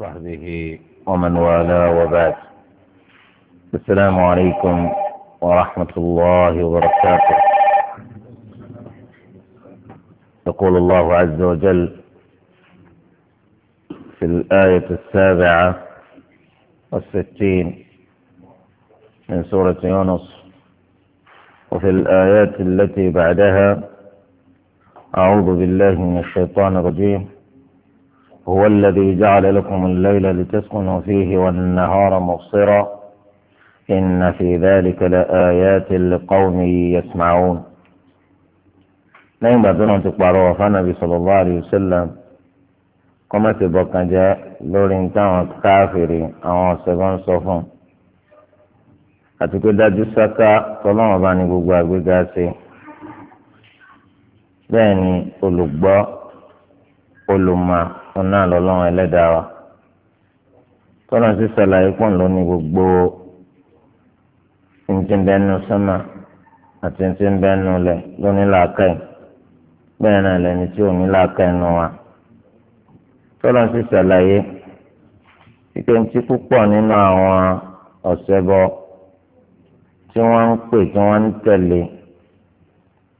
وصحبه ومن والاه وبعد السلام عليكم ورحمة الله وبركاته يقول الله عز وجل في الآية السابعة والستين من سورة يونس وفي الآيات التي بعدها أعوذ بالله من الشيطان الرجيم هو الذي جعل لكم الليل لتسكنوا فيه والنهار مبصرا إن في ذلك لآيات لقوم يسمعون نعم بذل أن تقبل وفى النبي صلى الله عليه وسلم كما تبقى جاء لورين كان كافري أو سبان صفون أتكد جسكا فلما باني بقبع بقاسي بني قلوبا قلوبا òun náà lọ́lọ́run ẹlẹ́dàá wa tọ́lá sí sàlàyé pọ̀ ló ní gbogbo ntìbẹ́nu sọ́mà àti ntìbẹ́nu lẹ̀ lóní làákàyè bẹ́ẹ̀ náà lẹ́ni tí ò ní làákàyè nù wa tọ́lá sí sàlàyé kíkẹ́ ntí púpọ̀ nínú àwọn ọ̀sẹ̀bọ tí wọ́n ń pè tí wọ́n ń tẹ̀lé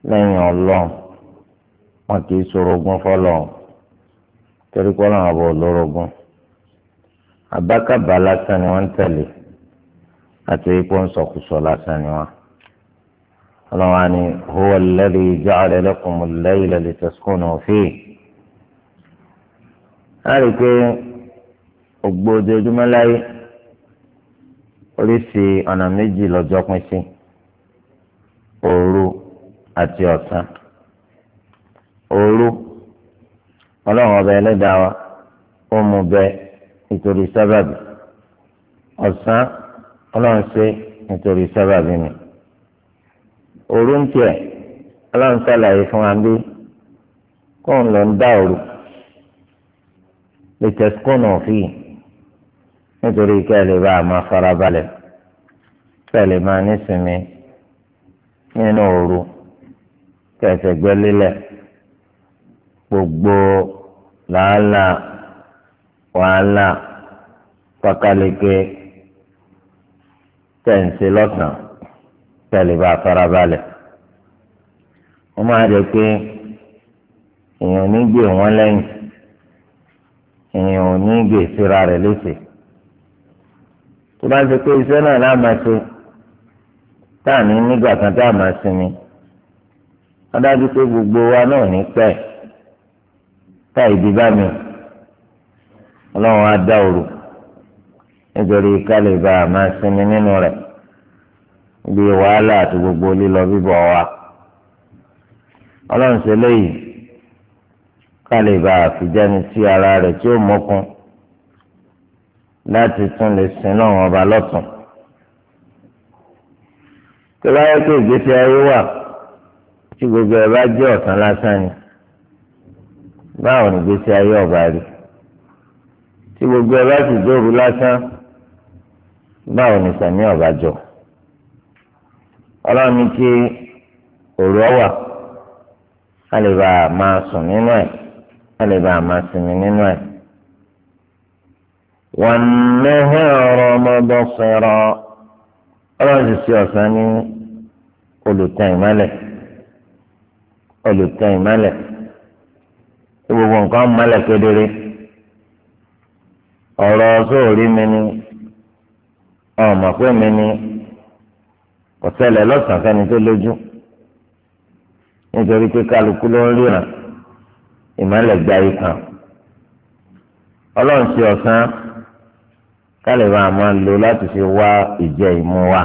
lẹ́yìn ọlọ́run wọn kì í ṣorogún fọlọ́run torí pé ọlọ́run àbọ̀ olórogún àbákàbà lásán ni wọ́n ń tẹ̀lé àti ipò ńsọkúsọ lásán ni wọ́n. ọlọ́run àni huwa alladhi ja'ala lakumu al-layla litaskunu fihi. láti pé ògbó ojoojúmọ́ láyé oríṣi ọ̀nà méjì lọ́jọ́ pín sí òru àti ọ̀sán òru ọlọ́run ọba ẹlẹ́dàá wa ó mú bẹ nítorí sábàbí ọ̀sán ọlọ́run ṣe nítorí sábàbí ni òru ń tiẹ̀ ọlọ́run ṣàlàyé fún wa bí kóun lọ ń dá òru lè tẹ̀síkónà òfin nítorí kẹ́ ẹ lè bá a máa farabalẹ̀ kẹ́ ẹ lè máa nísinmi nínú òru kẹ́ ẹ fẹ̀gbẹ́ lélẹ̀ gbogbo. laala wàhálà pákáleke tẹ̀sí lọ́sàn tẹ̀lé bá farabalẹ̀ wọ́n máa jẹ pé èèyàn ò ní gbé wọn lẹyìn èèyàn ò ní gbé síra rẹ̀ léṣe tó bá ti pé iṣẹ́ náà láà máa ṣe táà ní nígbà kan táà máa sinmi wọ́n dájú pé gbogbo wa náà ní pẹ́ẹ́. táì di bá mi ọlọ́run á dá òru nítorí kálí bá a máa sinmi nínú rẹ̀ ibi wàhálà àti gbogbo lílọ bíbọ̀ wa ọlọ́run ṣe léyìí kálí bá a fi jáni sí ara rẹ̀ tí ó mọ́kun láti tún lè sin náà ọba lọ́tún tó bá yẹ ìgbésí ayé wà tí gbogbo ẹ̀ bá jẹ́ ọ̀sán lásán ni. báwo ni si ayé ọba rí tí gbogbo ẹ bá sì dóoru lásán ọba jọ ọlọ́run kí òru ọwà a lè bá a máa sùn nínú a lè bá a máa sinmi nínú ẹ̀. wọn ọgbọ ọ̀rọ̀ ọmọdé sọ̀rọ̀ ọlọ́run sì ọ̀sán ní olùtẹ̀ ìmọ́lẹ̀ gbogbo nǹkan mọ́lẹ̀ kedere ọ̀rọ̀ sóòrí mi ni ọmọ pé mi ni kò ṣẹlẹ̀ lọ́sàn-án fẹ́ni tó lójú nítorí pé kálukú ló ń ríran ìmọ̀lẹ̀ gba yìí kan ọlọ́run ṣe ọ̀sán kálí bá a máa lò láti fi wá ìjẹ ìmu wa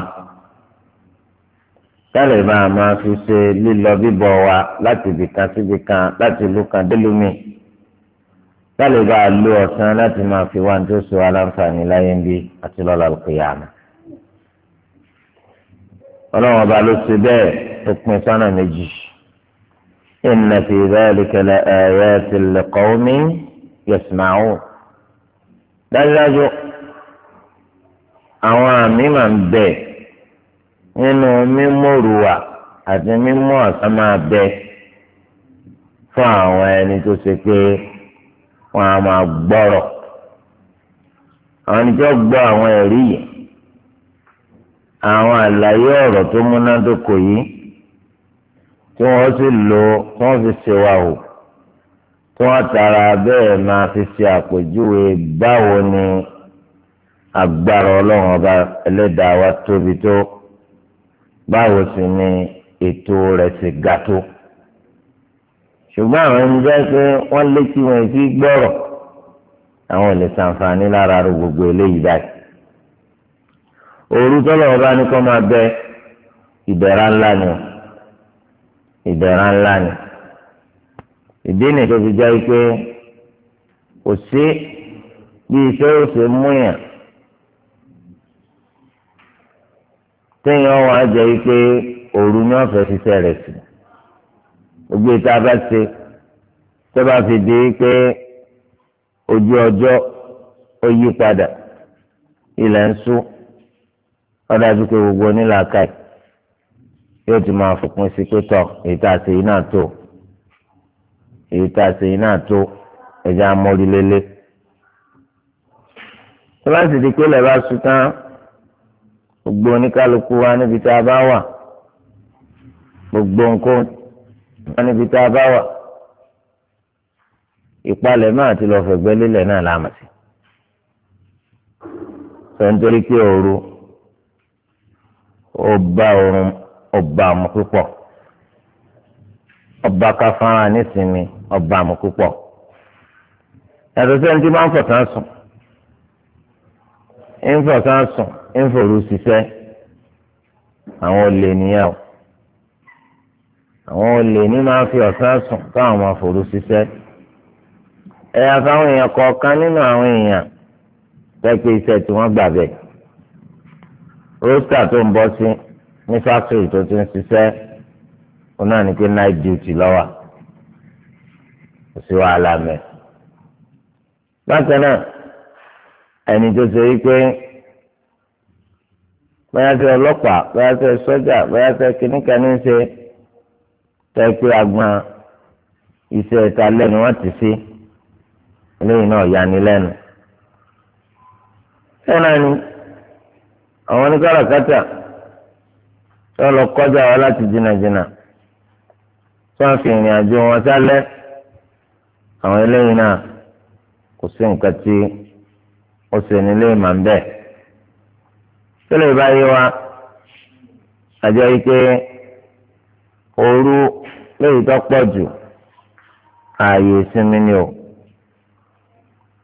kálẹ̀ bá a máa fi ṣe lílọ bíbọ̀ wa láti ibìkan síbi kan láti ìlú kan délùú mi kálẹ̀ bá a lo ọ̀sán láti máa fi wá nítorí sọ aláǹfààní láyé ń bí àti lọ́la al ọlọ́run ọba ló ṣe bẹ́ẹ̀ ó pin sọ́nà méjì inna fi dhalika la ayatin li qawmin yasma'un. dájúdájú àwọn àmì máa ń bẹ̀ẹ́. nínú mímọ̀rùwà àti mímọ̀ ọ̀sán máa bẹ fún àwọn ẹni tó ṣe pé wọn á máa gbọ́rọ̀ àwọn ẹni gbọ́ àwọn ẹ̀rí yìí àwọn àlàyé ọ̀rọ̀ tó múnádóko yìí tí wọ́n sì lò tí wọ́n fi ṣèwà hù tí wọ́n tara bẹ́ẹ̀ máa fi ṣe àpèjúwe báwo ni agbára ọlọ́run ọba ẹlẹ́dàá wa tóbi tó. báwo sì ni ètò rẹ̀ ti ga tó ṣùgbọ́n àwọn ẹni jẹ́ pé wọ́n létí wọn sí gbọ́rọ̀ àwọn ò lè ṣàǹfààní lára ro gbogbo eléyìí báyìí òru tọ́lọ̀ ọba ní kọ́ máa bẹ ìdẹ̀ra ńlá ni o ńlá ni ìdí nìkan fi jẹ́ pé kò sí bí iṣẹ́ òṣèlú mú yàn téèyàn wà á jẹ́ pé òru ni wọ́n fẹ́ ṣiṣẹ́ rẹ̀ sí gbogbo ìta bá ṣe tó bá fi di pé ojú ọjọ́ ó yí padà ilẹ̀ ń sú ọ̀dà bí pé gbogbo onílàákàyè yóò ti máa fòpin sí pé tọ̀ ìta àṣeyí náà tó ìta àṣeyí náà tó ẹ̀jẹ̀ amórílélé tó bá sì di pé lẹ́ẹ̀ bá sùn tán gbogbo oníkálukú wa níbi tá a bá wà gbogbo nǹkan wa níbi tá a bá wà ìpalẹ̀ máa ti lọ fẹ̀gbẹ́ lélẹ̀ náà láàmà sí. sọ nítorí pé ooru ọba oorun ọba àmú púpọ̀ ọba káfárá nísìnyí ọba àmú púpọ̀ yàtọ̀ sẹ́ni tí máa ń fọ̀tán sùn ń fọ̀tán sùn ń fòrú ṣiṣẹ́ àwọn olè nìyẹn o àwọn olè ní máa fi ọ̀sán sùn káwọn máa fòrú ṣiṣẹ́ ẹ̀yà káwọn èèyàn kọ̀ọ̀kan nínú àwọn èèyàn pẹ́pẹ́ iṣẹ́ tí wọ́n gbà bẹ̀ rósítà tó ń bọ́ sí ní fásitì tó ti ń ṣiṣẹ́ ó náà ní pé night duty lọ́wọ́ kò sí wàhálà mẹ́ bákan náà ẹni tó ṣe wípé bóyá tẹ ọlọ́pàá bóyá tẹ sọ́jà bóyá tẹ kìnnìkanì ń ṣe tẹ pé agbọn iṣẹ́ ìta lẹ́nu wọ́n ti sí eléyìí náà yani lẹ́nu. sẹ́nà ni àwọn oníkàràkátà tí wọ́n lọ kọjá wa láti jìnnàjìnnà tí wọ́n fi ìrìn àjò wọn sálẹ̀ àwọn eléyìí náà kò sí nǹkan tí ó ṣe nílé ìmọ̀ ń bẹ́ẹ̀ tẹ́lẹ̀ bá yé wa àjọ yìí pé òru léyìí tó pọ̀ jù ààyè ìsinmi ni o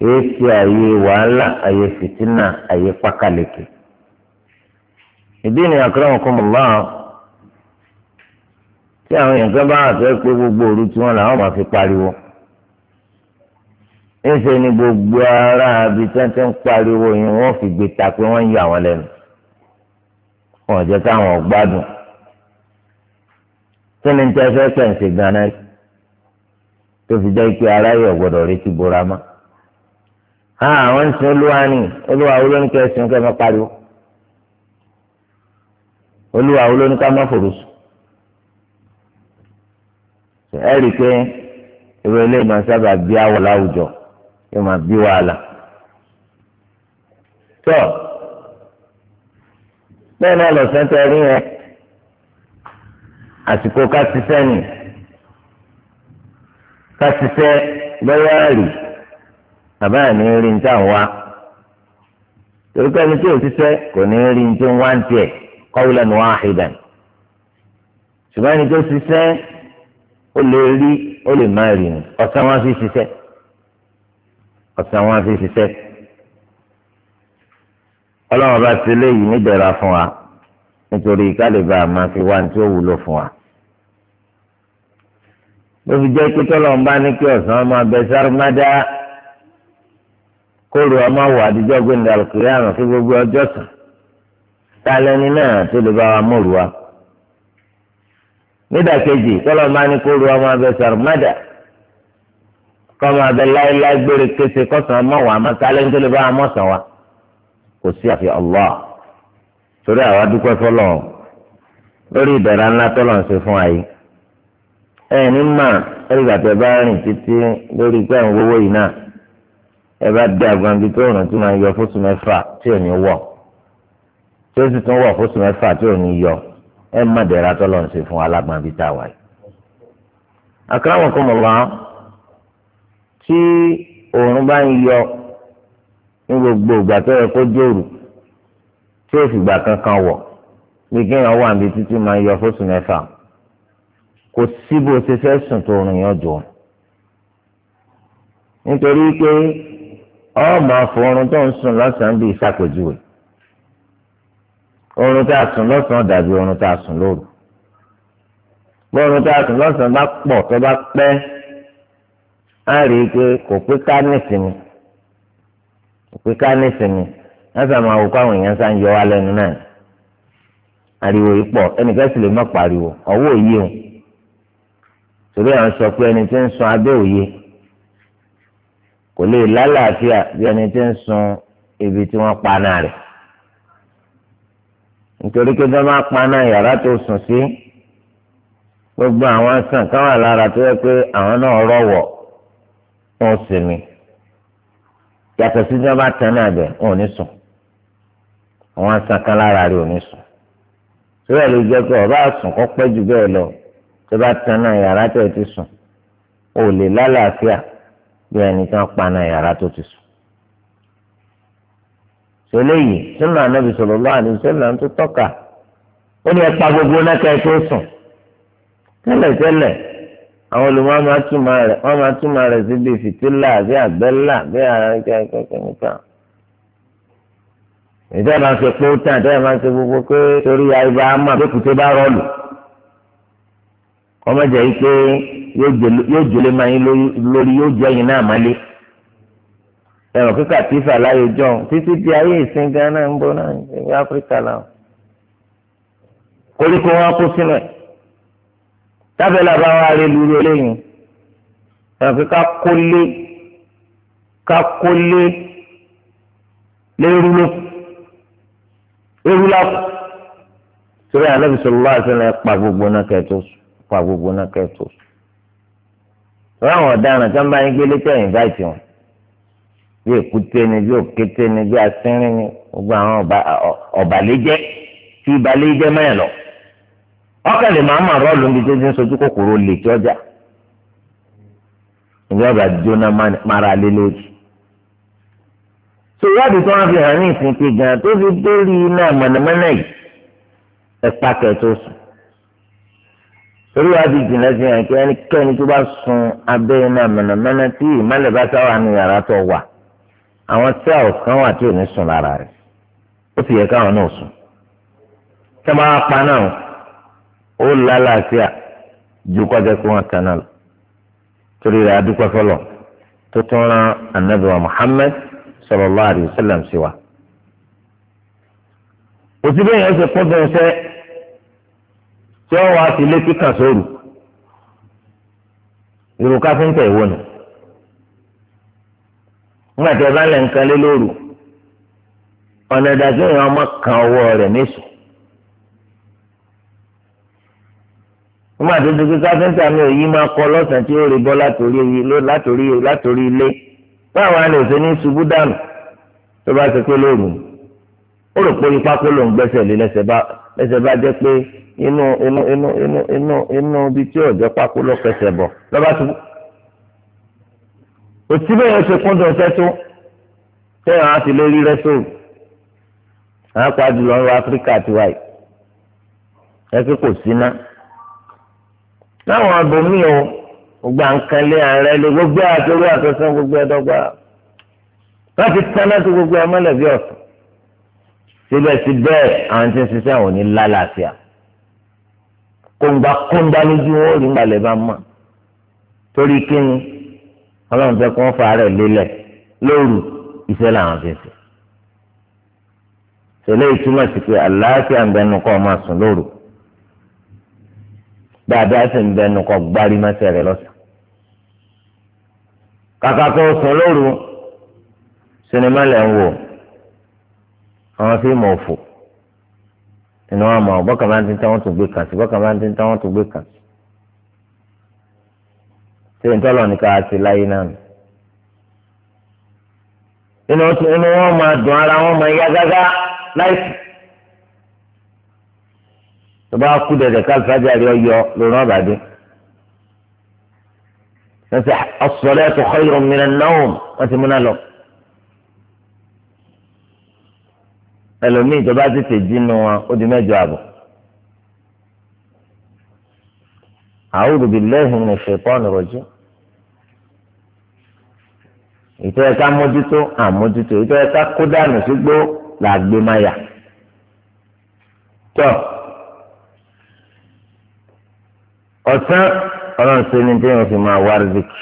èyí ti ààyè wàhálà ààyè fìtínà ààyè pákàlẹ́kẹ̀ ìdí ni akramakumullah tí àwọn èèyàn kan bá àtẹ́ pé gbogbo òru tí wọ́n làwọn máa fi pariwo ńṣe ni gbogbo ara àbí tẹ́ńtẹ́ ń pariwo yìí wọ́n fi gbé ta pé wọ́n ń yọ àwọn lẹ́nu. wọn ò jẹ́ káwọn gbádùn tí ni tí a fẹ́ pẹ̀nsì gan tó fi jẹ́ pé ara rí ti bora àwọn ń sin olúwa ni olúwa sin pariwo olúwa fòrùsù ẹ rí i pé ìwé ilé ìmọ̀ sábà bí láwùjọ bí wàhálà tó. So, bẹ́ẹ̀ náà lọ̀sán tẹ rí yẹn àsìkò ká ṣiṣẹ́ nì ká ṣiṣẹ́ lọ́wọ́ àrì bàbá mi rí ní táwọn wá torí pé ẹni tí ò ṣiṣẹ́ kò ní rí ní tí ń wá ń tiẹ̀ kọ́wúlẹ̀ ní wọ́n á hìdàn ṣùgbọ́n ẹni tó ṣiṣẹ́ ó lè rí ó lè má rí ọ̀sán wọn fi ṣiṣẹ́ ọ̀sán wọn fi ṣiṣẹ́ ọlọ́run bá ti léyìí níbẹ̀rẹ̀ fún wa nítorí kálíbà máa fi wá ní tí ó wúlò fún wa. ló fi jẹ́ pé tọ́lọ́run bá ní kí ọ̀sán máa bẹ sármádá kóòrò ọmọ wà àdìjọ́ gbẹ̀ndà àlùkùrẹ́ àrùn sí gbogbo ọjọ́ sàn tá a lẹ́ni náà tó lè bá wa mọ̀rù wa. nídàkejì tọ́lọ́run bá ní kóòrò ọmọ abẹ sármádá kọ́ máa bẹ láéláé gbére kése kọ́sàn-án mọ̀ wá máa tá a tó lè bá wa mọ̀ sàn wa kò sí àfi Allah torí àwa dúpẹ́ fọlọ́ lórí ìdára ńlá tọ́lọ̀ ń ṣe fún wa yìí ẹ̀yìn ní mà ẹ̀rìgbà tẹ bá rìn títí lórí pé àwọn owó yìí náà ẹ bá dé agbangi tó rìn tó máa yọ fóṣù mẹ́fà tí ò ní wọ̀ tí ó sì tún wọ̀ fóṣù mẹ́fà tí ò ní yọ ẹ̀ má dẹ̀ra tọ́lọ̀ ń ṣe fún alágbàǹbí tá a wà àkàràwọ̀ kọ́ tí òòrùn bá ń yọ ní gbogbo ìgbà tó yẹ kó jòrò tí ó fìgbà kankan wọ̀ bí kéèyàn wà níbi títí máa yọ fóṣù mẹ́fà kò sí bó ṣe fẹ́ sùn tó rìn yàn jọ nítorí pé ọmọ àfọrun tó ń sùn lọ́sàn-án bíi ìsàpèjúwe oorun tá a sùn lọ́sàn-án dàbí oorun tá a sùn lóru bí oorun tá a sùn lọ́sàn-án bá pọ̀ tó bá pẹ́ á rí i pé kò pé ká nísìnyí òpè ká nísìnyí wọn máa wò kó àwọn èèyàn ń yọ wá náà ariwo yìí pọ̀ ẹnìkan sì lè má pariwo ọwọ́ òye o torí àwọn sọ pé ẹni tí ń sun abẹ́ òye kò lè lálàáfíà bí ẹni tí ń sun ibi tí wọ́n pa náà rẹ̀ nítorí pé bá máa pa náà yàrá tó sùn sí gbogbo àwọn sàn káwọn lára tó yẹ pé àwọn náà rọ̀wọ̀ wọn sì yàtọ̀ sí ní wọn bá tán náà bẹ̀ wọn ò ní sùn àwọn asankan lára rẹ̀ ò ní sùn síbẹ̀ ló jẹ́ pé ọba sùn kọ́ pẹ́ jù bẹ́ẹ̀ lọ tó bá tán náà yàrá tó ti sùn ò lè lálàáfíà bí ẹni tí pa náà yàrá tó ti sùn. sọlẹ́ sínú ànábì sallallahu alaihi wasallam tó tọ́ka ó ní ẹ pa gbogbo náà kẹ́ ẹ tó sùn tẹ́lẹ̀tẹ́lẹ̀ àwọn olùmọ̀ máa túmọ̀ rẹ̀ wọ́n máa túmọ̀ rẹ̀ sí bíi fìtílà bí àgbẹ́là bí àkẹ́kẹ́kẹ́kẹ́kẹ́ ìjọba máa fi pé tán àti ẹ̀ máa ṣe gbogbo pé torí àìbá àmà lókùté bá rọlù ọmọ jẹ́ yìí pé yóò jòlé máa yín lórí yóò jẹ́ yín náà mọ́lé ẹ̀rọ kíkà tí fàlàyé jọ títí di ayé ìsìn ganan ń bọ́ náà ní Áfíríkà náà koríko wọn kó sínú ẹ̀ tábẹ́lá bá wà rí lórí eléyìí tàbí ká kólé ká kólé lérú ló lérú lápò sórí ànábì sọlọ́lá àṣẹlẹ̀ pa gbogbo náà kẹ́tọ́ pa gbogbo náà kẹ́tọ́ sọ́rọ́ àwọn ọ̀daràn tí wọ́n bá yín gbélé tẹ̀ ìnváìtì wọn bí èkúté ni bí òkété ni bí asínrín ni gbogbo àwọn ọ̀bàlẹ́jẹ́ tí ìbàlẹ́jẹ́ mẹ́rin lọ ọkàn lè máa máa rọ́ọ̀lù níbi tó ti ń sojú kòkòrò lè tí ọjà ìjọba jóná mara lé lórí. tó ìwádìí tó wọn fi hàn ní ìsìnkú gan tó fi dórí iná mọ̀nàmọ́ná yìí ẹ̀pá kẹtó sùn. torí wàá di jìnnà sí hàn kí ẹnikẹ́ni tó bá sun abẹ́ iná mọ̀nàmọ́ná tí ìmọ̀lẹ̀ bá sáwà ní yàrá tó wà àwọn sẹ́ẹ̀lì kan wà tí ò ní sùn lára rẹ̀ ó sì yẹ káwọn náà sùn. kí máa pa náà ó lálàáfíà ju kọjá kí wọn kan náà lọ torí rẹ̀ adúpẹ́ fọlọ tó tún rán anabi wa Muhammad sallallahu alaihi wasallam sí wa. òsì bẹ́ẹ̀ yẹn ṣe kún bẹ́ẹ̀ ṣẹ́ tí wọ́n wá sí ilé kíkà sóòrù irú káfíńtà ìwọ nù nígbà tí ẹ bá lẹ̀ ń kan lóru ọ̀nà ìdájọ́ yẹn ọmọ kan ọwọ́ rẹ̀ níṣù. wọ́n máa dodo pé káfíńtà mi ò yí máa kọ lọ́sàn-án tí ó rí bọ́ látòrí látòrí látòrí ilé báwọn àlè òsè ní ṣubú dànù tó bá ṣe pé lóòrùn ó rò pé ipá kó ló ń gbẹ́sẹ̀ lé lẹ́sẹ̀ bá lẹ́sẹ̀ bá jẹ́ pé inú inú inú inú inú inú ibi tí ọ̀jọ́ pákó ló fẹsẹ̀ bọ̀ lọ́ba ṣubú. òtí bẹ́ẹ̀ ṣe kún dùn sẹ́tú tẹ́wọ̀n á ti lé rí rẹ́sọ̀rù àwọn láwọn abòmí o gbogbo àǹkanlé ààrẹ lè gbogbo àtòrò àtọ̀sán gbogbo ẹ̀dọ́gba láti tán láti gbogbo amọ̀lẹ́bí ọ̀sán síbẹ̀síbẹ̀ àwọn tí ń ṣiṣẹ́ àwọn ní lálàáfíà kóńgbà kóńgbà lójú wọn ò rí balẹ̀ bá mọ̀ torí kíni ọlọ́run fẹ́ kó wọ́n fa rẹ̀ lélẹ̀ lóru iṣẹ́ làwọn fi ṣe. ṣẹlẹ̀ ìtumọ̀ sí pé àlàáfíà ń bẹnu kọ́ ọ máa sùn lóru dáadáa sì ń bẹnu kọ gbárí mẹsẹ rẹ lọsàn kàkà kó o sùn lóru sinimá lẹ ń wò àwọn fíìmù òfò inú wa mọ bọkà máa ń dín táwọn tó gbé kàn sí bọkà máa ń dín táwọn tó gbé kàn sí ṣé n tọ́lọ̀ nìkan àti láyé náà nù inú wọn máa dùn ara wọn máa yá gágá láìsí tọba kú dẹdẹ káàlùfáàjà rí ọyọ lónà ọbàdé wọn ti as-salatu khayrun min an-nawm wọn ti múná lọ ẹlòmíì tọba tètè jí nu wọn ó di mẹ́jọ àbọ̀ a'udhu billahi minash shaitanir rajim ìtọ́ ẹ̀ka mójútó àmójútó ìtọ́ ẹ̀ka kó dànù sígbó làgbémáyà tọ́. ọ̀sán ọlọ́run ṣe ni tí wọ́n fi máa wá rìzìkì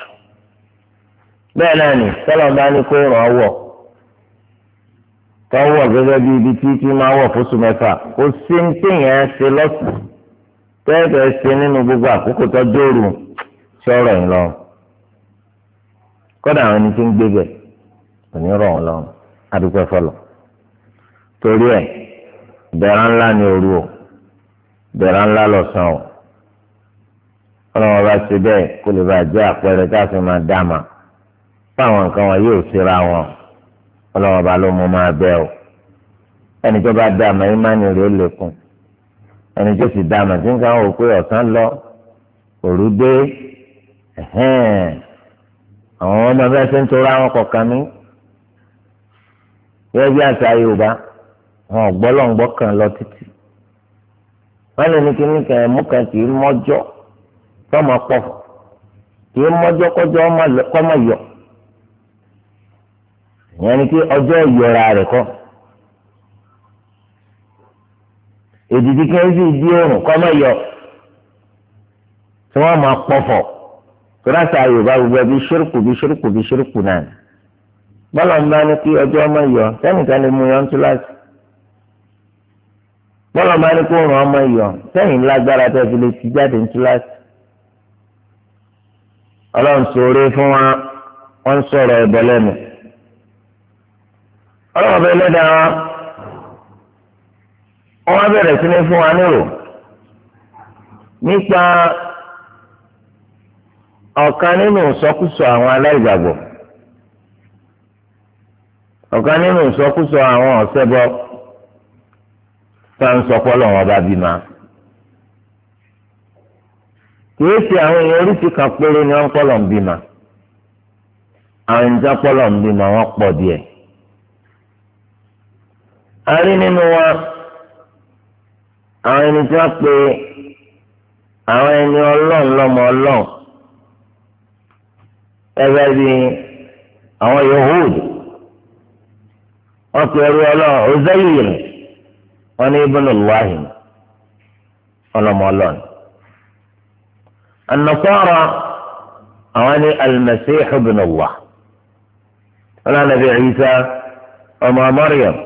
bẹ́ẹ̀ náà ni tọ́lọ̀ bá ní kó ràn ọ́ wọ̀ tọ́wọ̀ gẹ́gẹ́ bí ibi tí kí máa wọ̀ fóṣù mẹ́fà kó sí ní téèyàn ṣe lọ́sùn tẹ́ẹ̀bẹ̀ ṣe nínú gbogbo àkókò tó dóòrù sọ̀rọ̀ yìí lọ kọ́dà àwọn ẹni tí ń gbé bẹ̀ rọ̀ wọ́n lọ́rùn adúpẹ́ fọlọ̀ torí ẹ̀ bẹ̀rẹ̀ ńlá ni òru o bẹ̀rẹ̀ ńlá lọ́sàn o ọlọ́wọ́n bá ṣe bẹ́ẹ̀ kó lè bá jẹ́ àpẹẹrẹ tá a fi máa dá ma fáwọn nǹkan wọn yóò ṣera wọn ọlọ́wọ́n bá ló mú máa bẹ́ o ẹni tó bá dá ma ìmánì rẹ̀ ó lè kún ẹni tó sì dá ma tí nǹkan wò pé ọ̀sán lọ òru dé àwọn ọmọ bẹ́ẹ̀ ṣe ń tora wọn kọ̀ọ̀kan ní wọ́n bí àṣà Yorùbá wọn ò gbọ́ lọ́ngbọ́ kan lọ títí wọ́n lè ní kíní kan ẹ̀mú kan kì í mọ́jọ́. tọmọ pọ kí mọjọkọjọ kọmọ yọ ìyẹn ni kí ọjọ́ ìyọra rẹ̀ kọ èdìdí kẹ́hìnsì di òrùn kọmọ yọ tí wọ́n máa pọ̀fọ̀ yorùbá gbogbo ẹbí ṣírùkù bí ṣírùkù bí ṣírùkù náà bọ́lá ń bá ní kí ọjọ́ ọmọ yọ sẹ́nìkan yọ ń bọ́lá ń bá ní ọmọ yọ sẹ́yìn fi lè ti ọlọ́run sòrè fún wa wọ́n sọ̀rọ̀ ẹ̀bọ lẹ́nu ọlọ́run bẹ lẹ́dàá wa wọ́n bẹ̀rẹ̀ sí ní fún wa nírò nípa ọ̀kan nínú ìsọkúsọ àwọn aláìgbàgbọ́ ọ̀kan nínú ìsọkúsọ àwọn ọ̀sẹ́bọ tá à ń sọ kìí ṣe àwọn èèyàn oríṣi kan péré ni wọ́n pọlọ ń bímọ àwọn ìjà pọlọ ń bímọ wọ́n pọ̀ díẹ̀ a rí nínú wọn àwọn ẹni tí pe àwọn ẹni Ọlọ́run lọ́mọ Ọlọ́run ẹgbẹ́ bíi àwọn Yahudi wọ́n pe ẹrú Ọlọ́run ọzẹyìn wọ́n ní ibùdó ọlọ́mọ النصارى أواني المسيح ابن الله ولا نبي عيسى أما مريم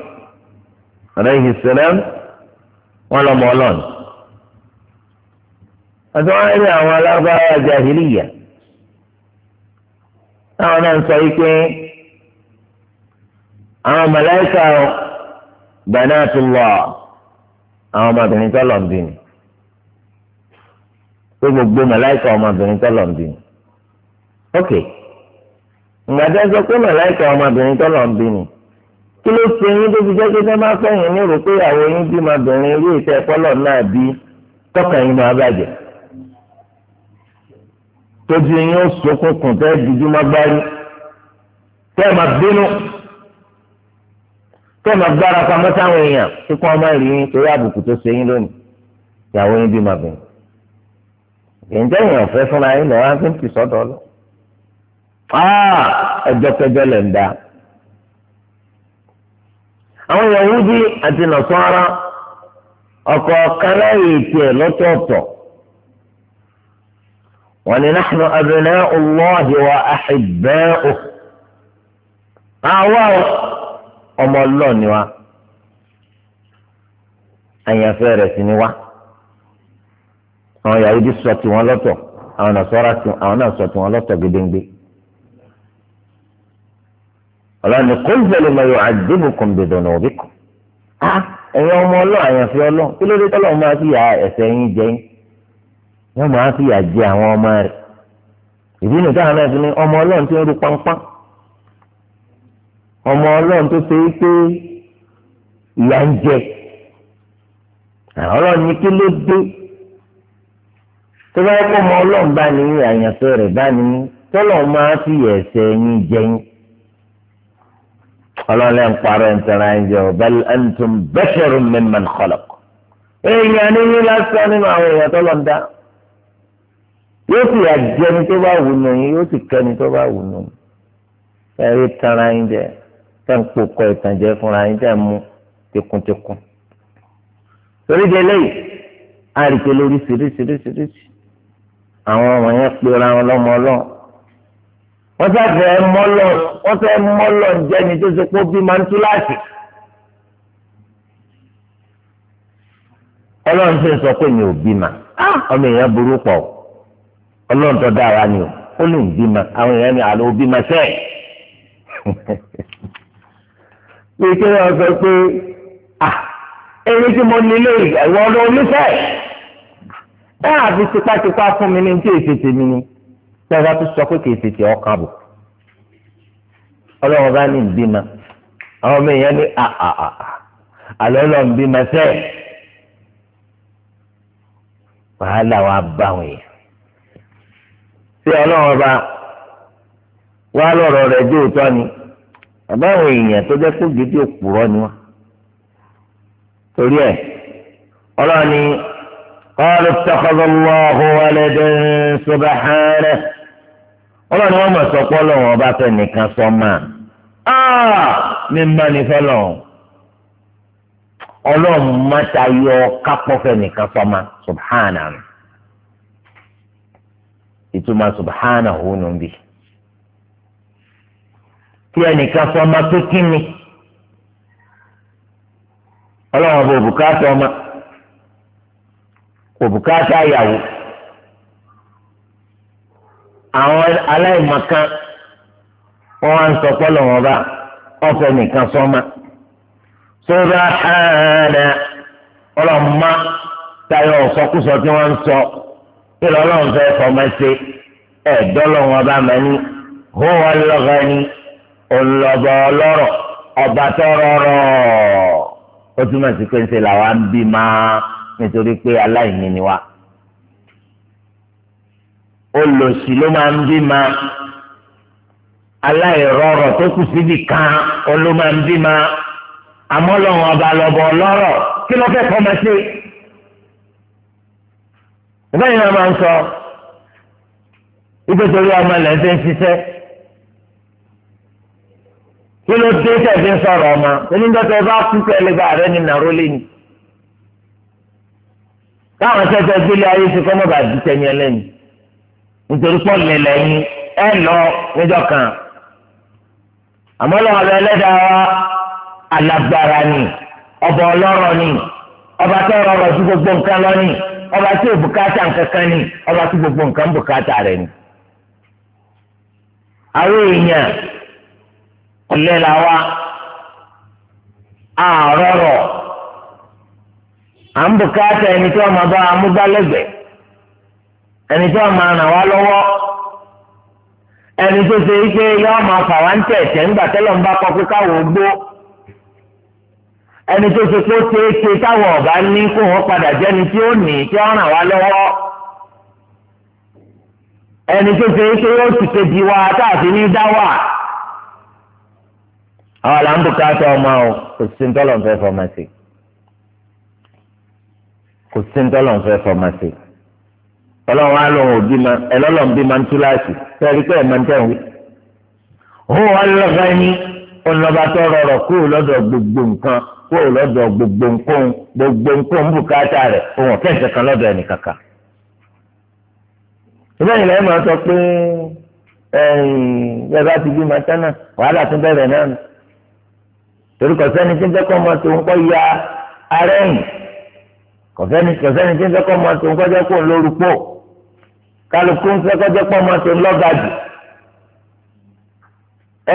عليه السلام ولا مولان أتواني أولا أربعة جاهلية أولا نصيكي أو ملائكة بنات الله أو ما بنت الله pé gbogbo màláìka ọmọbìnrin tọ́lọ̀ ń bí ni. ok ìgbàdá sọ pé màláìka ọmọbìnrin tọ́lọ̀ ń bí ni kí ló ṣe yín tó fi jẹ́ pé sẹ́má fẹ́yìn ní rò pé àwọn yín bí ọmọbìnrin irú ìtẹ́ tọ́lọ̀ náà bí tọ́ka yín máa bàjẹ́ tójú yín ó sokùnkùn tẹ́ dídú má gbárí tẹ́ ẹ̀ máa bínú tẹ́ ẹ̀ máa gbára pamọ́ sáwọn èèyàn kíkọ́ ọmọ ìrìn torí àbùkù tó ṣe yín lónìí ǹjẹ́ èèyàn fẹ́ fúnra yín lọ́wọ́ á fi ń tì sọ́dọ̀ lọ. Ah, ẹjọ́kẹjọ́ lẹ̀ ń da. àwọn Yahudi àti Nasara ọkọ̀ kanáyè tiẹ̀ lọ́tọ̀ọ̀tọ̀. wọ́n ní nahnu abna'u Allahi wa ahibba'uh. àwa ọmọ ọlọ́ọ̀ni wa àyànfẹ́ rẹ̀ sì ni wa. àwọn Yahudi sọ tiwọn lọ́tọ̀ àwọn Nasara àwọn náà sọ tiwọn lọ́tọ̀ gbẹdẹgbẹ ọlọ́ni kóńtẹ̀lẹ̀ mọ̀ yóò àdébù kọ̀m̀bẹ̀dọ̀nà òbí kan. a ẹ̀yin ọmọ ọlọ́ọ̀ àyànfẹ́ ọlọ́ọ̀ kí ló dé fi ya ẹ̀sẹ̀ yín jẹ yín wọ́n máa fi ya jẹ àwọn ọmọ rẹ̀ ìbínú táwọn náà fi ní ọmọ ọlọ́ọ̀ tó ń ru pánpán ọmọ tó ṣe pé ń jẹ ní tó bá yẹ kó mọ ọlọ́run bá ní àyànfẹ́ rẹ̀ bá ní tọ́lọ̀ máa fi ẹ̀ṣẹ̀ yín jẹyìn ọlọ́lẹ̀ ń parọ́ ìtara ẹ̀ jẹ́ ọ bal antum basharun mimman khalaq èèyàn nínú lásán nínú àwọn èèyàn tọ́lọ̀ ń dá yóò sì àjẹni tó bá wù nù yín yóò sì kẹ́ni tó bá wù nù yín ẹ̀rí tara yín jẹ tẹ́ ń pokọ ìtànjẹ fúnra ń mú àwọn ọmọ yẹn pera wọn lọ́mọ ọlọ́run wọ́n sáfẹ́ mọ́lọ̀ wọ́n fẹ́ mọ́lọ̀ jẹ́ni tó ṣe pé bí máa ń tú láti. ọlọ́run ṣe sọ pé mi ò bímọ ah! ọmọ èèyàn burú pọ̀ ọlọ́run tó dára ni ó lè bímọ àwọn èèyàn ni àlọ́ bímọ sẹ́ẹ̀. pé kí wọ́n sọ pé ah! ẹni tí mo nílé ìwọ ló ní ẹ àfi tipátipá fún mi ní tí èsì tèmi ni tí ẹ bá sọ pé kì í ṣe tì bò ọlọ́run bá ní ìbímọ àwọn ọmọ èèyàn ní àlọ́ ọba bímọ rẹ wàhálà wa bá wọn yẹn ọlọ́run bá lọ́rọ̀ rẹ̀ dé òótọ́ ni èèyàn tó jẹ́ kó gidi ni wọn torí ọlọ́run ni. قالوا اتخذ الله ولدا سبحانه ọlọ́ni wọn mọ̀ sọ́kọ́ lọ́wọ́ ọba fẹ́ nìkan sọ máa áà subhana subhana kí ẹnìkan sọ tó kí ni ọlọ́run ọba òbùkátà ìyàwó àwọn aláìmọ̀kan wọ́n wá ń sọ pọ́lọ̀ wọn bá ọ̀fẹ́ nìkan sọ́mà sọ́dọ̀ ààrẹ ọlọ́mọ tayọ ọ̀sọ́kùsọ tí wọ́n ń sọ kí lọ́lọ́run fẹ́ fọmọ ṣe ẹ̀ẹ́dọ́lọ́ wọn bá mọ ní hóhọ́ lọ́gọ́ ni ọlọ́bọ ó túmọ̀ sí pé ń ṣe làwọn bí máa nítorí pé aláìní ni wa olòṣì ló máa ń bí ma aláìrọ̀rọ̀ tó kù síbi kan ló máa ń bí ma amọ́lọ́run ọba lọ́bọ̀ lọ́rọ̀ kí ló fẹ́ kọ́ ma ṣe ìgbà yìí náà máa ń sọ ìgbésórí ọmọ ilẹ̀ ń ń ṣiṣẹ́ kí ló dé tẹ̀sí sọ̀rọ̀ ọmọ onídọ́tẹ̀ bá kú pẹ̀lú bá rẹ ní nàró lẹ́yìn. táwọn sẹsẹ gbélé ayé ṣe kọ́ mọ́ba di tẹ̀mí ẹlẹ́yìn nítorí pọ́ ẹ lọ níjọ́ kan àmọ́ lọ́wọ́ lọ ẹlẹ́dàá wa alágbára ni ọba ọlọ́rọ̀ ni ọba tó rọrọ̀ sí gbogbo nǹkan lọ ni ọba tí òbúkátà nǹkankan ni ọba gbogbo nǹkan bùkátà ni. àwọn èèyàn wa à ń bùkátà ẹni tí wọn máa bá wa mú gbálẹ́gbẹ̀ẹ́ ẹni tí wọn máa ràn wá lọ́wọ́ ẹni tó ṣe wípé yọọ máa fà wá ń tẹ̀ ẹ̀tẹ̀ ńgbà tẹ́lọ̀ ń bá kọ pé káwọn ò gbó ẹni tó ṣe pé ó ṣe é ṣe táwọn ní kó wọn padà jẹ́ni tí ó nì tí ó ràn wá lọ́wọ́ ẹni tó ṣe é yóò sì kejì wa táàfi ní dá wà àwọn àlàǹdùkátà ọmọ ò sí ń tọ́lọ̀ ń fẹ́ fọmọ kò sí ntọ́lọ̀ ń fẹ́ fọmọ sí ọlọ́run á lóun òbí ma ẹlọ́lọ́run bí ma ń túláàsì sẹ́ẹ̀rí pé ẹ̀ máa ń tẹ̀ wí. òun wà lọ́gà ẹni ọlọ́ba tó rọrọ̀ kúrò lọ́dọ̀ gbogbo nǹkan kúrò lọ́dọ̀ gbogbo nǹkan gbogbo nǹkan bùkátà rẹ̀ òun ọ̀kẹ́sẹ̀ kan lọ́dọ̀ ẹnì kankan. ìbẹ́ ìlẹ̀ ẹ̀ máa sọ pé ẹ̀ bá ti bí ma tán náà wàhálà tún bẹ̀rẹ̀ náà torí kọ̀sẹ́ni tí ń jẹ́ kọ́ ọmọ tó ń kọ́ ya arẹ́yìn kọ̀sẹ́ni kọ̀sẹ́ni tí ń fẹ́ kọ́ ọmọ tó ń kọ́jọ́ kó ń lórúkọ kálukú ń fẹ́ kọ́jọ́ kó ọmọ tó ń lọ́gàjù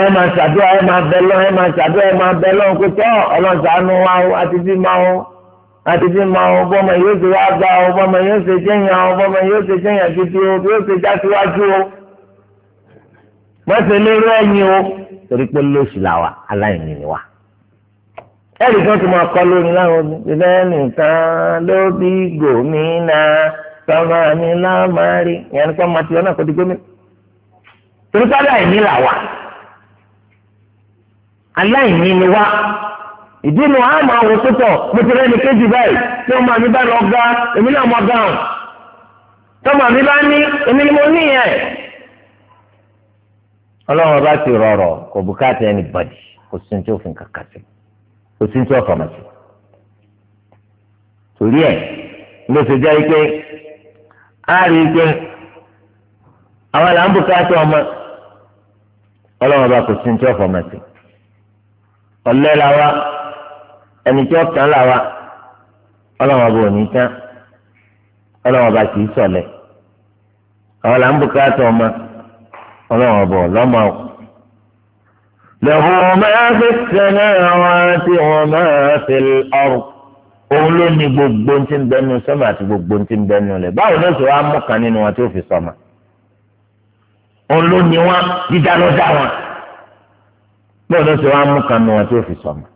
ẹ máa ṣàdúrà ẹ máa bẹ lọ́n ẹ máa ṣàdúrà ẹ máa bẹ lọ́n pé tọ́ ọlọ́sàánú wa ó àti bí máa ó àti bí máa ó bọ́mọ yóò ṣe wá gbà ó bọ́mọ yóò ṣe jẹ́yàn ó bọ́mọ yóò ṣe jẹ́yàn gidi ó yóò ṣe já síwájú ó mọ́sẹ̀ lérò ẹ̀yìn ó torí pé lóṣù làwà aláìní ni wà. ẹ̀rí kan tó máa kọ́ lórí láwọn ìbílẹ̀ nìkan ló bí gómìnà sọ́mà mi lámàrí ìyẹn nípa máa ti di gómìnà. torí pé aláìní là wà aláìní ni wá ìdí a máa wò sótọ̀ mo ti rẹ́ni kéjì báyìí tí ọmọ mi bá lọ ga èmi náà mọ mi bá ní èmi ni mo ní yẹn. ọlọ́run ọba ti kò bùkátà bàjẹ́ kò sí ní tí kò sí ní tí ọkọ̀ mọ̀ sí. torí ẹ̀ ló ṣe jẹ́ pé a rí i pé àwọn là ń bùkátà ọmọ ọlọ́wọ́n bá kò sí ní tí ọkọ̀ mọ̀ sí. ọ̀lẹ́ la wa ẹni tí ọ̀tàn la wa ọlọ́wọ́n bá òní tán ọlọ́wọ́n bá kì í sọ̀lẹ̀ àwọn là ń bùkátà ọmọ ọlọ́wọ́n bá ọlọ́mọ له ما في السماوات وما في الأرض òun ló ní gbogbo ń ti bẹnu sọmọ àti gbogbo ń ti bẹnu lẹ báwo ló sọ wá mú kan nínú wọn tí ó fi sọmọ òun ló ní wọn dídá ló dá wọn báwo ló sọ wá mú kan nínú wọn tí ó fi sọmọ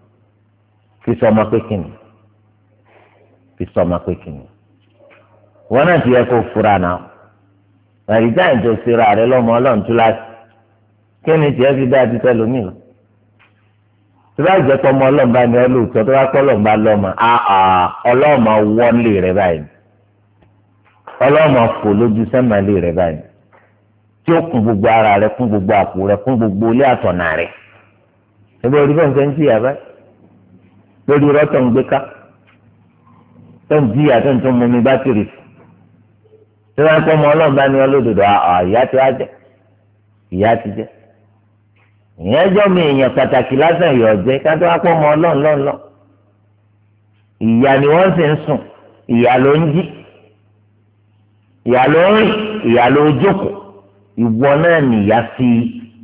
fi sọmọ pé kìnnì fi sọmọ pé kìnnì wọn náà ti yẹ kó fura náà àyíká ìjọsìn rà rẹ lọmọ Ọlọ́run túláàsì kí ni tiẹ̀ fi dáa ti tẹ lómi lọ tó bá jẹ́ pọ́ ọmọ ọlọ́mọba ni ọlọ́ọ̀tọ́ tó bá pọ́ ọlọ́mọba lọ́mọ ọlọ́mọ wọ́nlé rẹ báyìí ọlọ́mọ fò lójú sẹ́màlì rẹ báyìí tí ó kún gbogbo ara rẹ kún gbogbo àpò rẹ kún gbogbo ilé àtọ̀nà rẹ ẹgbẹ́ orí fẹ́ǹsẹ̀ ń jìyà báyìí lórí rọ́tọ̀ ń gbé ká tó ń jìyà tó ń tún mú mi bátìrì tó bá pọ́ ọmọ ọlọ́mọba ni ọlọ́ọ̀dọ̀dọ̀ àyà ti wá jẹ ìyá ti jẹ́ ìyẹn jọ mi èèyàn pàtàkì lásán ìyọ̀ jẹ́ kájọ́ apá ọmọ ọlọ́run lọ́nlọ́ ìyá ni wọ́n sì ń sùn ìyá ló ń jí ìyá ló ń rìn ìyá ló jókòó ìwọ náà nìyá fi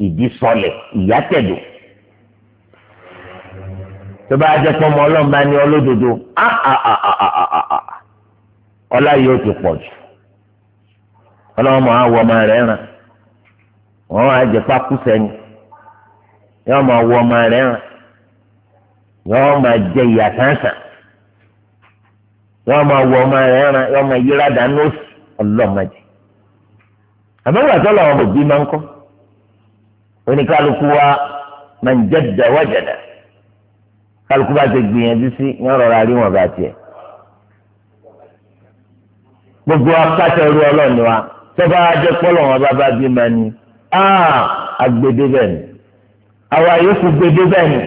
ìdí sọlẹ̀ ìyá tẹ̀dọ̀ tó bá jẹ́ pé ọmọ bá ní ọlódodo ọlá yóò ti pọ̀ jù ọlọ́run mọ̀ wọ ọmọ rẹ̀ ràn wọ́n á jẹ́ pákú sẹ́yìn yọọ máa wọ ọmọ rẹ hàn yọọ máa jẹ ìyà sánsan yọọ máa wọ ọmọ rẹ hàn yọọ máa yíra dáná òsì ọlọmọdé àbẹ̀wò àtọ́lọ̀ àwọn òbí máa ń kọ́ oníkálukú wa máa ń jẹ́dá wájàdá kálukú bá ti gbìyànjú sí ní ọ̀rọ̀ àrí wọn bá tiẹ̀ gbogbo akátẹ̀rù ọlọ́ọ̀ni wa tọ́ba ajẹ́pọ́lọ̀ wọn bá bá bí máa ní agbede ni àwa yòókù gbèdé bẹ́ẹ̀ ni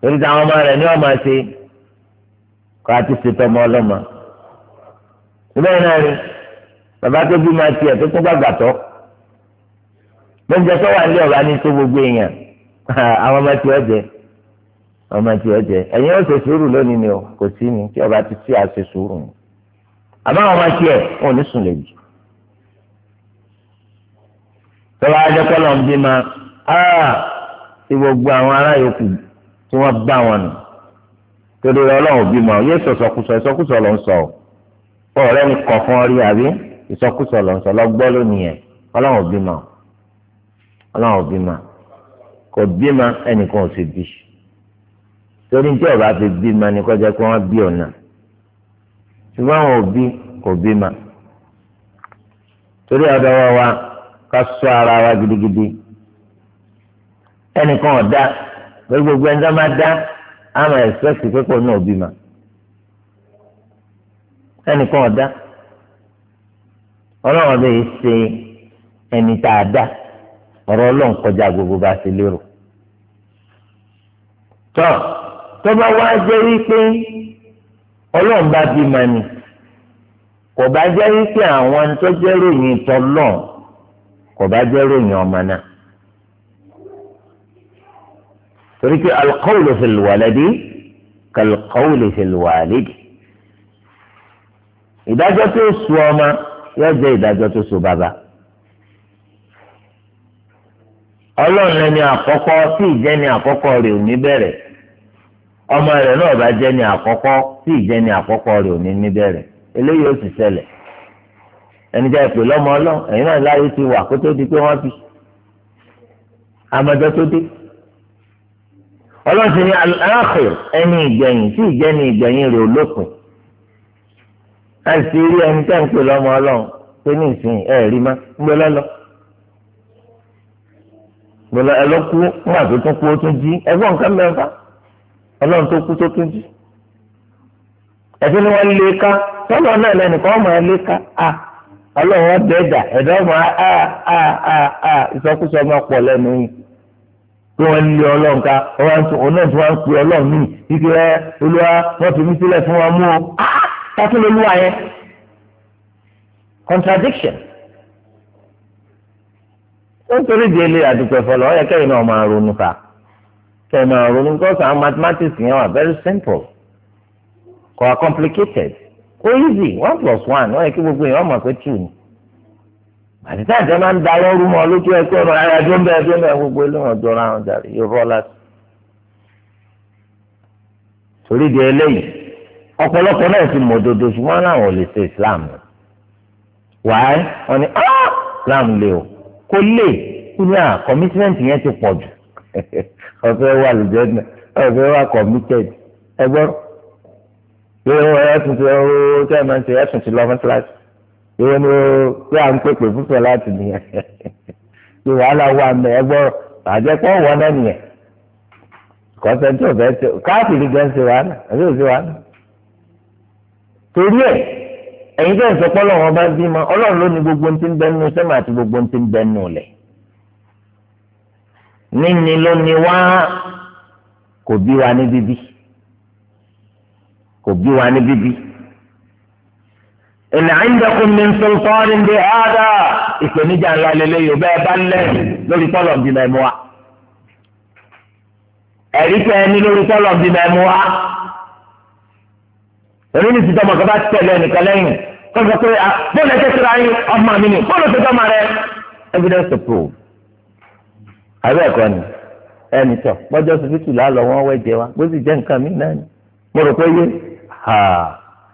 torí táwọn ọmọ rẹ̀ ní ọmọ àti kọ́ àti ṣètò ọmọ ọlọ́mọ bẹ́ẹ̀ náà rí bàbá tó bí máa tiẹ̀ tó kó gbàgbà tọ́ lóúnjẹ tó wà ní ọ̀rá ní tó gbogbo èèyàn àwọn ọmọ tiẹ̀ jẹ ọmọ tiẹ̀ jẹ ẹ̀yin ó ṣe sùúrù lónìí ni o kò sí ni tí ọba ti tí a ṣe sùúrù ni àmọ́ àwọn ọmọ tiẹ̀ wọn ò ní sùn lè jù tọ́wọ́ ajẹ́kọ́ lọ́n bí máa. Ah, tí gbogbo àwọn ará yòókù tí wọ́n bá wọn nù torí ọlọ́run bímọ yóò sọ sọkúsọ ìsọkúsọ ló ń sọ ọ kọ ọ̀rẹ́ mi kọ̀ fún ọ rí àbí ìsọkúsọ ló ń sọ lọ́gbọ́ lónìí yẹn ọlọ́run bímọ ọlọ́run bímọ kò bímọ ẹnìkan ò sì bí torí tí ọba fi bímọ ni kọjá pé wọ́n bí ọ̀nà ṣùgbọ́n àwọn òbí kò bímọ torí ọ̀dọ́ wa wa ká ṣọ́ ara wa gidigidi. ẹnìkan ọ̀dá pẹ̀lú gbogbo ẹni tó máa dá àmà ẹ̀sẹ̀sì pípọ̀ náà bí ma ẹnìkan ọ̀dá ọlọ́run ọ̀dọ́ ṣe ẹni tá a dá ọ̀rọ̀ ọlọ́run a lérò tọ́ tó bá wá jẹ́ wípé ọlọ́run bá ma ni kò bá jẹ́ wípé àwọn torí pé alqawlu fil waladi kalqawli fil walidi ìdájọ́ tó so ọmọ yóò jẹ́ ìdájọ́ tó so bàbá ọlọ́run lẹni àkọ́kọ́ tí ìjẹni àkọ́kọ́ rẹ̀ ò ní bẹ̀rẹ̀ ọmọ rẹ̀ náà bá jẹni àkọ́kọ́ tí ìjẹni àkọ́kọ́ rẹ̀ ò ní ní bẹ̀rẹ̀ eléyìí ó sì ṣẹlẹ̀ ẹni jẹ́ ìpè lọ́mọ ọlọ́run ẹ̀yin náà láyé ti wà kó tó di pé wọ́n fi amọ̀jọ́ tó dé ọlọ́run ti ní al-akhir ẹni ìgbẹ̀yìn tí ìjẹ́ni ìgbẹ̀yìn rẹ̀ olókun láti rí ẹni tẹ́ ń pè lọ́mọ ọlọ́run pé ní ìsìn ẹ̀ rí má gbọ́lọ́ lọ. gbọ́lọ́ ẹ ló kú nígbà tó tún kú ó tún jí ẹgbọ́n nǹkan mẹ́fà ọlọ́run tó kú tó tún jí. ẹ̀sìn ni wọ́n lé ká tọ́lọ̀ náà lẹ́nu kọ́ ọmọ ẹ lé ká a ọlọ́run ọ̀dẹ́dà ẹ̀dọ́ ọmọ a a a a ìsọkúsọ ọmọ pọ̀ lẹ́nu yìí pé wọ́n lé ọlọ́run ká ọlọ́run tó tí wọ́n pè ọlọ́run mí kíkẹ́ ẹ olúwa wọ́n fi mí sílẹ̀ fún wa mú o ah, ah, tàkì lolúwa yẹn contradiction ó ń torí di ilé àdúgbò ẹ̀fọ́lọ́ ọ̀yẹ́ kẹ́yìn náà máa ronú ká kẹ́yìn máa ronú because our mathematics yẹn wà very simple kò complicated ó easy one plus one ọ̀yẹ́ kí gbogbo yẹn wọ́n mọ̀ pé two ni àtìtá ìjọba máa ń da lọ́rú mọ́ lójú ẹgbẹ́ ọ̀rọ̀ ayé ẹjọ́ ń bẹ ẹjọ́ ń bẹ gbogbo eléwọ̀n jọra àwọn jàre yóò rọ́ láti. torí di eléyìí ọ̀pọ̀lọpọ̀ náà ti mọ̀ dodo ṣùgbọ́n láwọn ò lè ṣe Islam wàá wọn ni ah, Islam lè o kò lè kú ní à ah, commitment yẹn ti pọ̀ jù ọ̀fẹ́ wà lùjẹ́ náà ọ̀fẹ́ wà committed ẹgbọ́n yóò ẹ̀sùn ti ẹ̀sùn ti lọ́mọ́tíláṣí ìwọ ni pé à ń pèpè fúnfẹ láti nìyẹn ṣe wàhálà wà mẹ ẹ gbọ́ àjẹpọ wọn náà nìyẹn kọsẹńtì ọbẹ ṣe káàkiri gan ṣe wàhálà àbí òṣè wàhálà torí ẹ ẹ̀yin tẹ́ ń sọ pọ́lọ́ wọn bá bímọ ọlọ́run ló ní gbogbo ń ti ń bẹnu sẹ́mà àti gbogbo ń ti ń bẹnu lẹ̀ níní ló ní wá kò bí wa ní bíbí kò bí wa ní bíbí. إن عندكم من سلطان بهذا ìpèníjà ńlá lélẹ́yìn bẹ́ẹ̀ bá lẹ́yìn lórí tọ́lọ̀ bí mẹ́mu wa ẹ̀rí tẹ́ ẹni lórí tọ́lọ̀ bí mẹ́mu wa èmi ní títọ́ mọ̀ká bá tẹ̀lé ẹnìkan lẹ́yìn kọ́sọ́ pé bọ́ọ̀lù ẹ̀jẹ̀ síra yín ọmọ mi ni bọ́ọ̀lù tó dọ́mà rẹ evidence to prove àbẹ́ ẹ̀kọ́ ni ẹnì tọ̀ bọ́jọ́ sọ́fítù lálọ́ wọn wẹ́jẹ wa bó jẹ́ nǹkan mí náà ni mo rò pé yé ha.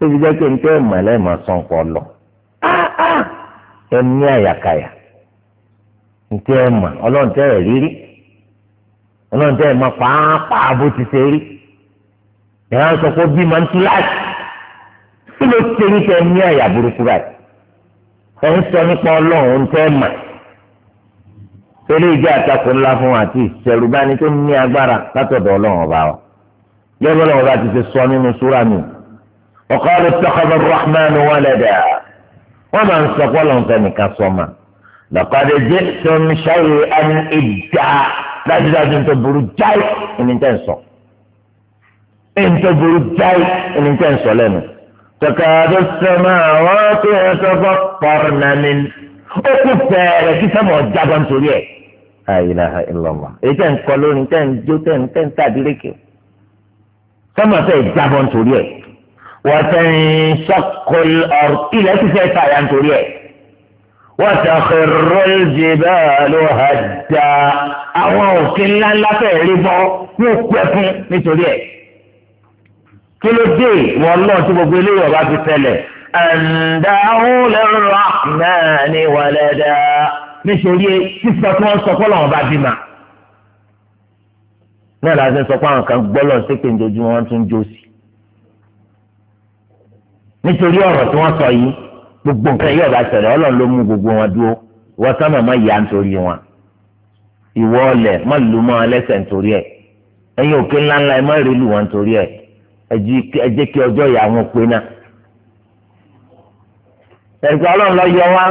tó fi jẹ́ pé n tẹ́ mọ̀ ẹlẹ́mọ̀ sàn kọ́ lọ ẹ ní àyàkáyà n tẹ́ mọ̀ ọlọ́run tẹ́ rẹ̀ rírí ọlọ́run tẹ́ mọ̀ pàápàá bó ti ṣe rí ẹ̀ á sọ pé bí máa ń tú láti kí ló ṣe ní tẹ́ ní àyà burúkú rà ẹ̀ ń sọ nípa ọlọ́run tẹ́ mọ̀ eléyìí jẹ́ àtakò ńlá fún àti ìṣẹ̀rùbáni tó ní agbára látọ̀dọ̀ ọlọ́run ọba wa lẹ́gbẹ̀ẹ́ ọlọ́run ọba ti ṣe sọ nínú súrà mi ọ̀kọ́rù tọkọ̀bọ̀ rahman wàlẹ̀dà wọ́n máa ń sọ pọ́lọ̀ nǹkan nìkan sọ́mà lọ́kọ́dé jẹ́ sọ́mi ṣáyé ẹni ìdá dájúdájú ń tó burú jáì ẹni tẹ́ ń sọ ẹni tó burú jáì ẹni tẹ́ ń sọ lẹ́nu tọkàdé sọ́mà wọ́n tó yẹ kó bọ́ pọ́rọ̀ náà ní ó kú fẹ́ẹ̀rẹ̀ kí sọ́mà ọ̀jábọ̀ nítorí ẹ̀ ilaha illallah èyí tẹ́ ń kọ lórí tẹ́ ń jó tẹ́ ń tẹ́ ń tàdírékè sọ́mà fẹ́ẹ̀ jábọ̀ nítorí ẹ̀ وتنشق الأرض إلى تسعة آيات وتخر الجبال هدا àwọn òkè ńlá ńlá fẹ́ẹ́ rí bọ́ wọ́n pẹ́ fún nítorí ẹ̀ kí ló dé ìwọ náà tí gbogbo eléyìí ọba ti tẹ̀lẹ̀ ẹ̀ǹdáhùn lẹ́rọ àmàlẹ́ wàlẹ́dá nítorí sísọ tí wọ́n sọ fọ́lọ́ ọba bímọ. náà láti sọ pé àwọn kan gbọ́ lọ sí pé ǹjọ́jú wọn tún jó sí nítorí ọ̀rọ̀ tí wọ́n sọ yìí gbogbo nǹkan yóò bá ṣẹlẹ̀ ọlọ́run ló mú gbogbo wọn dúró wọ́n sá màmá ìyá nítorí wọn ìwọ ọlẹ̀ má lù mọ́ ẹlẹ́sẹ̀ nítorí ẹ̀ ẹ̀yin òkè ńláńlá ẹ má rí lù wọn nítorí ẹ̀ ẹ jẹ́ kí ọjọ́ ìyá wọn pé náà. ẹ̀sìn ọlọ́run lọ yọ wá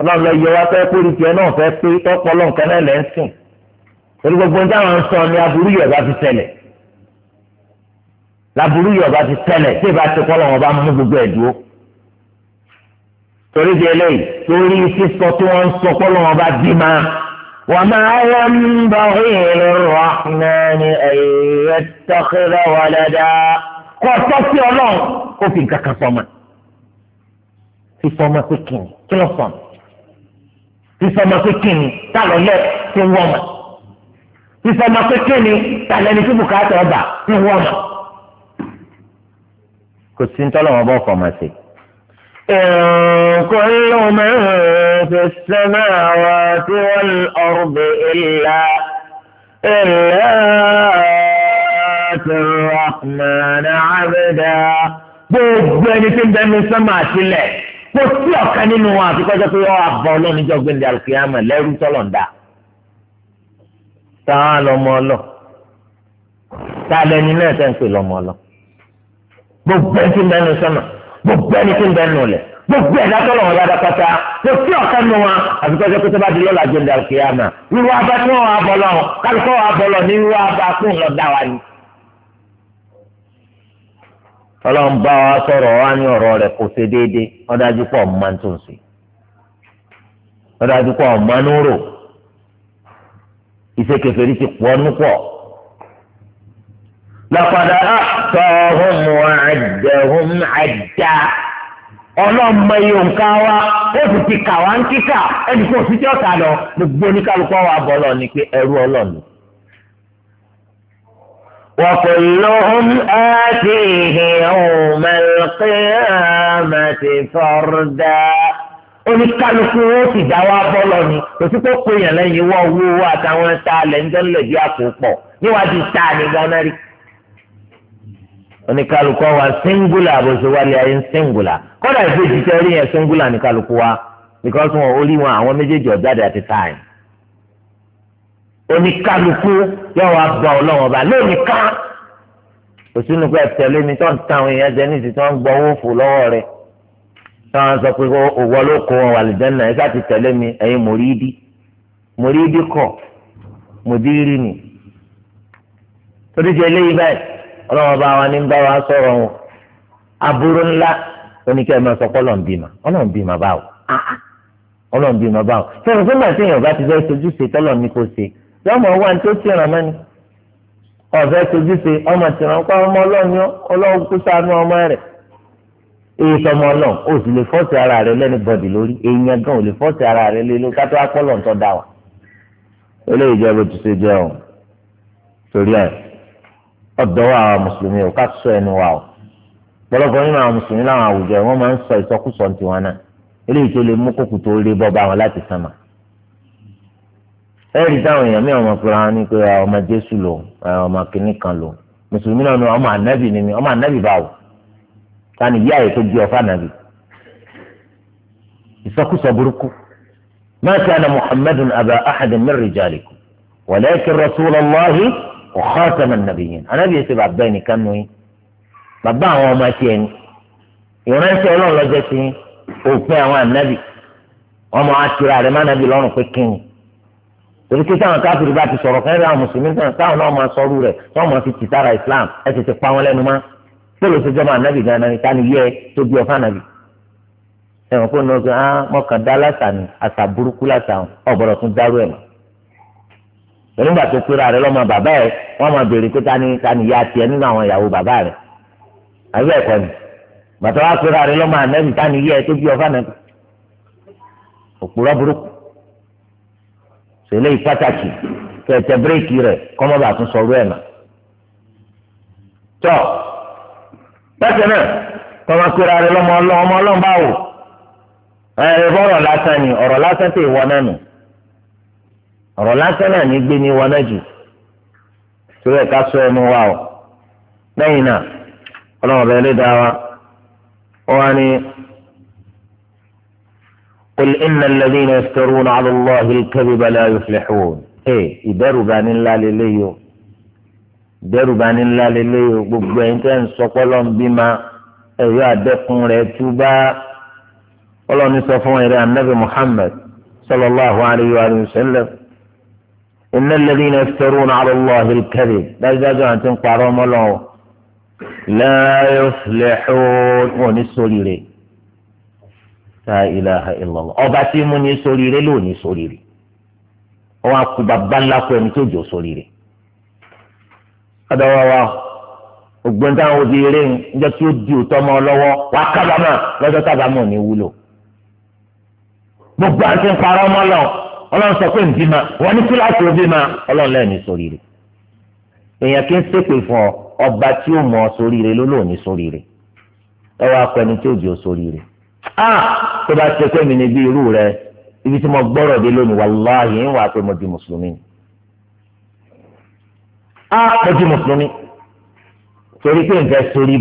ọlọ́run lọ yọ wá fẹ́ pé olùkẹ́ náà fẹ́ pé tọ́pọ̀ ọlọ́run náà lẹ́ ń ń dáhùn sọ ni aburú yẹ̀ bá fi ṣẹlẹ̀ laburú yìí ọba ti ṣẹlẹ̀ tí ìbá ti kọ́ lọ́wọ́ bá mú gbogbo ẹ̀ dúró torí di eléyìí torí sísọ tí wọ́n ń sọ kọ́ lọ́wọ́ bá bí ma wà máa wà ń bá ìlú rahmani ẹ̀yẹ tọ́kẹ́lẹ́ wà dáadáa kọ́ ọ̀tọ́ sí ọlọ́run kó fi nǹkan kan sọmọ sísọmọ pé kìnnì kí ló sọmọ sísọmọ pé kìnnì tá lọ lẹ tí ń wọ́n mọ̀ pé kìnnì tá lẹni tí bùkátà ọba tí ń wọ́n kò sí ntọ́lọ̀ wọn bọ́ fọmọ sí. كل من في السماوات والأرض إلا إلا الرحمن عبدا gbogbo ẹni tí ń bẹ ní sánmà àtìlẹ̀ kò sí ọ̀kan nínú wọn àti kọjá pé ọ àbọ̀ ọlọ́run níjọ́ gbẹ̀ndẹ̀ àlùkìyàmọ̀ lẹ́rú tọ́lọ̀ ń dà tá lọ́mọ ọlọ́ tá a náà tẹ́ ń pè lọ́mọ ọlọ́. gbogbo ẹni tí ń bẹnu sọmọ gbogbo ẹni tí ń bẹnu lẹ gbogbo ẹ̀dá tó lọ́wọ́ bá dákọ́ta kò sí ọ̀kan nu wọn àti kọ́jọ́ pé bá di tí wà wà lọ dá wa ni. ọlọ́run bá wa sọ̀rọ̀ wa ní ọ̀rọ̀ rẹ̀ kò ṣe déédéé pọ̀ لقد أحصاهم وعدهم عدا ọlọ́mọ iye òǹkà wa ó sì ti kà wá ń kíkà ẹnì kò sí tí ọ̀tà lọ gbogbo oníkálukú wa bọ̀ lọ ni pé ẹrú ọlọ́ọ̀ni. وكلهم آتيه يوم القيامة فردا oníkálukú ó sì dá wa bọ́ lọ ni kò sí pé kò yàn lẹ́yìn wọ́n owó wa àtàwọn ẹ̀ta lẹ́ńdọ́lẹ̀ bí àpò pọ̀ níwájú tá a ní gánà rí oníkálukọ wa singula bó ṣe wálé ayé singular kódà ìbejì tẹ orí yẹn singular ní wa because wọn orí wọn àwọn méjèèjì ọ̀jáde àti time oníkálukú yóò wá bá ọlọ́wọ́n bá lónìí ká òsínú pé ẹ̀tẹ̀lé mi tó ń ta àwọn èèyàn jẹ ní ìsìn tó ń gbọ́ owó fò lọ́wọ́ rẹ̀ táwọn sọ pé òwò ló kó wọn wà lìjẹ́nà ẹ̀ sáà ti tẹ̀lé mi ẹ̀yin mòrídìí mòrídìí kọ̀ ọlọ́wọ́n bá wa ní bá wa sọ̀rọ̀ wọn aburú ńlá oníkẹ́ máa sọ kọ́lọ̀ ń bímọ ọlọ́run bímọ báwo ọlọ́run bímọ báwo sọ̀rọ̀ fún bàtí èèyàn bá ti fẹ́ sojú ṣe tọ́lọ̀ ní kò ṣe lọ́mọ wa ní tó ti ràn mọ́ni ọ̀fẹ́ sojú ṣe ọmọ ti ràn pa ọmọ ọlọ́run ọlọ́run kú sánú ọmọ rẹ̀ èyí sọmọ ọlọ́run ó sì lè fọ́ọ̀sì ara rẹ̀ lẹ́nu bọ̀dì lórí èèyàn gan ò lè fọ́ọ̀sì ara rẹ̀ lé lórí kátó akọ́lọ̀ ń tọ́ da wa eléyìí jẹ́ bó ti ṣe jẹ́ o torí ẹ̀ ọ̀dọ́wọ́ àwọn mùsùlùmí ò ká sọ ẹnu wa o pọ̀lọpọ̀ nínú àwọn mùsùlùmí láwọn àwùjọ wọn máa ń sọ ìsọkúsọ tiwọn náà eléyìí tó lè mú kókò tó lé bọ́ bá wọn láti sàmà ẹ̀rí táwọn èèyàn mìíràn máa fura ní pé ah, ọmọ jésù lò ah, ọmọ kìnnì kan lò mùsùlùmí náà ni ọmọ ànábì ni ọmọ ànábì báwo ta ni yíyá yìí tó gbé ọfà ànábì ìsọkúsọ burúkú ma kana muhammadun aba ahadin min rijalikum walakin rasulallah wa khataman nabiyyin anábì yẹn ṣe bàbá ẹnìkan nù yín bàbá àwọn ọmọ ẹtì ẹni ìránṣẹ́ Ọlọ́run lọjọ sí òpin àwọn ànábì ọmọ àtìrà rẹ mánàbì lọ́rùn pé kíni torí pé táwọn káfíìrì bá ti sọ̀rọ̀ fẹẹ àwọn mùsùlùmí náà táwọn náà máa sọrú rẹ táwọn máa fi tìtara islam ẹ ti ti pa wọn lẹ́nu mọ́ pẹ̀lú ṣe jọmọ ànábì ganan ní tani yẹ tó bí ọfà ànábì ẹwọn kó nọ sọ ah mọkàn lásà ni àṣà burúkú lásà ọgbọdọ tún dárú ẹ mọ́ nígbà tó pera rẹ lọ́mọ bàbá ẹ wọ́n máa béèrè pé tani tani ìyá tiẹ̀ nínú àwọn ìyàwó bàbá rẹ àbí ẹ̀kọ́ ni bàtà wá pera rẹ lọ́mọ ànẹ́bí tani ìyá ẹ tó bí ọ̀fà nàbí òpùrọ̀ burúkú ṣẹlẹ̀ pàtàkì kẹ̀tẹ̀ bírèkì rẹ kọ́mọ́bà tún sọ̀rọ̀ ẹ̀ nà tọ́ bákan náà tọ́mọ pera rẹ lọ́mọ ọlọ́mọ ọlọ́mọ báwò ẹ̀ ọ̀rọ̀ lásán ni ọ̀rọ̀ lásán tẹ̀ wọ náà ọ̀rọ̀ lásán náà ní gbé ní wọná jù torí ẹ̀ka sọ ẹnu wa o lẹ́yìn náà ọlọ́run bẹ̀rẹ̀ lè dá wa ó wá ní. قل إن الذين يفترون على الله الكذب لا يفلحون ee ìdẹ́rùbani ńlá lélẹ́yìí o ìdẹ́rùbani ńlá lélẹ́yìí o gbogbo ẹ̀yin tẹ́ ń sọ pọ́lọ́ ń bímá ẹ̀yọ́ àdẹ́kùn rẹ̀ tú bá ọlọ́run sọ fún ẹ̀rẹ́ anabi muhammed sallallahu alayhi wa sallam iná lẹ́yìn náà sọ̀rọ̀ náà alọ́lọ́ àhìlkẹ́rì dájúdájú àwọn tí ń parọ́ mọ́lọ́ o láyọ̀ lẹ́xọ́ wọn ní sóríire ta ilaha illallah ọba tí mo ní sóríire ló ní sóríire wọn kú bàbá ńlá kú ẹni tó jọ sóríire. adáwọ̀ wa ògbóǹtà àwọn òbí eré ńjẹ́ tí ó di òótọ́ mọ́ lọ́wọ́ wà á kábàámà lọ́jọ́ kábàámà ò ní wúlò gbogbo àti ń parọ́ mọ́lọ́ ọlọ́run sọ pé ń bímọ wọn ní kíláàsì ó bímọ ọlọ́run lẹ́ẹ̀ni sóríire èèyàn kí ń ṣépè fún ọ ọba tí ó mọ sóríire ló lò ní sóríire ẹ wá kọ ẹni tí ó jẹ sóríire a tó bá ṣe pé mi ní bí irú rẹ ibi tí mo gbọ́rọ̀ dé lónìí wàláhì ń wà pé mo di mùsùlùmí a mo di mùsùlùmí torí pé nǹkan sórí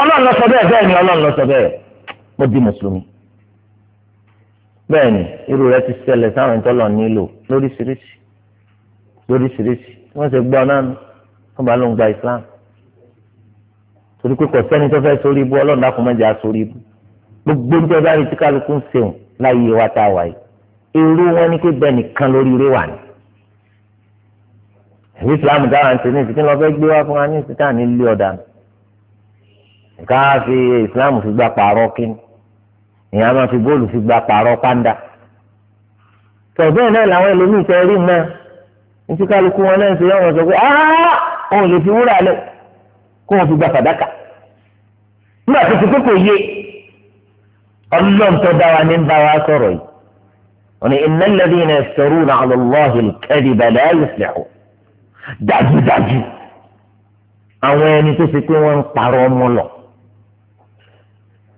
ọlọ́run lọ sọ bẹ́ẹ̀ bẹ́ẹ̀ ni ọlọ́run lọ sọ bẹ́ẹ̀ mo di mùsùlùmí bẹ́ẹ̀ ni irú rẹ ti ṣẹlẹ̀ sáwọn ìtọ́lọ̀ nílò lóríṣiríṣi lóríṣiríṣi wọ́n ṣe gbọ́ náà nù wọ́n bá ló gba Islam torí pé kò sẹ́ni tó fẹ́ sórí ibú ọlọ́run dákun mẹ́jọ sórí ibú gbogbo ń jẹ́ báyìí tí kálukú ń ṣeun láyé wa tá a wà yìí irú wọn ni pé bẹ́ẹ̀ nìkan lórí ilé wà ní. ẹ̀mí Islam dáhà ń ní ìsìnkú lọ́fẹ́ gbé wá fún wa ní ìsìnkú àní ilé ọ̀dà ká fi Islam fi gbà pààrọ̀ kíni ìyá máa fi bóòlù fi gba pààrọ̀ pàǹdà tọ̀bẹ́ẹ̀ náà làwọn ẹlòmíì tẹ́ rí mọ́ nítorí kálukú wọn náà ń ṣe yọ wọn sọ pé òun lè fi wúrà lẹ kó wọn fi gba fàdákà nígbà tó ti pé kò yé ọlọ́run tó dá wa ní bá wa sọ̀rọ̀ yìí wọn ni iná lẹ́bí iná ẹ̀sọ̀rù náà alọ́láhìn kẹ́rì bàlẹ́ ayọ̀sẹ̀ ọ̀ dájúdájú àwọn ẹni tó ti pé wọ́n ń parọ́ ọmọ lọ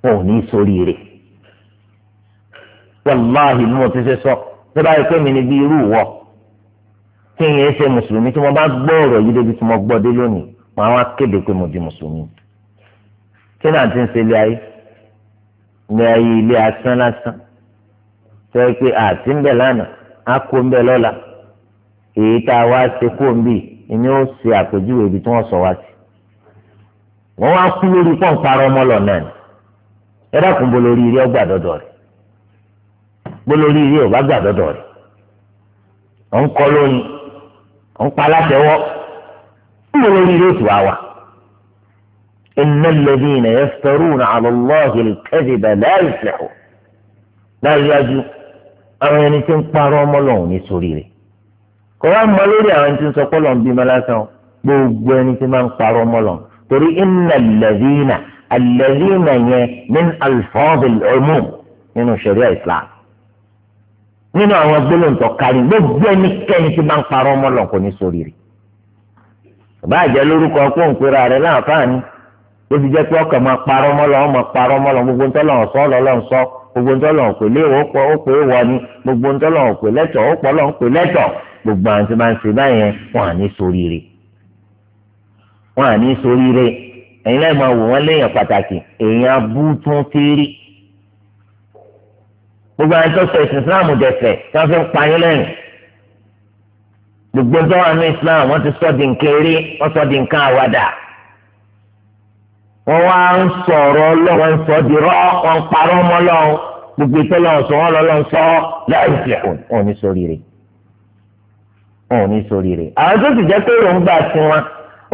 wọn ò ní sóríire wàláhì ni mo ti ṣe sọ tó bá yẹ pé mi ni bí irú wọ kí n yẹn ṣe mùsùlùmí tí mo bá gbọ́ ọ̀rọ̀ yìí débi tí mo gbọ́ dé lónìí màá wá kéde pé mo di mùsùlùmí kí náà ti ń ṣe ilé ayé ilé ayé ilé asán lásán tó pé àti ń bẹ̀ lánàá á kó ń bẹ̀ lọ́la èyí tá a wá ṣe kó ń bì ni ó ṣe àpèjúwe ibi tí wọ́n sọ wá sí wọ́n wá kú lórí pọ́ǹparọ́ ọmọ lọ náà ni ẹ dákun bo lórí ilé ọgbà dọ́dọ̀ rẹ̀ gbólórí ilé ọba gbà dọdọ rẹ ọ ń kọ lóyún ọ ń pa alátẹwọ gbólórí ilé òtù àwà inna alladhina yaftaruna ala Allahi al-kadhiba la yuflihu dájúdájú àwọn ẹni tí ń parọ́ ọmọ lọ́hùn ní sórí rẹ̀ kò wá mọ lórí àwọn ẹni tí ń sọ pé lọ́n bímọ lásán gbogbo ẹni tí máa ń parọ́ ọmọ lọ́hùn torí inna alladhina alladhina yẹn min alfadhi al-umum nínú sharia Islam nínú àwọn gbólóńtọ̀ kárí gbogbo ẹnikẹ́ni tí bá ń parọ́ ọmọ lọ kò ní sórí rẹ̀ bàbá àjẹ́ lórúkọ pòǹpẹ́rọ rẹ̀ láǹfààní ó ti jẹ́ pé ọkàn máa parọ́ ọmọ lọ ọmọ parọ́ ọmọ lọ gbogbo ńtọ́lọ̀ ọ̀sọ́ lọ́lọ́ ńsọ gbogbo ńtọ́lọ̀ ọ̀pẹ léwọ́ ọ̀pọ̀ ọ̀pẹ wọ ni gbogbo ńtọ́lọ̀ ọ̀pẹ lẹ́tọ̀ ọ̀pọ̀ lọ́ ọ̀pẹ lẹ́tọ̀ gbogbo à gbogbo àwọn tó sọ èsì islam dẹ̀sẹ̀ tí wọ́n fi ń payín lẹ́yìn gbogbo tó wà islam wọ́n ti sọ di nǹkan eré wọ́n sọ di nǹkan àwàdà wọ́n wá ń sọ̀rọ̀ lọ́wọ́ ń sọ di rọ́ wọ́n ń parọ́ mọ́ lọ́wọ́ gbogbo ìtọ́lọ́ sọ wọ́n lọ́lọ́ ń sọ láì fi hàn wọn ní sórí rẹ̀ ní sórí àwọn tó sì jẹ́ pé òun gbà tiwọn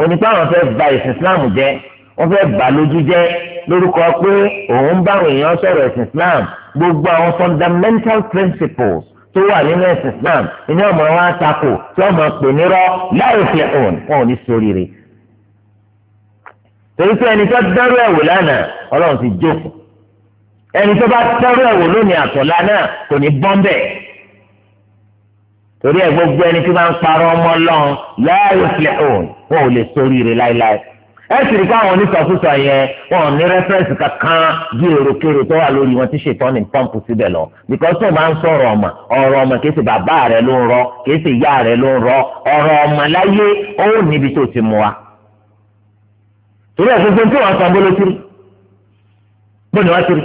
onípa àwọn fẹ́ bà ìsìn islam jẹ́ wọ́n fẹ́ bà lójú jẹ́ lórúkọ pé òun bá àwọn èèyàn sọ̀rọ̀ ẹ̀sìn Islam gbogbo àwọn fundamental principles tó wà nínú ẹ̀sìn Islam ìní ọmọ wọn àtakò tí ọmọ pè nírọ́ láì fi hàn wọn ò ní sórí rẹ̀ torí pé ẹni tó dárú ẹ̀wò lánàá ọlọ́run ti jókòó ẹni tó bá dárú ẹ̀wò lónìí àtọ̀lá náà kò ní bọ́ńbẹ́ torí ẹ gbogbo ẹni tí máa ń parọ́ ọmọ lọ́n láàyè fìlẹ̀ òun wọn ò lè sóríire láéláé ẹ sì rí káwọn onísọkúsọ yẹn wọn ò ní rẹfẹrẹnsì kankan bí èròkèrò tó wà lórí wọn tí ṣètọ́ ní pọ́ǹpù síbẹ̀ lọ bìkọ́sì tó bá ń sọ̀rọ̀ ọmọ ọ̀rọ̀ ọmọ kìí ṣe bàbá rẹ ló ń rọ kìí ṣe ìyá rẹ ló ń rọ ọ̀rọ̀ ọmọ láyé ó níbi tó ti mú wa. torí ẹ̀fúnfún tí wọ́n san bóló tiri bó ni wọ́n tiri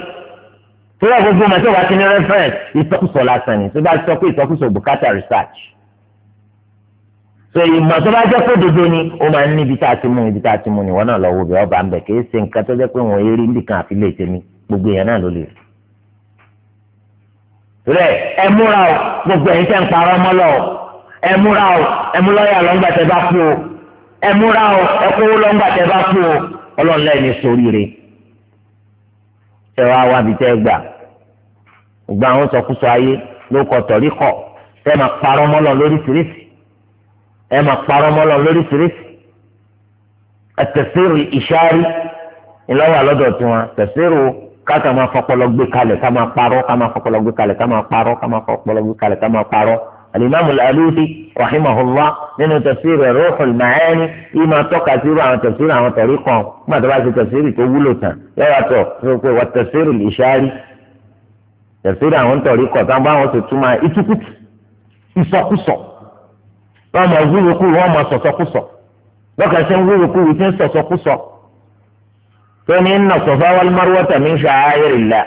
torí ẹ̀fúnfún mọ̀ tí wọ́n ti ní rẹfẹrẹnsì ìsọkúsọ lásán ni tó bá so ìmọ̀ tó bá jẹ́ pé dodo ni ó máa ń ní ibi tá a ti mú ibi tá a ti mú ni wọ́n náà lọ́wọ́ bẹ́ẹ̀ ọba ń bẹ̀ kì í ṣe nǹkan tó jẹ́ pé wọ́n eré nìkan àfi lè tẹ̀mí gbogbo èèyàn náà ló lè rí. rẹ ẹ múra o gbogbo ẹ̀yin tẹ́ ń parọ́ mọ́ lọ o ẹ múra o ẹ mú lọ́ọ̀yà lọ́ngbà tẹ́ bá kú o ẹ múra o ẹ kówó lọ́ngbà tẹ́ bá kú o ọlọ́run lẹ́yìn sóríire. ṣé wàá wá bìtẹ́ gbà gbogbo àwọn sọkúsọ ayé ló kọ tọ̀ríkọ̀ ẹ máa parọ́ mọ́lọ́ lóríṣiríṣi àtẹ̀sírù ìṣáárí ńlọ́wọ́ àlọ́dọ̀ tí wọn tẹ̀sírù káàkà máa fọpọlọ gbé kalẹ̀ ká máa parọ́ ká máa fọpọlọ gbé kalẹ̀ ká máa parọ́ ká máa fọpọlọ gbé kalẹ̀ ká máa parọ́ alimami alusi rahimahullah nínú tẹ̀sírù ruhul maani yìí máa tọ́ka sírù àwọn tẹ̀sírù àwọn tẹ̀rí kan nígbà tó bá ti tẹ̀sírù tó wúlò tán yọ̀wá tọ̀ wà tẹ̀sírù ìṣáárí tẹ̀sírù àwọn tẹ̀rí kan táwọn bá wọn ti túmọ̀ ìtukùtù ìsọkúsọ̀ wọ́n máa wúwo kú wọ́n máa sọ̀sọ̀kúsọ lọ́kàn sí wúwo kú wọ́n ti ń sọ̀sọ̀kúsọ tóní inna safa wal marwata min sha'airillah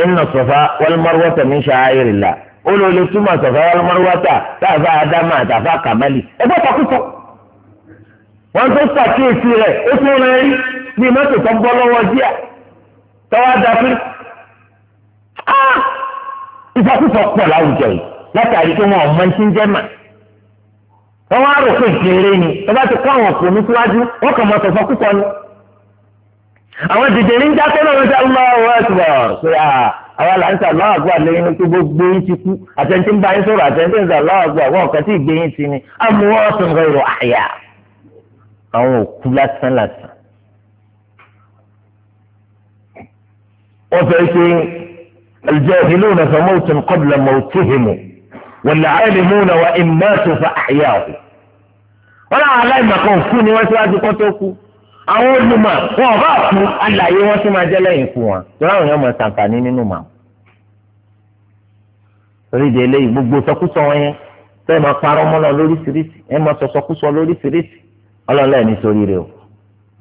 inna safa wal marwata min sha'airillah olóòlù túmọ̀ safa wal marwata táàfà ádámà àtàfà kàmálì ẹgbẹ́ sọ̀kúsọ wọ́n tó sàkíyèsí rẹ̀ ó tún rẹ̀ rí ní mọ́tò tó gbọ́ lọ́wọ́ díà tọ́wọ́ dàbí ah! ìfọ̀kúsọ pọ̀ láwùjọ yìí látàrí pé wọn ò mọ ti ń jẹ́ mà wọ́n wá rò pé ìkéré ni wọ́n bá ti kọ́ àwọn òkú ní síwájú wọ́n kàn mọ́ sọ̀fọ́ púpọ̀ ni àwọn dìde ní dákẹ́ náà lọ́sẹ̀ lọ́wọ́ ẹ̀sùn pé àwa là ń sà lọ́wọ́ àgbà lẹ́yìn tó gbogbo yín ti kú àtẹ̀ntì ń bá yín sọ̀rọ̀ àtẹ̀ntì ń sà lọ́wọ́ àgbà wọn kàn tí ì yín sí ni àmúwọ́ ọ̀sùn rẹ̀ àyà àwọn òkú lásán lásán. wọ́n fẹ́ ṣe ìjọ ìlú ìrẹsẹ̀ mọ́tò wal-aalimuna wa in matu fa ahya'u wọn làwọn aláìmọ̀kan òkú ni wọ́n síwájú kó tó kú àwọn olùmọ̀ wọn ò bá kú alàyè wọn sì máa jẹ́ lẹ́yìn ikú wọn torí àwọn èèyàn mọ̀ sàǹfààní nínú màá torí ìdè eléyìí gbogbo sọkúsọ wọn yẹn tẹ́ ẹ máa parọ́ mọ́ lọ lóríṣiríṣi ẹ máa sọ sọkúsọ lóríṣiríṣi ọlọ́run lẹ́yìn nítorí rẹ o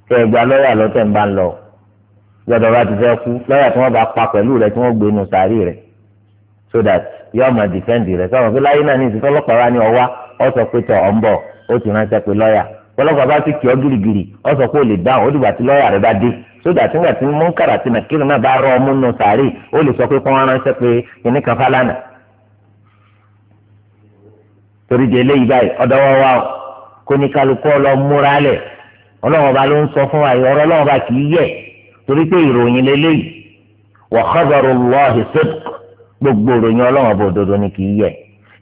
kẹ ẹ gba lọ́ọ̀yà lọ́tẹ̀ ń bá lọ gbọdọ̀ bá ti fẹ́ kú lọ́ọ̀yà tí wọ́n bá pa pẹ̀lú rẹ tí wọ́n gbé inú sàárì rẹ so that yọ ọmọ dìfẹ́ǹdì rẹ̀ sọ̀rọ̀ pé láyé náà ní ìsìn tọ́lọ́pàá wa ní ọwá ọ sọ pé tọ̀ ọ̀ ń bọ̀ ó ti ránṣẹ́ pé lọ́ọ̀yà tọ́lọ́pàá ti kì ọ́ ọ sọ pé ó lè dáhùn ó dìgbà tí lọ́ọ̀yà rẹ̀ bá dé sódà tí nígbà tí múnkàrà tí náà bá rọ ọmú nù sàárè ó lè sọ pé kọ́ wọn ránṣẹ́ pé kan fálànà torí di eléyìí báyìí wọn wá múra lẹ̀ ọlọ́wọ́n gbogbo ròyìn ọlọ́wọ́n bó dodo ni kì í yẹ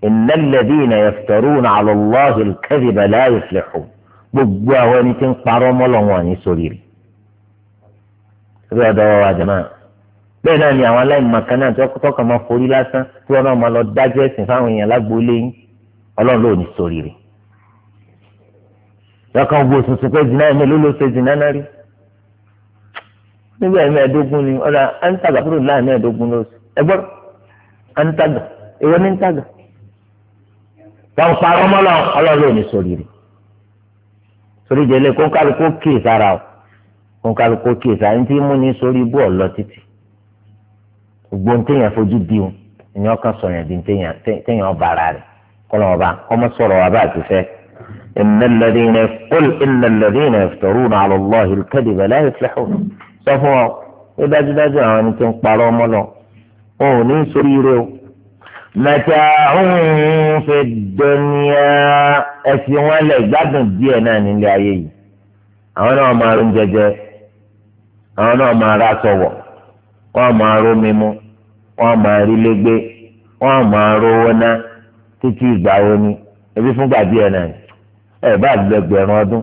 innal ladhina yaftaruna ala Allahi al-kadhiba la yuflihun gbogbo àwọn ẹni tí ń parọ́ mọ́lọ́wọ́n ní sórí rẹ̀ bẹ́ẹ̀ dọ́wọ́ wa jẹ̀mọ́ bẹ́ẹ̀ náà ni àwọn aláìmọ̀kan náà tọ́kọ̀ máa forí lásán tí wọ́n náà máa lọ dájọ́ ẹ̀sìn fáwọn èèyàn lágbóolé yín ọlọ́run ló ní sórí rẹ̀ lọ́kàn wo tuntun pé zina ẹ̀mí ló ló ṣe zina náà rí nígbà ẹ̀mí ẹ̀dógún ni ọ̀la ẹ̀ńtàgàfúrò láàmì ẹ̀dógún ló ṣe à ń tàgà èwo ní ń tàgà wọn parọ́ mọ́lọ́ ọlọ́run ò ní sórí rẹ̀ sórí ìdílé kó ń kálukú kíì sára o kó ń kálukú kíì sára ní tí mú ní sórí ibú ọ̀lọ́ títì gbogbo ní téèyàn fojú bí o ìyẹn kan sọ̀rọ̀ ẹ̀dín téèyàn bára rẹ̀ kọ́ lọ́wọ́ bá kọ́ mọ́ sọ̀rọ̀ wá àti fẹ́. إن الذين قل إن الذين يفترون على الله الكذب لا يفلحون سفوا إذا جدا جاءوا أن تنقلوا ملو wọn ò ní sórí ire o mẹta òun fi dẹniya ẹsìn wọn lẹ gbádùn díẹ̀ náà nílé ayé yìí àwọn náà máa ro jẹjẹ àwọn náà máa ra sọwọ wọn máa ro mímu wọn máa rí légbé wọn máa rówó ná títí ìgbà wo ni ebi fúngbà díẹ̀ náà ẹ bá lẹ́gbẹ̀rún ọdún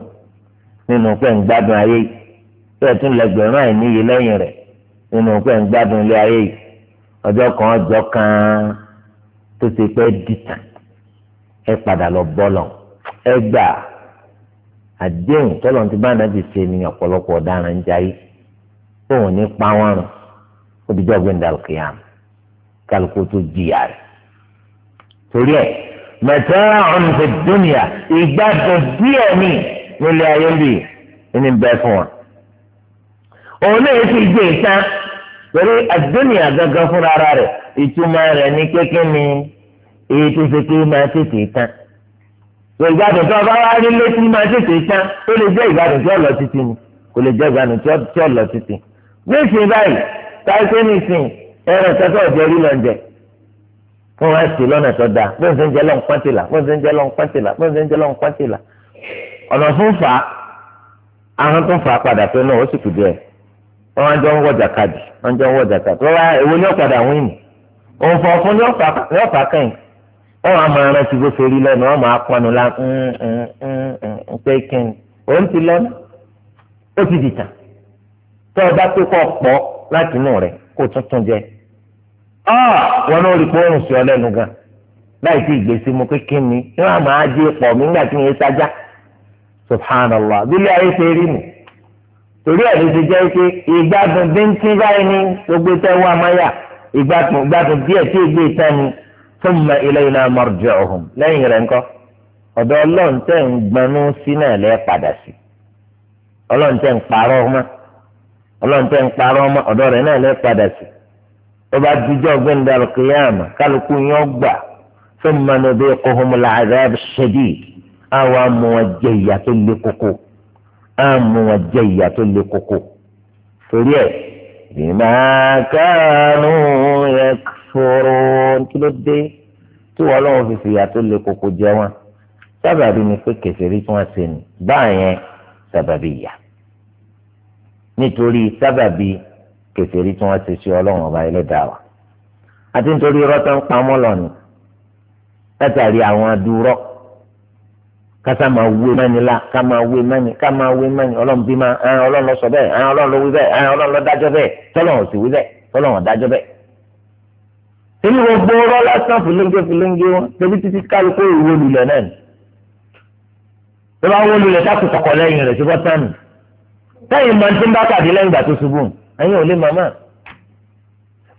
nínú pé gbádùn ayé yìí tún lẹ́yìn nínú gbádùn ilé ayé yìí. ọjọ́ kan ọjọ́ kan tó ṣe pé dìtàn ẹ padà lọ bọ́lọ̀ ẹ gbà àdéhùn tọ́lọ̀ ti bá nàbì ṣe ni ọ̀pọ̀lọpọ̀ ọ̀daràn ń jayé òun ní pa wọ́n rùn ó ti jọ́ gbẹ̀ǹdà kìíyàn kálukú tó jìyà rẹ̀ torí ẹ̀ mẹ̀tẹ́ ọ̀hún ti dúnìyà ìgbàdùn díẹ̀ ní nílé ayé bì ní bẹ́ẹ̀ fún wọn òun náà ti gbé ìtàn torí àdúnyà gangan fúnra ara rẹ̀ ìtumọ̀ rẹ̀ ní kékeré ni èyí tó ṣe pé máa tètè tán so ìgbádùn tó bá wá rí létí máa tètè tán ó lè jẹ́ ìgbádùn tí ó lọ títì ni kò lè jẹ́ ìgbádùn tí ó lọ títì nísìnyí báyìí táìpé nísìnyí ẹ̀rọ tẹ́tọ́ ọ̀jẹ̀ rí lọ́njẹ́ fún wa sí lọ́nà tó dáa bó ń ṣe ń jẹ́ lọ́n pọ́ńtìlà bó ń ṣe ń jẹ́ lọ́n pọ́ńtìlà bó ń ṣe ń jẹ́ lọ́n pọ́ńtìlà ọ̀nà fún fa ahọ́n tó fa padà pé náà ó sì kù díẹ̀ wọ́n á jọ ń wọ jàkadì wọ́n jọ wọ́ zakat wọ́n wá èwo ni ọ̀padà wíìnì òun fọ fún ní ọ̀fà kẹ́yìn wọ́n wá máa rántí bó ṣe rí lẹ́nu wọ́n máa pọnù la mm, mm, mm, pé kíni òun ti lọ́nà ó ti dìtà tó o bá pé kọ́ pọ̀ láti inú rẹ̀ kó tuntun jẹ wọn náà rí pé òun sí ọ lẹ́nu gan láì sí ìgbésí mu pé kíni wọ́n máa jẹ́ pọ̀ mí nígbà tí wọ́n ṣájá subhanallah bí ilé ayé ṣe rí nìyí torí ẹ̀ ló ti jẹ́ pé ìgbádùn bíntín báyìí ní gbogbo tẹ́ wá máyà ìgbádùn ìgbádùn díẹ̀ tí ègbé tán ni thumma ilayna marji'uhum lẹ́yìn rẹ̀ ńkọ́ ọ̀dọ̀ ọlọ́run tẹ̀ ń gbanú sí náà lẹ́ padà sí ọlọ́run tẹ̀ ń parọ́ ọmọ ọlọ́run ń parọ́ ọmọ ọ̀dọ̀ rẹ̀ náà lẹ́ padà sí tó bá dijọ́ gbẹ̀ndà kálukú á mú wọn jẹ ìyà tó le koko torí ẹ bima kanu yakfurun kí ló dé tí wọn lọ́wọ́ fi fìyà tó le koko jẹ wọn sábàbí ni pé kèfèrí tí wọ́n ṣe ní báyẹn sábàbí ìyà nítorí sábàbí kèfèrí tí wọ́n ṣe sí ọlọ́run ọba ẹlẹ́dàá wa àti nítorí irọ́ ń pamọ́ lọ ni látàrí àwọn adúrọ́ kásá máa wé mání la ká máa wé mání ká máa wé mání ọlọ́run bí ma ẹn ọlọ́run lọ sọ bẹ́ẹ̀ ẹn ọlọ́run lọ wí bẹ́ẹ̀ ẹn ọlọ́run lọ dájọ́ bẹ́ẹ̀ tọ́lọ́run sì wí bẹ́ẹ̀ tọ́lọ́run dájọ́ bẹ́ẹ̀. èmi wo gbóòrọ́ lásán fìlẹ́ńgé fìlẹ́ńgé wọn débi títí kálukú ìwé lulẹ̀ náà ni. bí wọ́n wó lulẹ̀ dákú kọ̀kọ́ lẹ́yìn rẹ̀ sí bọ́tánù. sẹ́yìn máa ń bá kàdé lẹ́yìn ìgbà tó ṣubú ẹ̀yin ò lè màmá.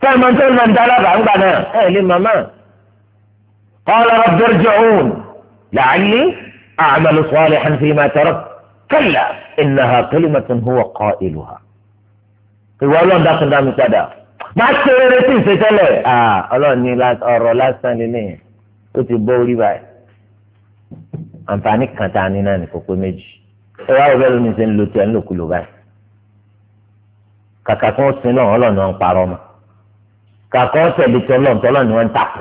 sẹ́yìn máa ń ń máa ń dálábàá náà ẹ̀ أعمل صالحا فيما تركت كلا إنها كلمة هو قائلها ìwọ ọlọ́run dákun dá mi padà má ṣe eré tí ì ṣe tẹ́lẹ̀ ọlọ́run ní ọ̀rọ̀ lásán lélẹ̀ yẹn ó ti bọ́ orí báyìí àǹfààní kan tá a ní náà ní kókó méjì ẹ wá wọ bẹ́ẹ̀ ló ní ṣe ń lo tiẹ̀ ń lò kúlò báyìí kàkà kan sin náà ọlọ́run náà ń parọ́ mọ́ kàkà kan tẹ̀lé tọ́lọ́run tọ́lọ́run ni wọ́n ń tàkù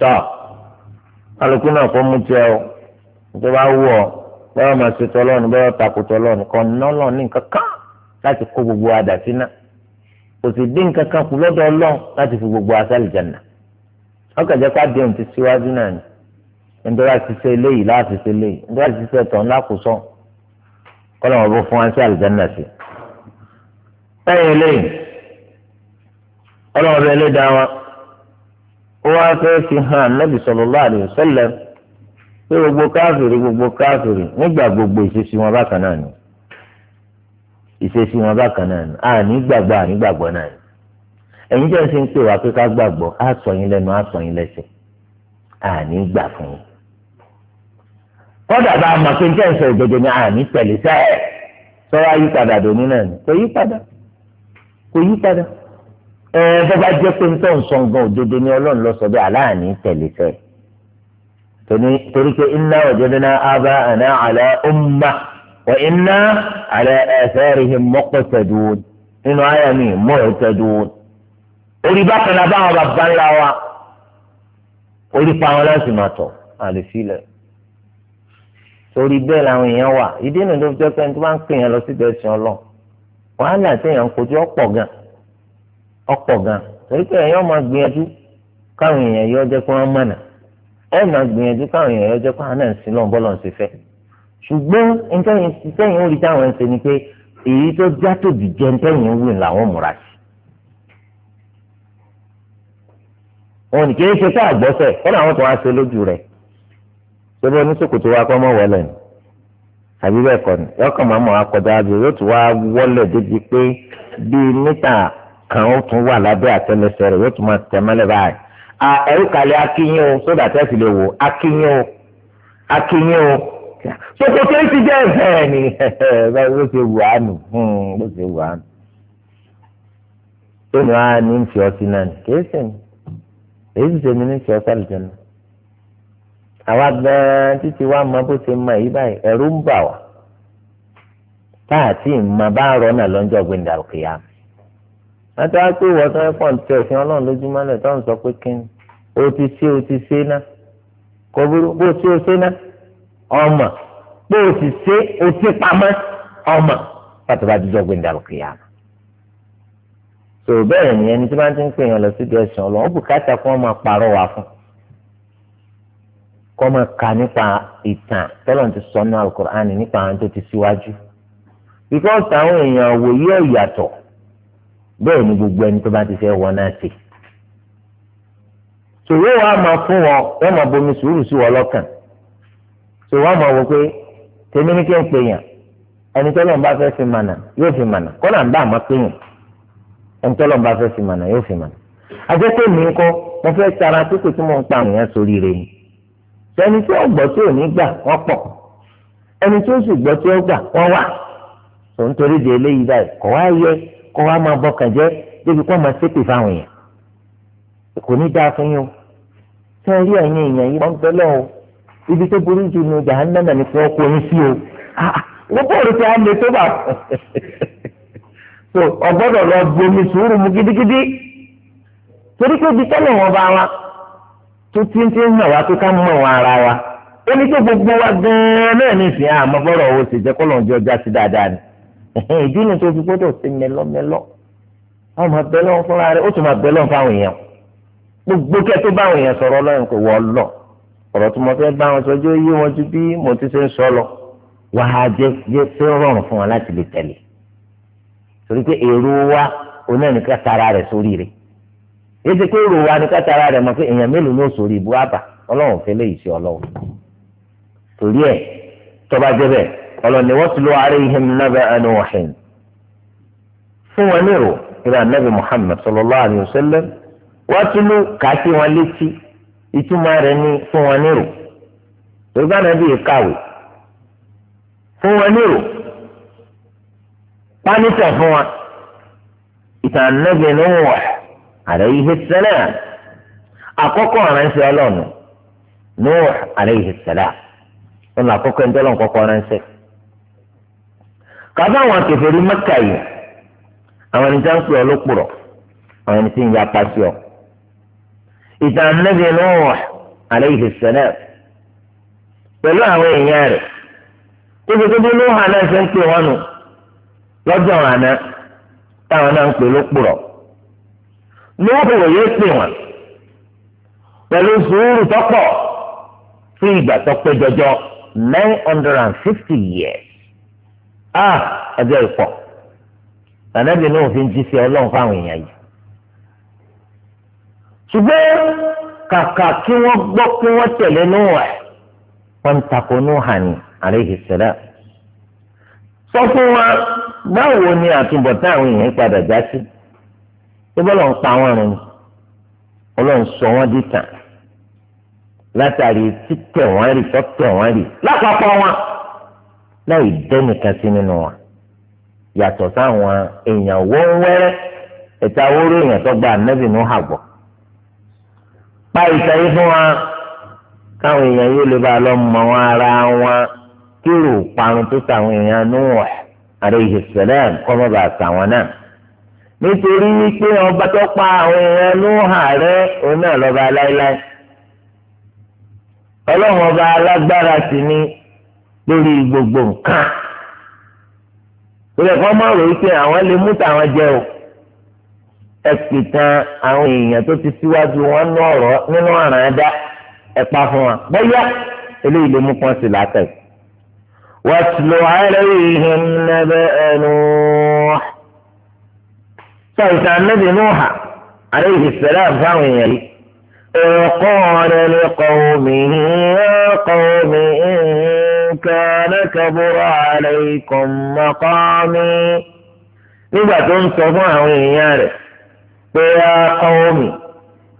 tọ́ alùpùpù náà kó mú tiẹ̀ o. tó bá wù ọ bọ́ọ̀ máa ṣe tọ́lọ́ọ̀nù bọ́ọ̀ takò tọ́lọ́ọ̀nù kan nọ́ọ̀lọ́ ní nǹkan kan láti kó gbogbo àdá síná kò sì dín nǹkan kan kù lọ́dọ̀ ọlọ́run láti fi gbogbo asálì jẹ̀nà ọkàn pàdé ohun ti síwájú náà ni ti ṣe eléyìí láti ṣe eléyìí ti ṣe wọn bó fún sí. ọlọ́run ẹlẹ́dàá wa ó wá fẹ́ fi hàn pé gbogbo káfìrí gbogbo káfìrí nígbà gbogbo ìṣesí wọn bákan náà ni ìṣesí wọn bákan náà ni àní gbàgbọ́ àní gbàgbọ́ náà ni ẹ̀yin jẹ́ ṣe ń pè wá pé ká gbàgbọ́ á sọ yín lẹ́nu á sọ yín lẹ́sẹ̀ àní gbà fún yín kọ́dà bá a mọ̀ pé ń tẹ̀sán ìjọjọ ni àní tẹ̀lé sẹ́ẹ̀ sọ́wọ́ yípadà dòní náà ni kò yípadà kò yípadà ẹ jẹ́ pé ń tọ́ ń sọ nǹkan òdodo ni ọlọ́run lọ sọ bí aláàní tẹ̀lé sẹ́ẹ̀ torí pé inna wajadna na ala umma wa inna ala atharihim muqtadun nínú àyà mi muqtadun orí bákan náà báwọn bàbá ńlá wa orí pa àwọn láti máa tọ̀ àlefilẹ̀ torí bẹ́ẹ̀ làwọn èèyàn wà ìdí nìyẹn tó jẹ́ pé ẹni tó bá ń pè yẹn lọ sí ìdẹ́sìn ọlọ́run wàhálà àtẹ̀yàn kojú ọ̀pọ̀ gan ọ̀pọ̀ gan torí pé èèyàn máa gbìyànjú káwọn èèyàn yọ ẹ máa gbìyànjú káwọn èèyàn ọjọ́ pé àwọn náà ń sin lọ́n bọ́lọ̀ ń ṣe fẹ́ ṣùgbọ́n ntẹ́yìn ntẹ́yìn ó rí táwọn ń ṣe ni pé èyí tó já tóbi jẹ ntẹ́yìn ń wù làwọn múra sí. wọn kì í ṣe ká àgbọ̀sẹ̀ kọ́nà àwọn tó wá ṣe lójú rẹ̀ ṣé bó ní sòkòtò wa kọ́ mọ́ wọlé ni àbí bẹ́ẹ̀ kọ́ ni lọ́kàn máa mọ̀ wá kọjá bí yóò tún wá wọlé débi pé bíi mítà kan ó tún wà lábẹ́ àtẹlẹsẹ rẹ̀ yóò tún máa tẹ̀ mọ́lẹ̀ báyìí ẹ̀rú kalẹ̀ akínyìn o sódà tẹ́sí lè wò akínyìn o akínyìn o sokoto ti jẹ́ bẹ́ẹ̀ ni bó ṣe wù á nù bó hmm, ṣe wù á nù tó ní wàá ní fi ọtí náà ni kìí sè ní èyí sì ní fi ọtí àlùjọ náà àwa gan-an títí wàá mọ bó ṣe mọ èyí báyìí ẹ̀rú ń bà wá táàtì mọ bá rọ náà lọ́jọ́ gbẹ̀ndà òkèèyàn látàá pé ìwọ tó ń pọ̀ ń tẹ̀ sí ọlọ́run lójúmọ́ lẹ̀ tó ń sọ pé kíni o ti ṣe o ti ṣe ná kò burú bó ṣe o ṣe ná ọmọ bó o ti ṣe o ti pamọ́ ọmọ pàtó bá jíjọ gbé ndàlùkì yá ma. tó bẹ́ẹ̀ ni ẹni tí wọ́n ti ń pè yàn lọ sí ìdọ̀sán ọlọ́run ó bùkátà kó wọ́n máa parọ́ wá fún kó máa kà nípa ìtàn tọ́lọ̀ ti sọ ní alukur'an nípa àwọn tó ti síwájú. because àwọn èèyàn àwòyé ọ̀yàtọ̀ bẹ́ẹ̀ ni gbogbo ẹni tó bá ti fẹ́ wọ́n náà ti. tò wa ma fún wọn yóò máa bomi sùúrù sí wọn lọ́kàn tò wa máa wò pé tèmi ní kí n fẹ́ fi mànà yóò fi mànà kọ́nà ń bá àmọ́ pé yàn ẹni fẹ́ fi mànà yóò fi mànà. mi kọ́ mo fẹ́ tara pípé tí mo ń pa àwọn èèyàn sórí rẹ̀ yìí sẹ́ni tí ó gbọ́ tí ò ní gbà wọ́n pọ̀ ẹni tí ó kò ní dáa fún yín o tẹ́ rí ẹ̀yin èèyàn yìí wọ́n ibi tó burú jù ní jahannama ni fún o ah, wọ́n a lè tó bá so ọgbọ́dọ̀ lọ gbomi sùúrù mu gidigidi torí pé ibi tẹ́lẹ̀ wọn bá wa tó tí ń tí ń hàn wá tó ara wa ó ní gbogbo wa náà ní àmọ́ bọ́rọ̀ owó jẹ́ ọjọ́ já sí dáadáa ni ìdí ni tó fi gbọ́dọ̀ sí mẹlọ́mẹlọ́ àwọn ọmọ abẹ́lẹ́ wọn fúnra rẹ̀ ó tún gbogbo kẹ tó báwọn èèyàn sọ̀rọ̀ Ọlọ́run kò wọ lọ ọ̀rọ̀ tí mo fẹ́ bá wọn sọ jẹ yé wọn ju bí mo ti ṣe ń sọ lọ wàá jẹ jẹ fẹ́ rọrùn fún wọn láti lè tẹ̀lé torí pé èrò wa oní ẹnìkan tara rẹ̀ sórí rẹ̀ yé ti pé èrò wa ẹnìkan tara rẹ̀ mọ̀ pé èèyàn mélòó ló sórí ibú àbà Ọlọ́run fẹ́ lè ṣe Ọlọ́run torí ẹ̀ tọba jẹbẹ Ọlọ́run wọn ti lọ àárẹ ihe nàbẹ ẹnu wọhìn fún wọn nírò ìrà nàbẹ Muhammad sallallahu alaihi wasallam wọ́n tún ló kà wọn létí ìtumọ̀ rẹ̀ ní fún wọn nírò yorùbá náà bí kàwé fún wọn nírò pánítọ̀ fún wọn Nuhu alayhi salam àkọ́kọ́ aránṣẹ́ ọlọ́run Nuhu alayhi salam wọn là kọ́kọ́ ẹni lọ́n kọ́kọ́ aránṣẹ́ kàbá àwọn kèfèrí Mẹ́kà yìí àwọn ẹni ń pè ọ́ ló àwọn ọ ìtàn Ànábì Nuh alayhi salam pẹ̀lú àwọn èèyàn rẹ̀ tóbi tóbi Nuh náà ṣe ń pè wọ́n nù lọ́jọ́ àná táwọn náà ń pè lópùrọ́ Nuh yóò pè wọ́n pẹ̀lú sùúrù tọ́pọ̀ fún ìgbà tọ́pẹ́ jọjọ nine hundred and fifty years ah ẹgbẹ́ ìpọ̀ Ànábì Nuh fi ń jí sí ọlọ́run fáwọn èèyàn yìí. ṣùgbọ́n kàkà kí wọ́n gbọ́ kí wọ́n tẹ̀lé Nuh wọ́n ń ni sọ fún wa báwo ni àtúbọ̀tán àwọn èèyàn padà já sí pa wọn rìn ọlọ́run sọ wọ́n dì látàrí títẹ̀ wọ́n rì tọ́tẹ̀ wọ́n rì lápapọ̀ wọn láì dẹ́nìkan sí nínú wọn yàtọ̀ sáwọn èèyàn wọ́n wẹ́rẹ́ ẹ̀ta wóró èèyàn tó gba pa ìtàn yìí fún wa káwọn èèyàn yóò lè bá lọ mọ wọn ara wọn kí parun tó sàwọn èèyàn Nuh alayhi salam kọ́ mọ́ bàa sàwọn náà nítorí wípé ọba tó pa àwọn èèyàn Nuh rẹ òun náà lọ́ba láéláé ọlọ́run ọba alágbára sí ni lórí gbogbo nǹkan ìrẹ̀kọ́ máa rò wípé àwọn lè mú tàwọn jẹ o ẹ̀pìtàn àwọn èèyàn tó ti síwájú wọn nú ọ̀rọ̀ nínú àràn ẹ̀dá ẹ̀pá fún wa bóyá eléyìí ló mú pọ́n sí látẹ̀. wàtúlò àìlẹ́yìn nàbẹ́ ẹnu sọ ìtàn nàbì nùhà àlẹ́yìn ìṣẹ̀lẹ̀ àbáwọn èèyàn yìí. قال لقومه يا قوم إن كان كبر عليكم مقامي nígbà tó ń sọ fún àwọn èèyàn rẹ̀ pé á kọ́wọ́ mi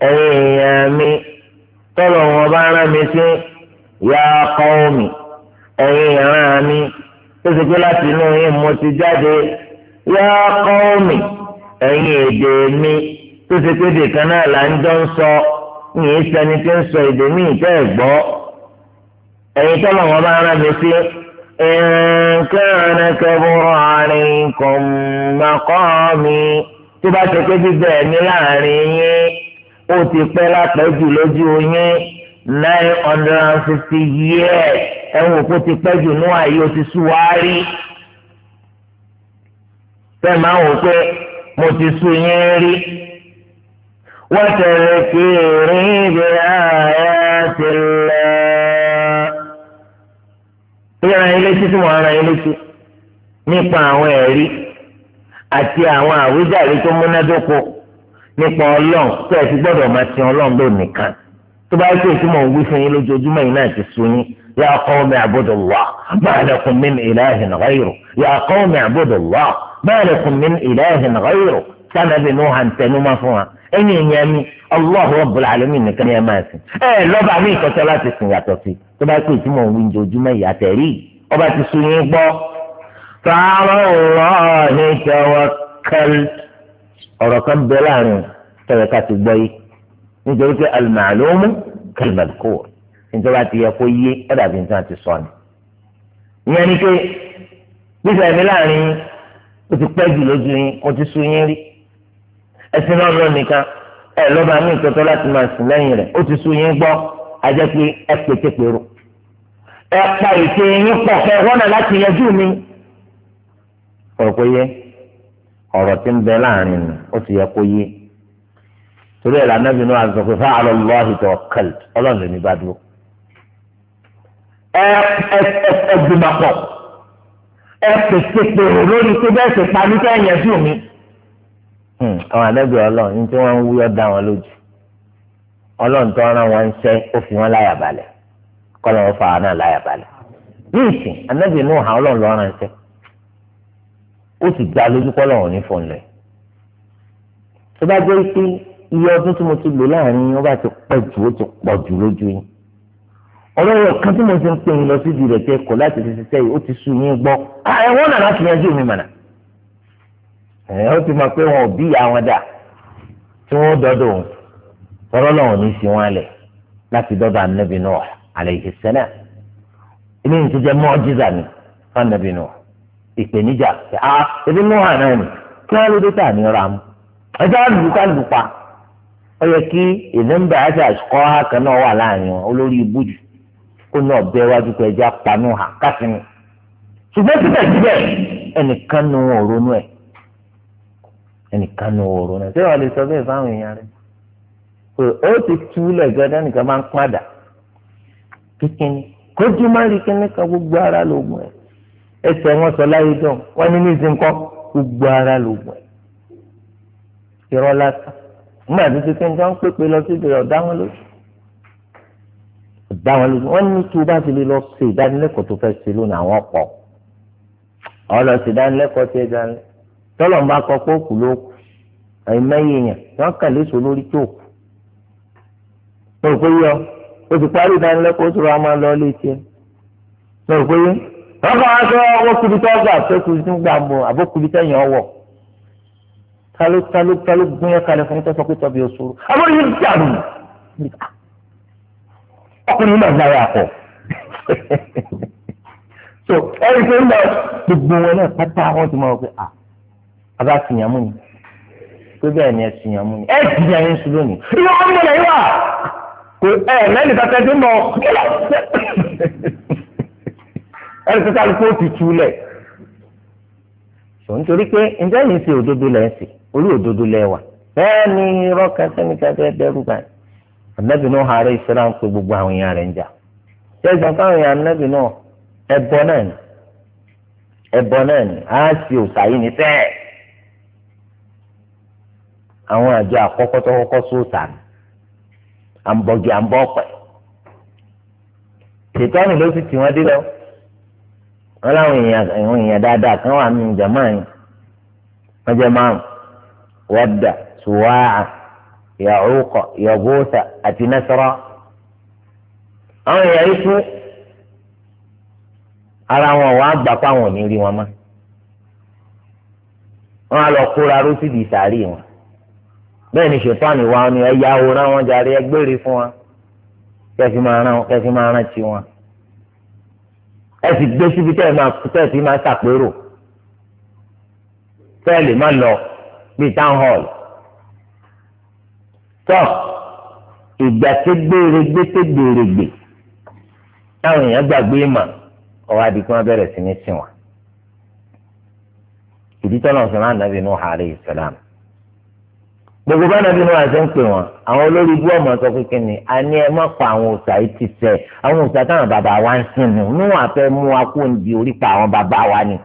ẹ̀yin èèyàn mi tọ́lọ̀ wọn bá rán mi sí yá kọ́wọ́ mi ẹ̀yin ìran mi tó ṣe pé láti inú yín mo ti jáde yá kọ́wọ́ mi ẹ̀yin èdè mi tó pé dèkan náà là ń jọ ń sọ yìí sẹni tí ń sọ èdè mi ìtẹ́ ẹ̀ gbọ́ ẹ̀yin tọ́lọ̀ wọn bá rán mi sí. إن كان كبر عليكم مقامي tó bá ṣe pé bíbẹ̀ ní láàrin yín ó ti pẹ́ lápẹ́jù lójú yín nine hundred and fifty years ẹ̀wọ̀n òkú ti pẹ́jù ní ààyè ó ti sùn wá rí bẹ́ẹ̀ máa wò pé mo ti sùn yín rí wọ́n tẹ̀lé kí rí ibi ààyè ti lẹ̀ ìran ilé títí wọn ara ilé tí nípa àwọn ẹ̀rí àti àwọn àwíjàre tó múnádóko nípa ọlọ́run tó ẹ ti gbọ́dọ̀ máa ti ọlọ́run lò nìkan tó bá yẹ kí mò ń wí fún yín lójoojúmọ́ yìí náà ti sun yín yà á kọ́ mi àbúdò wá báyìí lẹ́kùn mi ní ìlàhìn ghayru yà á kọ́ mi àbúdò wá báyìí lẹ́kùn mi ní ìlàhìn ghayru sanabi ní hàn tẹnu máa fún wa ẹ̀yin ìyẹn mi Allahu Rabbul Alamin nìkan ni ẹ máa sìn ẹ lọ́ba mi ìkọ́sẹ́ láti sìn yàtọ̀ sí tó bá yẹ kí ń wí lójoojúmọ́ yìí àtẹ̀rí ọba ti sun yín gbọ́ fàárọ̀ ọ̀rọ̀ ìjọba kẹ́lí ọ̀rọ̀ kan bẹ láàrin tẹ̀lé ká ti gbọ́ yìí nítorí pé al-ma'lumu kal-madhkur nítorí àti yẹ kó yé ẹ̀dà bí nǹkan ti sọ ni. ìyẹn ni pé gbígbà ẹ̀mí láàrin yín ó ti pẹ́ jù lójú yín mo ti sún yín rí ẹ̀sìn náà lọ nìkan ẹ̀ lọ́ba ní ìtọ́tọ́ láti máa sìn lẹ́yìn rẹ̀ ó ti sún yín gbọ́ ajẹ́ pé ẹ pété pérò ẹ pa ète yín pọ̀ kẹ́ ẹ wọ́nà láti yẹjú mi ọ̀rọ̀ kò yẹ ọ̀rọ̀ tí ń bẹ láàrin nù ó sì yẹ kó yé torí ẹ̀ lànà bínú àzọ̀pẹ̀ fún alọ́láhi tó kẹ́l ọlọ́run ní bá dúró. ẹ ẹ ẹ gbìmọ̀ pọ̀ ẹ pèsè pèrò lórí pé bẹ́ẹ̀ sì parí kẹ́ ẹ̀yẹ sí mi. Hmm, àwọn àdẹ́gbẹ̀ ọlọ́run ní tí wọ́n ń wúyọ́ dá wọn lójú ọlọ́run tó rán wọn ṣẹ́ ó fi wọn láyà balẹ̀ kọ́ lọ́wọ́ fà wọn náà láyà balẹ̀ ní ìsìn àdẹ́gbẹ̀ inú ọ̀hán ọlọ́run lọ́ọ́ ó sì dá lójú pé Ọlọ́run ní fún lẹ̀ tó bá jẹ́ pé iye ọdún tí mo ti lò láàrin yín ó bá ti pọ̀ jù ó ti pọ̀ jù lójú yín ọlọ́rọ̀ kan tí mo ti ń pè yín lọ síbi rẹ̀ tẹ́ kọ̀ láti fi ṣiṣẹ́ yìí ó ti sú yín gbọ́ ah, ẹ̀wọ́n náà láti yanjú mi mọ̀nà ẹ̀ ó ti mọ̀ pé wọn ò bí ìyá wọn dà tí wọ́n dọ́dọ̀ òun tọ́rọ́ lọ́wọ́ ní í wọn lẹ̀ láti dọ́dọ̀ ànábì Nuh alayhi salam ilé yìí tó jẹ́ mọ́ọ́jísà ni fún ànábì Nuh. ìpèníjà a ah, ebi mú hàn náà kí wọn ló dé tà ní ra mu ẹjọ àlùkù pa ó yẹ kí ìdẹ́nbà àti àṣùkọ́ kan náà wà láàrin wọn olórí ibú jù kó náà wájú pé ṣùgbọ́n síbẹ̀síbẹ̀ ẹnìkan nu ẹnìkan nu ṣé wàá lè sọ bẹ́ẹ̀ fáwọn èèyàn pé ó ti máa ń padà kíkíní kójú má rí kíní kan gbogbo ara lóògùn ẹ̀ ẹsẹ̀ wọn sọ láyé dùn wọn ní ní ìsìnkọ́ gbogbo ara ló gbọ́ irọ́ lásán nígbà tó ti kéńtà ń pèpè lọ sí ìbẹ̀rẹ̀ ọ̀dá wọn lójú ọ̀dá wọn lójú wọn ní tó bá ti lè lọ ṣe ìdánilẹ́kọ̀ọ́ tó fẹ́ ṣe lónìí àwọn ọ̀pọ̀ ọ̀rọ̀ ṣe ìdánilẹ́kọ̀ọ́ ti ẹja ni tọ́lọ̀ ń bá kọ pé òkú ló kù àìmọye èèyàn wọn kà léṣo lórí tó kù mo rò pé yọ o ti parí ìdánilẹ́kọ̀ọ́ tó rọ wọ́n kọ́ wọn sọ owó kubi tó gbà tó kubi tó gbà mọ́ àbó kubi tó yàn wọ̀ káló káló káló gbóyè kalẹ̀ fún mi tó sọ pé tọ́bi òṣòro àbó yìí dàrú ọkùnrin náà gbà yà pọ̀ so ẹni tó ń lọ gbogbo wọn náà pátá wọn ti máa wọ pé à abá sìyàmù ni pé bẹ́ẹ̀ ni ẹ sìyàmù ni ẹ jìyà yín sùn lónìí ìwọ ọmọ mi lè wà ẹ mẹ́rin kankan tó mọ̀ ọ́ ẹni tó kálukú ó ti tu lẹ̀ sọ nítorí pé ǹjẹ́ yìí ń ṣe òdodo lẹ̀ ń ṣe orí òdodo lẹ̀ wà bẹ́ẹ̀ ni irọ́ kan sẹ́ni ká fẹ́ dẹ́rù báyìí ànábì náà ha rẹ̀ ìṣẹ́ra ń pe gbogbo àwọn èèyàn rẹ̀ ń jà jẹ́sán káwọn èèyàn ànábì náà ẹbọ náà ni ẹbọ náà ni a sì òòṣà yìí ní sẹ́ẹ̀ àwọn àjọ àkọ́kọ́ tó kọ́kọ́ sóòṣà ni àǹbọ̀gì àǹbọ̀ ọ̀pẹ̀ ṣètọ́nì ló sì tì wọ́n dé lọ wọn láwọn èèyàn àwọn èèyàn dáadáa kan wà nínú jàmáà yẹn wọn jẹ márùn Wadda Suwaa Ya'uqa Yaghutha àti Nasra àwọn èèyàn yìí kú ara wọn wà gbà páwọn ò ní rí wọn mọ́ wọn á lọ kóra rúsìdì sàárì wọn bẹ́ẹ̀ ni ṣètọ́ni wa ni ẹ̀yà àwòrán wọn jàre ẹgbẹ́rẹ́ fún wa kẹ́sì máa rántí wọn ẹ sì gbé síbi tẹ́ ẹ máa tẹ́ ẹ fi máa ṣàpérò tẹ́ ẹ lè má lọ bíi town hall tọ́ ìgbà tó gbèrègbè tó gbèrègbè táwọn èèyàn gbàgbé mà ọ̀rọ̀ adigun abẹ́rẹ́ sí ní sìn wá ìdí tọ́lọ̀ sọ̀rọ̀ ànábì nù hàrẹ́ ìsàlámù gbogbo bá nàbí náà ṣe ń pè wọn àwọn olórí ibú ọmọ sọ pé kíni a ní ẹ má pa àwọn òòṣà yìí ti sẹ àwọn òòṣà táwọn bàbá wa ń sìn nù níwọn àfẹ mú wa kó ń di orí pa àwọn bàbá wa ni.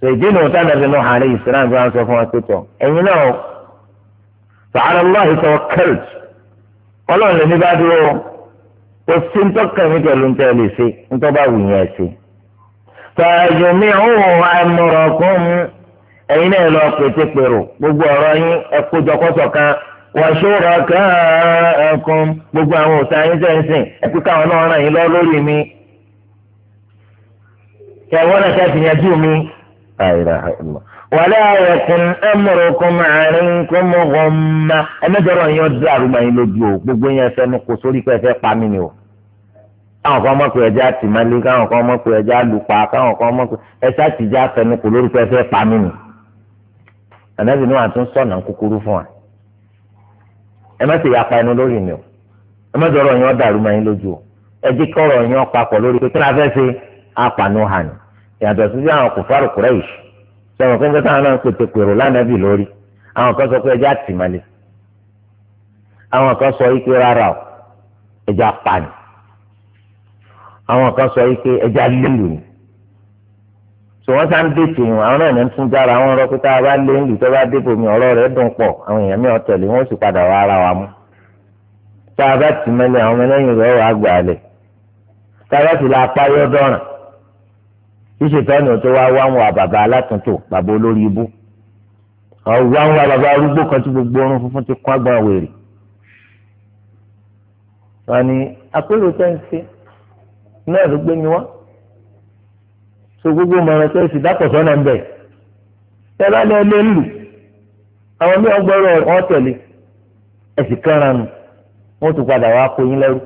sọ ìdí nu tá nàbí náà hàn lẹ́yìn bí wọn sọ fún wa pé tọ ẹ̀yin náà fàálà lọ́hìn sọ kẹrìt ọlọ́run lè ní bá dúró o sí ń tọ́ka mi pẹ̀lú ń tẹ́ lè ṣe ń tọ́ bá wù yẹn ṣe. fàájùmíhù àmúrọ̀kùn ẹ̀yin náà lọ pété pèrò gbogbo ọ̀rọ̀ yín ẹ̀kójọkọ́sọ̀ kan wàṣúrọ̀ káàkùn gbogbo àwọn òòsàn ayé sẹ́yìn ẹ̀kú káwọn náà ràn yín lọ lórí mi náà wàlẹ́ yín ọdún yín lójú o gbogbo yín ẹsẹ̀ kò sórí pé fẹ́ pa mí ni o. káwọn kan mọ̀ pé ẹja ti máa lé káwọn kan mọ̀ pé ẹja lù pa káwọn kan mọ̀ pé ẹja ti já fẹnukù lórúkọ ẹfẹ pa mí nù ànábì ni wọn àtún sọnà kúkúrú fún wa ẹ má ti yà pa ẹnu lórí mi o ẹ má dọ̀rọ̀ yín ọ̀dàrú máa yín lójú o ẹ jí kọ̀rọ̀ yín ọ̀pàpọ̀ lórí pé kí ni a fẹ́ ṣe apànù hàn yàtọ̀ sí àwọn kòfàrò kùrẹ́yìí sọ̀rọ̀ pé nígbà táwọn náà ń pètè pèrò lánàbì lórí àwọn kan sọ pé ẹja tìmọ̀lé àwọn kan sọ ikú rárá o ẹja pani àwọn kan sọ yìí pé ẹja lélu ni tí wọ́n sá ń dètè wọn àwọn náà ní tún jára wọn rọ pé tá a bá lé ń lù tó bá débò mi ọ̀rọ̀ rẹ̀ dùn pọ̀ àwọn èèyàn mi ọ̀tẹ̀lẹ̀ wọn sì padà wá ara wa mú tá a bá tì mẹ́lẹ̀ àwọn ọmọ ẹlẹ́yìn rẹ̀ wà gbà lẹ̀ tá a bá sì la apá yọ dọ́ràn ṣíṣe tọ́ni tó wá wá wọn àbàbà alátúntò bàbá olórí ibú ọ̀wá wọn àbàbà arúgbó kan tí gbogbo orun funfun ti kọ́ àgbọ̀n wèrè wọn ni àpérò tẹ́ ń ṣe náà ló gbé mi wá so gbogbo mọ̀ràn tó sì dákọ̀sọ́ náà ń bẹ̀ ẹ bá lọ lé lù àwọn mí ọgbọ́rọ̀ ọ̀ tẹ̀lé ẹ̀sìn kẹ́ra nù wọ́n tún padà wá kó yín lẹ́rú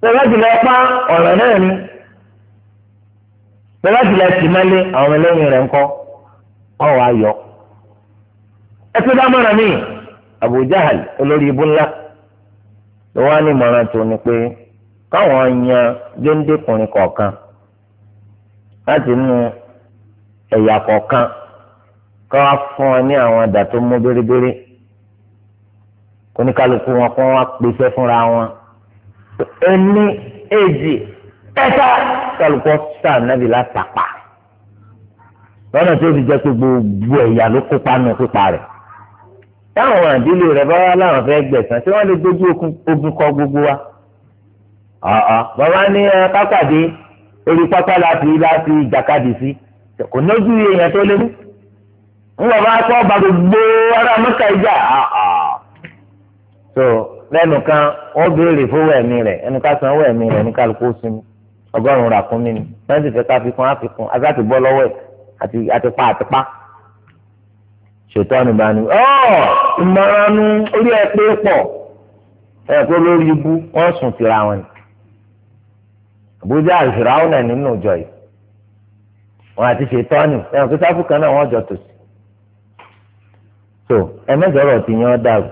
bẹ́ẹ̀ bá jùlọ pa ọ̀ràn náà ni bẹ́ẹ̀ bá jùlọ tì mọ́lé àwọn ẹlẹ́yìn rẹ̀ ńkọ́ ọ̀ wá yọ ẹ tó dá mọ̀ràn míì Abu Jahal olórí ibú ńlá ló wá ní mọ̀ràn tó ní pé káwọn yan géńdékùnrin kọ̀ọ̀kan láti nú ẹ̀yà kọ̀ọ̀kan káwá fún ọ ní àwọn àdá tó mú bérebére oníkálukú wọn kó wọn pèsè fúnra wọn ẹni èjì ẹ̀ta kálukú ọ̀sán nàbì látàpá lọ́nà tó fi jẹ́ pé gbogbo ẹ̀yà ló kópa nù pípa rẹ̀ táwọn àdílé rẹ̀ bá wà láwọn fẹ́ gbẹ̀sán tí wọ́n lè dojú ogun kọ gbogbo wa ọ̀ọ́ ah, ah. bàbá ní eh, kápàdé orí pápá láti láti jàkadì sí kò lójú èèyàn tó léwu ń bàbá kọ́ bá gbogbo ará mọ́tà ìjà ah, so lẹ́nu kan wọ́n béèrè fowó ẹ̀mí rẹ̀ ẹnu ká san owó ẹ̀mí rẹ̀ ní kálukú sinmi ọgọ́rùn-ún rà kún mi ni wọ́n sì fẹ́ ká fi kún àfikún azáàtì bọ́ lọ́wọ́ ẹ̀ àti àtipa àtipa ṣètò ànúbànú ọ́ ìmọ̀ràn orí ẹ̀ pé pọ̀ ẹ̀ pé lórí ibú wọ́n sùn tìra wọn ni àbújá àfìràwọn náà nínú ìjọ yìí wọn àti ṣètọ́nì ẹ̀wọ̀n kí sáfù kan náà wọ́n jọ tòsí. so ẹ̀mẹ́jọ ọ̀rọ̀ ti yan dàrú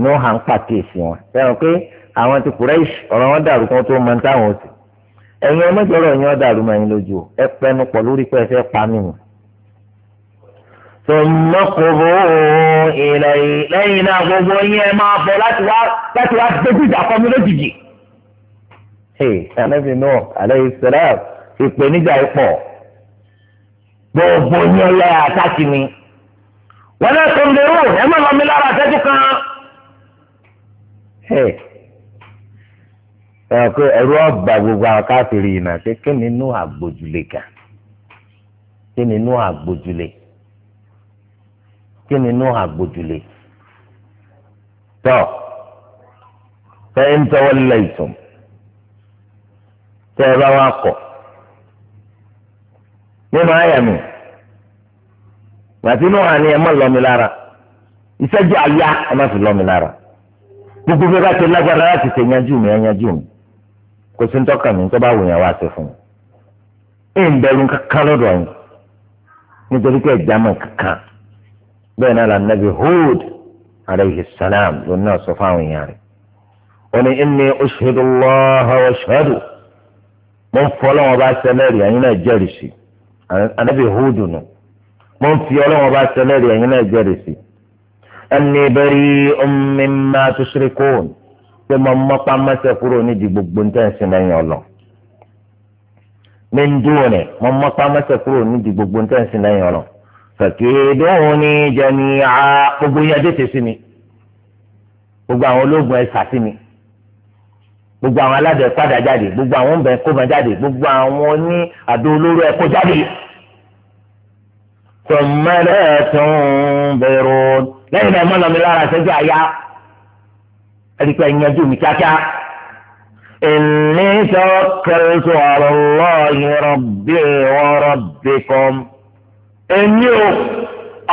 ní wọ́n hàn pàkíyèsí wọn ẹ̀wọ̀n pé àwọn ti Kùrẹ́ṣì ọ̀rọ̀ wọn dàrú kan tó máa ń táwọn òsì ẹ̀yin ẹ̀mẹ́jọ ọ̀rọ̀ yan dàrú máa ń lójú ẹ pẹnu pọ̀ lórí pé ẹ fẹ́ pa mí nù. ثم قضوا إلي lẹ́yìn náà gbogbo yín máa bọ̀ láti wá láti wá gbẹ́gbẹ́jà anabi náà alayhi salam ìpèníjà ipò gbogbo yín ọlẹ́ àtàkì ni wọn náà tó ń lérò ẹ má lọ mi lára àtẹ́jú kan. ẹ pé ẹrú ọba gbogbo àwọn káfíìrì yìí náà pé kí nínú àgbójúlé kan kí nínú àgbójúlé kí nínú àgbójúlé tọ́ fẹ́ ń tọ́wọ́ lẹ́yìn tó tẹ́ ẹ bá wá kọ̀ nínú àyà mi gbàtí inú àní ẹ má lọ mi lára ìṣẹ́jú àyà ẹ má fi lọ mi lára gbogbo bí ẹ bá ti lágbára láti ṣe yanjú mi ẹ yanjú mi kò sí ń tọ́ka mi tó bá wù yẹn wá sí fún mi ẹ̀ ń bẹ̀rù kankan lọ́dọ̀ yẹn nítorí pé ẹ̀já mọ̀ kankan bẹ́ẹ̀ náà la nàbì Hud alayhi salam ló náà sọ fáwọn èèyàn rẹ̀ ó ní inni ushhidu Allah mo ń fọ ọlọ́wọ́n bá sẹlẹ̀rì ẹ̀yin náà jẹ́rìí sí anábì húdù nù mo ń fi ọlọ́wọ́n bá sẹlẹ̀rì ẹ̀yin náà jẹ́rìí sí ẹni bẹ́rí omi máa tó ṣeré kóòn pé mo mọ́pá mẹ́sẹ̀ kúrò nídìí gbogbo ní tẹ̀sán lẹ́yìn ọlọ́ mi ń dúró ni mo mọ́pá mẹ́sẹ̀ kúrò nídìí gbogbo ní tẹ̀sán lẹ́yìn ọlọ́ fẹ̀kẹ́dọ́hún ní jẹ́ni gbogbo yẹn dé tẹ̀sí mi gbogbo àwọn ológun ẹ̀ sàtí mi gbogbo àwọn aládẹ padà jáde gbogbo àwọn ọbẹ kó máa jáde gbogbo àwọn ní àdó olóró ẹ kó jáde. tọmọdé tún bẹ̀rù lẹ́yìn náà mọ lọmi lára sẹjọ àyà ẹdíkọ ìyanjú mi kíákíá. إني توكلت على الله ربي وربكم إني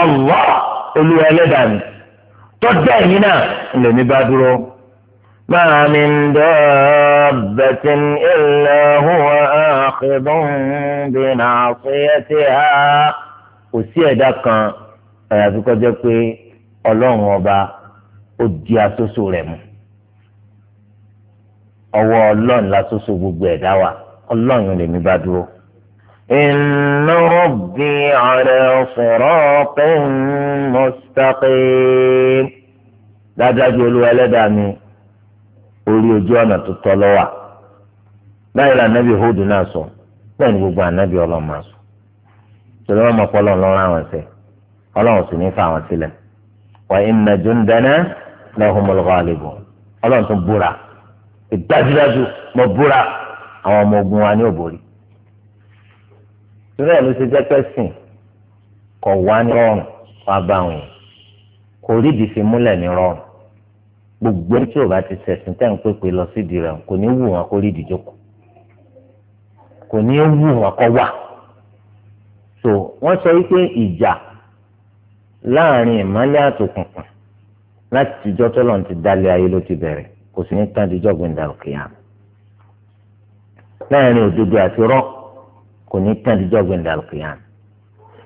الله olúwa ẹlẹ́dàá mi tọ́jú ẹ̀yìn náà lèmi bá dúró. ما من دابة إلا هو آخذ بناصيتها kò sí ẹ̀dá kan àyàfi kó jẹ́ pé ọlọ́run ọba ó di asoso rẹ̀ mú ọwọ́ ọlọ́run lásoso gbogbo ẹ̀dá wa ọlọ́run lèmi bá dúró. Inna rabbi ala siratin mustaqim dáadáa ju olúwa ẹlẹ́dàá mi. orí ojú ọ̀nà tó tọ́ lọ́wà báyìí la anabi hóòdù náà sọ bẹ́ẹ̀ ni gbogbo anabi ọlọ́run máa sọ tòló wọn mọ̀ pé ọlọ́run àwọn ẹsẹ̀ ọlọ́run sì ní fa àwọn sílẹ̀ wà inna jundana lahumul ghalibun ọlọ́run tún búra ìdájúdájú búra àwọn ọmọ ogun wa ní òbòrí torí ló ṣe jẹ́ pẹ́sìn kọ̀ wá ní rọrùn wá bá kò rídìí fi múlẹ̀ ní rọrùn gbogbo tí o bá ti sẹ̀sìn tẹ́ ń lọ sídìí rẹ̀ kò ní wù wọn kó rí kò ní wù wọn so wọ́n sọ wípé ìjà láàrin ìmọ́lẹ̀ àtòkùnkùn láti tìjọ́ tọ́lọ́run ti dálé ayé ló ti bẹ̀rẹ̀ kò sí ní tán òkè láàrin òdodo àti rọ́ kò ní tán òkè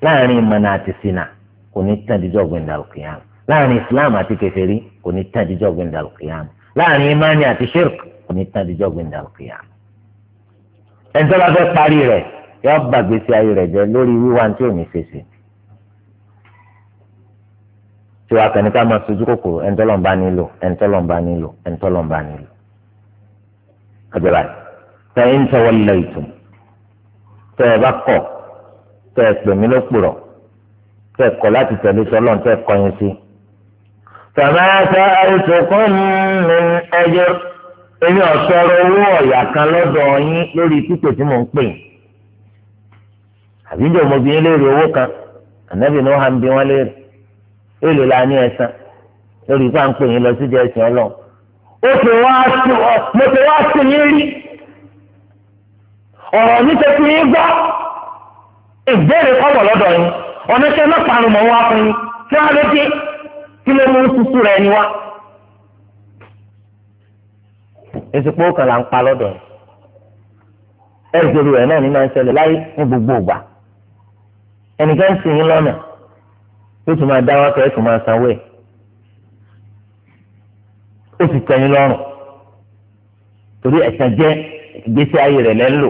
láàrin ìmọ̀nà láàrin islam àti kèfèrí kò ní tán díjọ́ gbẹ̀ndà lùkìyàmù láàrin imani àti shirk kò ní tán díjọ́ gbẹ̀ndà lùkìyàmù. ẹni tó bá fẹ́ parí rẹ̀ yóò bà gbèsè ayé rẹ̀ jẹ́ lórí wíwá tí ò ní fèsì. tí wàá kàn ní ká máa sojú kòkòrò ẹni tó lọ́n bá nílò ẹni tó lọ́n bá nílò ẹni tó lọ́n bá nílò. àjọba tẹ̀yìn tẹ̀wọ́ lẹ̀ ìtùn tẹ̀ ẹ bá kọ̀ tẹ̀ ẹ pè mí lópùrọ̀ tẹ̀ kọ̀ láti tẹ̀lé sọ́lọ́n tẹ̀ kọ́yìn sí. tẹ̀mẹ́ sa'altukum min ajr èmi ọ̀sọ́rọ̀ owó ọ̀yà kan lọ́dọ̀ yín lórí pípé tí mò ń pè àbí jọ mo bí owó kan ànábì ní wàá ń bí wọn léèrè èlò ní ẹ̀sán lórí pípé à kí ló mú sísú rẹ ni wá. èsìpò kan là ń pa lọ́dọ̀ ẹ̀ẹ́dẹ̀rù rẹ̀ náà ní máa ń ṣẹlẹ̀ láyé ní gbogbo ìgbà ẹnìkan sì yín lọ́nà tó tún máa dá wákẹ́ ẹ̀ tún máa sanwó ẹ̀ ó sì tẹ̀yìn lọ́rùn torí ẹ̀sán jẹ́ ìgbésí ayé rẹ̀ lẹ́ńlò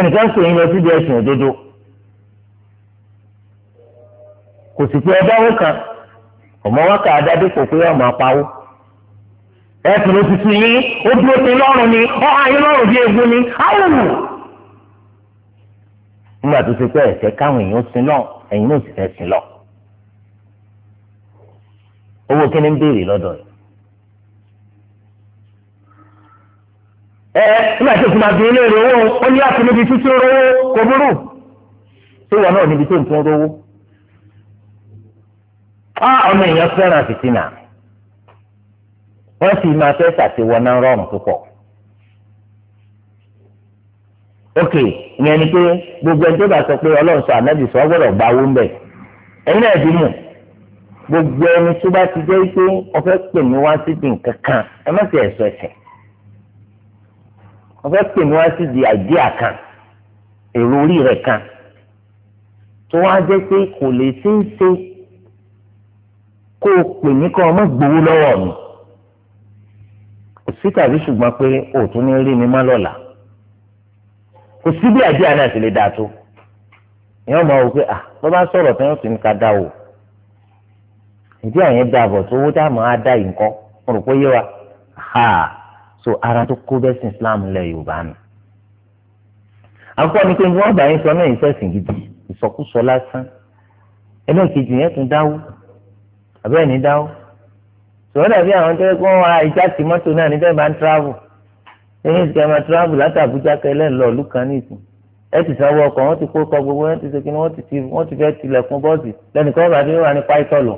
ẹnìkan sì yín lọ síbi ẹ̀sìn òdodo. kò sì pé ẹdáwó kan ọmọ wa kà á dájú kò pé ọmọ apáwó ẹ ló ti yín ó dúró sí lọ́rùn ni ọ ayé lọ́rùn bí egun ni áwù. nígbà tó ti pé ẹ̀fẹ́ káwọn èèyàn sin náà ẹ̀yin náà sì fẹ́ sin lọ. owó ń béèrè lọ́dọ̀ ẹ nígbà tó léèrè owó ó á ọmọ èèyàn fẹ́ràn fìtínà wọ́n sì máa fẹ́ ṣàtiwọ́nà rọ́ọ̀mù púpọ̀ ok ìyẹn ni pé gbogbo ẹni tó bá sọ pé ọlọ́run sọ ànábì sọ gbọ́dọ̀ gba owó ń bẹ̀ ẹ̀yin náà bí mọ̀ gbogbo ẹni tó bá ti jẹ́ pé wọ́n pè mí wá síbi nǹkan kan ẹ má ti ẹ̀sọ́ ẹ̀sẹ̀ wọ́n pè mí wá síbi àìdíà kan èrò orí rẹ̀ kan tó wá jẹ́ pé kò lè ṣeé ṣe kó o pè mí kọ́ ọmọ gbowó lọ́wọ́ mi kò sí tàbí ṣùgbọ́n pé òtún ní rí mi má lọ́la kò sí bí àdéhà náà ti lè dáa tó ìyẹn mọ̀ wò pé à ah, tó bá sọ̀rọ̀ tó yẹn sì ń ka dá o ìdí àyẹn dá bọ̀ tó owó tá a máa dá yìí nǹkan mo rò pé yé wa ha so ara tó kó bẹ́ẹ̀ sin Islam lẹ̀ Yorùbá mi àkọ́kọ́ ni pé wọ́n bá yín sọ náà ìfẹ́sìn gidi ìsọkúsọ lásán ẹlẹ́ẹ̀kejì yẹn tún dáwó àbí ẹni dáwọ́ sọ̀rọ̀ dàbí àwọn tó yẹ kó wọn ra ìjà sí mọ́tò náà níta ìbá ń tíráàbù ẹ̀yìn ìsìkà máa tíráàbù láti Àbújá kẹlẹ́ ńlọ ìlú kan ní ìsìn ẹ ti sanwó ọkọ̀ wọ́n ti kó kọ gbogbo wọ́n ti segin wọ́n ti ti wọ́n ti fẹ́ tilẹ̀kùn bọ́ọ̀sì lẹ́nìkan bàbá mi wà ní pàìtọ́lù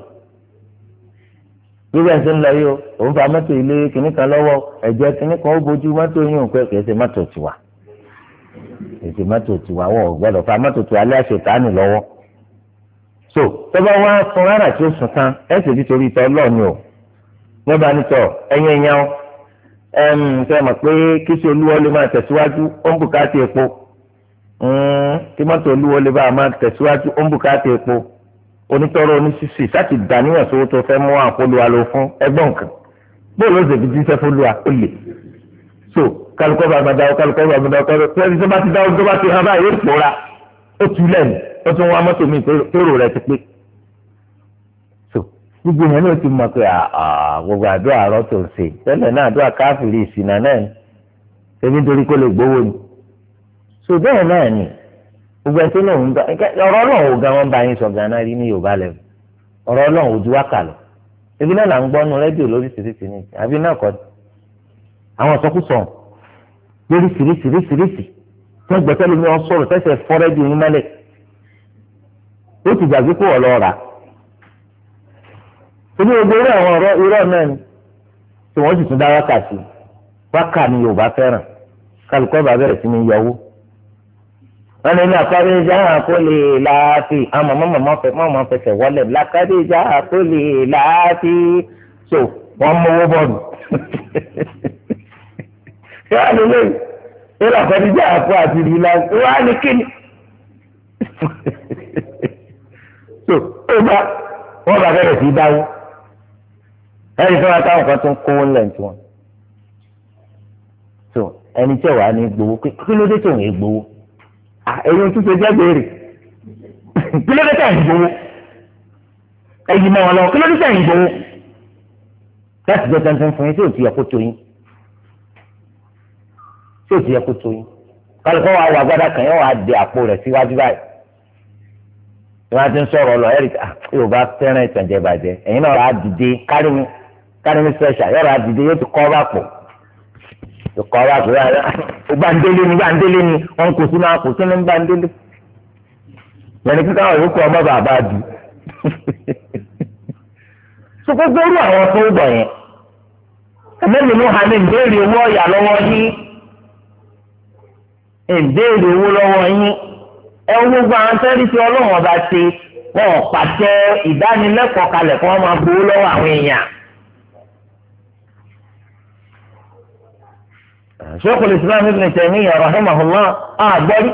gbogbo ẹ̀sìn ńlọ yìí o òun fa mọ́tò ilé kìnnì kan lọ́wọ́ ẹ̀jẹ̀ kìnnì kan ó bójú mọ́tò yìí òun kẹ́kẹ́ ṣe mọ́tò tiwa èsì mọ́tò tiwa wọ́n gbọ́dọ̀ fa mọ́tò tiwa lẹ́ẹ̀ṣẹ̀ tánù lọ́wọ́ so tọ́ba wá sun rárá tí ó sùn tán ẹ̀ sì ti torí tọ́ lọ́ọ̀ni o wọ́n bá ní tọ̀ ẹ̀yìn ẹ̀yà ọ́ ẹ̀m tẹ́ mọ̀ pé kí sí olúwo lè máa tẹ̀síwájú ó ń bùkátà epo hmm, kí mọ́tò olúwo lè máa tẹ̀síwájú ó ń bùkátà epo onítọ́rọ oníṣìṣì láti dàníyàn sówó tó fẹ́ mú àpolúwa lọ fún ẹgbọ́n kan bóòlù ọ̀sẹ̀ fi jíṣẹ́ fólúwa ó lè so kálukọ́ bàbá dáwọ́ kálukọ́ bàbá dáwọ́ kálukọ́ bàbá dáwọ́ tó bá ti hàn báyìí ó pòórá ó tu lẹ́nu ó tún wá mọ́tò mi tóró rẹ̀ ti pé so gbogbo yẹn náà ti mọ̀ pé gbogbo àdúrà àárọ̀ tó ń ṣe tẹ́lẹ̀ náà àdúrà káfíìrì ìsìnà náà ni ṣebí nítorí kó lè gbowó ni so bẹ́ẹ̀ náà ni gbogbo ẹtí náà ń bá ọ̀rọ̀ náà ò gan wọn bá yín sọ gan náà rí ní Yorùbá lẹ́nu ọ̀rọ̀ náà ò ju wákà lọ ebi náà là ń gbọ́ nu rédíò lóríṣiríṣi ní àbí náà kọ́ àwọn sọkúsọ lóríṣiríṣiríṣiríṣi tí wọ́n gbẹ́sẹ̀ lómi wọn sọ̀rọ̀ tẹ́sẹ̀ fọ́rẹ́dì yín mẹ́lẹ̀ ó ti gbàgbé pò ọ̀ lọ́ra ebi gbogbo irú àwọn ọ̀rọ̀ irọ́ náà ni tí wọ́n sì tún dá wákàtí wákà ni Yorùbá fẹ́ràn kálukọ́ bá bẹ̀rẹ̀ sí ní yọwó wọn ní àkàrí ìjà àkólé láàfin àmọ́ mọ́mọ́ fẹsẹ̀ wọlé làkàrí ìjà àkólé láàfin so wọ́n mọ́wó bọ́ọ̀lù ṣé wàá lélẹ̀ ìlàkọ́díjà àpò àti ìlà wàá ní kíni. tó ó bá wọn bá bẹ̀rẹ̀ sí dáwó ẹni tó wá táwọn kan tó ń kówó tí wọn tó ẹni tí wàá ní gbowó kí ló dé tó ń gbowó ẹyin tó ṣe jẹ́ béèrè kí ló dé tó ń gbowó ẹyin mọ́ wọn lọ kí ló dé tó ń gbowó láti jẹ́ tuntun fún yín tí ò ti yẹ kó tó yín tí ò ti yẹ kó tó yín kálukọ́ wa wà gbádà kan yóò wá de àpò rẹ̀ síwájú báyìí. ìwà tí ń sọ̀rọ̀ lọ ẹ̀rí ah, yorùbá fẹ́ràn ìtànjẹ bàjẹ́ ẹ̀yin náà rà dìde kárí mi kárí yọ̀rọ̀ àdìde yóò ti kọ́ bá pọ̀ ti kọ́ bá pọ̀ yàrá gbàǹdélé ni gbàǹdélé ni wọn kò gbàǹdélé yẹnni ọmọ bàbá dù ha ní ìbéèrè owó ọ̀yà lọ́wọ́ yín ìbéèrè owó lọ́wọ́ yín. ẹ wo gbogbo àwọn sẹ́rí tí ọlọ́run ọba ṣe wọn ò pàṣẹ ìdánilẹ́kọ̀ọ́ kalẹ̀ kí wọ́n máa gbowó lọ́wọ́ àwọn èèyàn. Sheikhul Islam Ibn Taymiyyah rahimahullah àgbọ́rí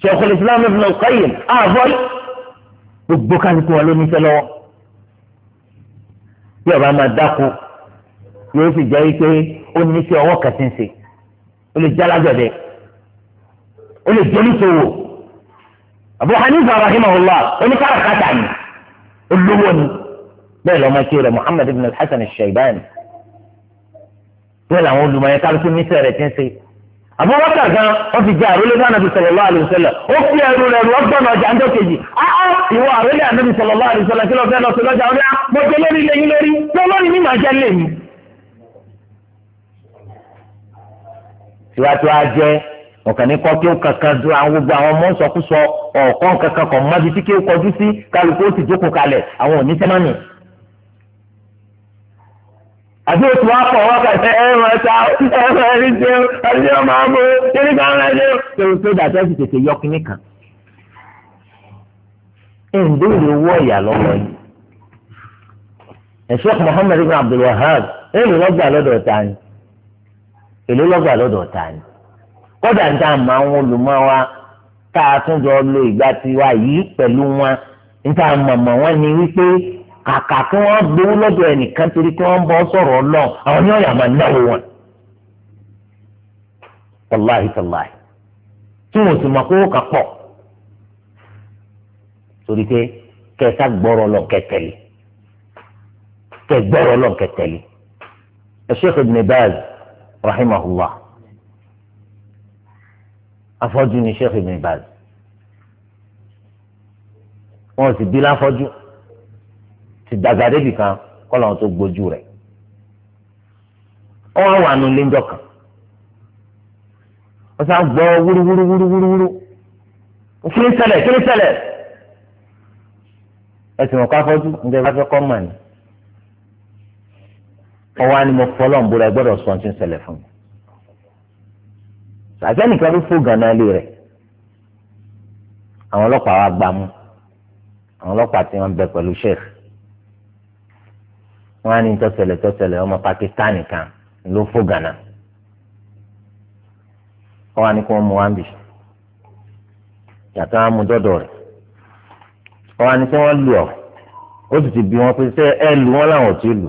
Sheikhul Islam Ibn Qayyim àgbọ́rí gbogbo kálukú wọn ló ní sẹ́ lọ́wọ́ bí ọba máa dáko yóò sì jẹ́ wípé ó ní sí ọwọ́ kẹsìn sí ó lè jẹ́ alágbẹ̀dẹ. ó lè jẹ́ oníṣòwò Abu Hanifa rahimahullah oníkàràkátà ni olówó ni bẹ́ẹ̀ lọ́mọ kí rẹ̀ Muhammad ibn al-Hasan al-Shaybani bẹ́ẹ̀ làwọn olùmọ̀yẹ kálukú níṣẹ́ rẹ̀ ti ń ṣe Abu Bakr gan ó fi jẹ́ àrólé náà nàbì sallallahu alaihi wasallam ó fi ẹrù rẹ̀ lọ́gbọ̀nà ọjà ń dọ́kejì áá ìwọ àrólé ànábì sallallahu alaihi wasallam kí ló fẹ́ lọ sí lọ́jà ọ̀rẹ́ àpọ̀jọ lórí lẹ́yìn lórí lọ́lọ́rin ní màá jẹ́ lẹ́yìn. tiwantiwa jẹ́ ọ̀kàn ní kọ́ kí ó kankan dúró àwọn gbogbo àwọn ọmọ sọkúsọ ọ̀kọ́ kankan kọ̀ mọ́bi tí kí ó kọjú sí kálukú ó sì jókòó kalẹ̀ àwọn òní sẹ́mánì. àti oṣù wa pọ̀ wọ́n kẹsẹ̀ ẹ̀rọ ẹ̀ta ẹ̀rọ ẹ̀rí ṣe ẹ̀rí ọmọ ọmọ ẹ̀rí kan rẹ̀ ṣe. tẹ̀wé pé dàtẹ́ sì tètè yọ kínní kan. ẹ̀ ń béèrè owó ọ̀yà lọ́wọ́ yìí. ẹ̀ṣọ́ Muhammad ibn Abdul Wahab lọ́gbà lọ́dọ̀ ta ni èlò lọ́gbà lọ́dọ̀ ta ni kódà ń tà máa ń olùmọ̀ wa tá a tún jọ lo ìgbà tiwa yìí pẹ̀lú wọn ń tà mọ̀mọ́ wọn ni wípé kàkà kí wọ́n gbowó lọ́dọ̀ ẹnìkan torí kí wọ́n bọ́ sọ̀rọ̀ lọ àwọn ní ọ̀yà máa náwó wọn. wàláhi tàláhi tí wọn sì mọ̀ pé kà pọ̀ torí pé kẹta gbọ́rọ̀ lọ kẹtẹ̀lé kẹ lọ kẹtẹ̀lé. Sheikh Ibn Baz rahimahullah afọ́jú ni Sheikh Ibn Baz wọn sì bí láfọ́jú ti dàgbà débi kan kọ́lọ̀ wọn tó gbójú rẹ̀ ọ wá wà nù léńjọ kan wọ́n sá gbọ́ wúrúwúrúwúrúwúrú kí ni ṣẹlẹ̀ kí ni ṣẹlẹ̀ ẹsìn wọn kọ́ afọ́jú nígbà bá fẹ́ kọ́ mọ̀ ni ọwọ́ á ní mo fọ́ lọ́nbó rẹ̀ gbọ́dọ̀ sọ ohun tí ń ṣẹlẹ̀ fún mi àtẹnìkan ló fò gànà lé rẹ̀ àwọn ọlọ́pàá wa gbà mú àwọn ọlọ́pàá tí wọ́n bẹ pẹ̀lú sheikh wọ́n á ní tọ́sẹ̀lẹ̀ tọ́sẹ̀lẹ̀ ọmọ pakistani kan ló fò gànà wọ́n á ní kí wọ́n mú wáńbì yàtọ̀ àmú dọ́dọ̀ rẹ̀ wọ́n á ní kí wọ́n lù ọ́ ó sì ti bí wọn pé ṣé ẹ lù wọ́n láwọn ò tí ì lù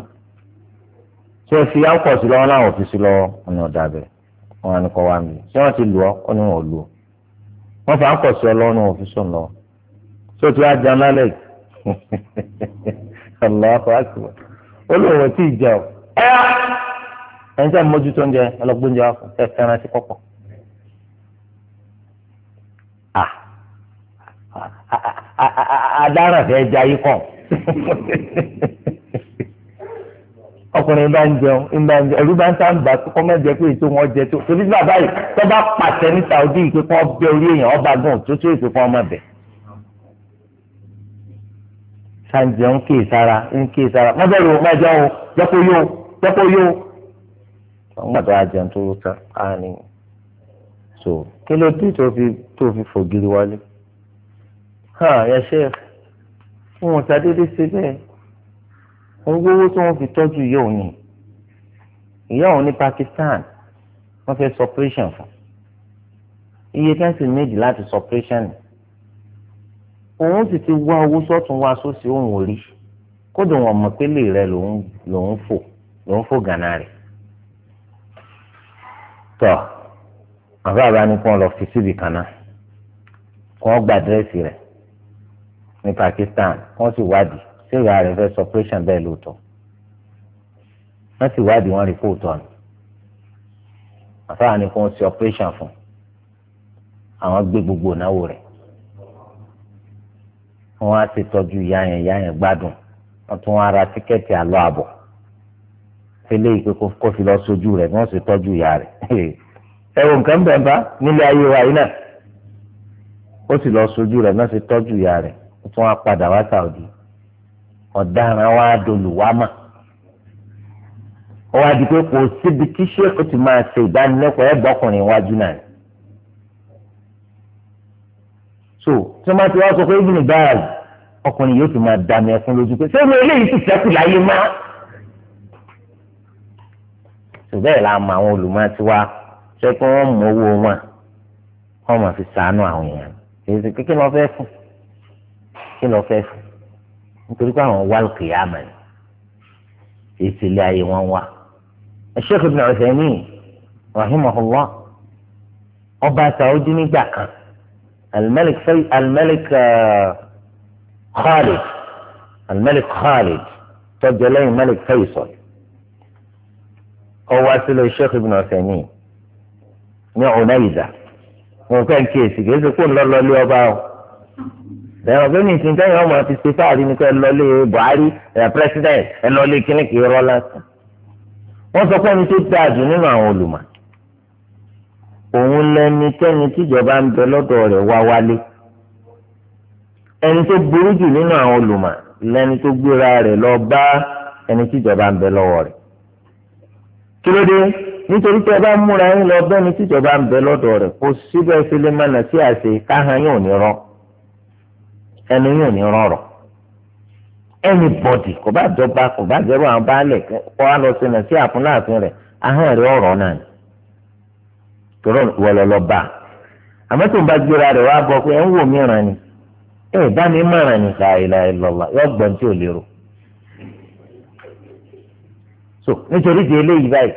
ṣé fi áwùkọ̀ sí lọ́wọ́ láwọn ò fi sí lọ́wọ́ ọ̀nà ọ̀dà bẹ́ẹ̀ wọn ni kọ wa mi ṣé wọn ti lù ọ ó ní wọn ò lù ọ wọn fà á kọ sí Ọlọ́run òfin sùn lọ tó tí wàá jẹun lálẹ́ ọlọpàá àkùrọ olóòwò tí ì jẹ ọ ẹni tí a mójútó oúnjẹ ọlọgbóúnjẹ ẹ fẹ́ràn sí pọpọ. adáràn fẹ́ jayé kàn ọkùnrin bá ń jẹun ìgbà ẹ̀rú bá ń sáǹbà kọ́ mọ́ jẹ pé ètò wọn jẹ tó torí bàbá yìí tó bá pàṣẹ ní Saudi ìpè kọ́ bẹ orí èèyàn ọba gan tó tó ìpè kọ́ ọmọ bẹ̀. sáǹjẹ ń kéè sára ń kéè sára wọ́n bẹ̀rù ọmọ ẹ̀jẹ̀ o jẹ́kọ̀ yó jẹ́kọ̀ yó. àwọn gbàdúrà àjẹun tó ta á so kí ló dé tó fi tó fi fògiri wálé. ha ẹ ṣe fún ọ̀tá dédé ṣe bẹ́ẹ̀ owó owó tí wọ́n fi tọ́jú ìyá òun ni ìyá òun ní Pakistan wọ́n fẹ́ sọpẹ́ṣàn fún iye tẹ́sí méjì láti sọpẹ́ṣàn ni òun sì ti wá owó sọ́tún wá sósì òun ò rí kódò wọn mọ̀ pé lè rẹ lòun fò lòun fò gànà rẹ̀ tọ́ àbá àbá ni kí wọ́n lọ fi síbi kan náà kí wọ́n gba àdírẹ́sì rẹ̀ ní Pakistan kí wọ́n sì wádìí ṣé ìyá rẹ̀ fẹ́ sọpẹ́ṣàn bẹ́ẹ̀ lóòótọ́ wọ́n sì wádìí wọn rí fóòtọ́ ni àfáà ni kò ń ṣe ọpẹ́ṣàn fún àwọn gbé gbogbo ìnáwó rẹ̀ wọ́n á ti tọ́jú ìyá yẹn ìyá yẹn gbádùn wọ́n tún wá ra tíkẹ́ẹ̀tì àlọ́ àbọ̀ tẹ́lẹ̀ yìí pé kó fi lọ sójú rẹ̀ bí wọ́n sì tọ́jú ìyá rẹ̀ ẹ wo nǹkan bẹ̀ ń bá nílé ayé wa yìí náà ó sì lọ sójú rẹ̀ náà sì tọ́jú ìyá rẹ̀ ó tún wá padà wá Saudi ọ̀daràn wa dolùwámà ó wá di pé kò síbi tí sèkò ti máa ṣe ìdánilẹ́kọ̀ọ́ ẹ̀ bọ́kùnrin iwájú náà so tí wọ́n bá ti wá sọ pé ibùdó báyìí ọkùnrin yóò fi máa dàmì ẹ̀fún lójú pé sẹ́yìn eléyìí ti sẹ́kù láyé má ṣùgbọ́n la mọ àwọn olùmọ̀tiwa ṣé kí wọ́n mú owó wọn wọ́n máa fi sàánú àwọn èèyàn kì í ṣe fẹ́ fún kí lọ́ọ́ fẹ́ fún nítorí pé àwọn wá kìyàmà ni èsì ilé ayé wọn wá Sheikh Ibn Uthaymeen rahimahullah ọba Saudi nígbà kan al-Malik al-Malik uh, Khalid al-Malik Khalid tọjọ lẹ́yìn Malik Faisal ọwọ asílẹ Sheikh Ibn Uthaymeen ní Unaiza wọn kàn kíyèsí kìí ṣe kó ń lọ lé ọba o ẹ̀rọ pé nìsín tẹ́yìn ọmọ ti ṣe fáàrí ni pé ẹ lọ lé Buhari ẹ̀ president ẹ lọ lé kíníkì rọ́ lásán wọ́n sọ pé ẹni tó dáa jù nínú àwọn olùmọ̀ òun lẹni tẹ́ni tíjọba ń bẹ lọ́dọ̀ rẹ̀ wá wálé ẹni tó burú jù nínú àwọn olùmọ̀ lẹni tó gbéra rẹ̀ lọ bá ẹni tíjọba ń bẹ lọ́wọ́ rẹ̀ kí ló dé nítorí tí ẹ bá múra yín lọ bẹ́ni tíjọba ń ẹnu yóò ní rọrọ ẹni bọdì kò bá jọba kò bá jẹrọ àwọn baálẹ̀ kọ á lọ sí náà sí àfúnáàfin rẹ ahọ́n rẹ ọ̀rọ̀ náà ni tòrọ wọlọ lọ bá àmọ́ tó ń bá gbéra rẹ̀ wá bọ̀ pé ẹ̀ ń wò mí ràn ni ẹ̀ bá mi má ràn ni láìla ìlọ́la yọ gbọ̀n tí ò lérò so nítorí di eléyìí báyìí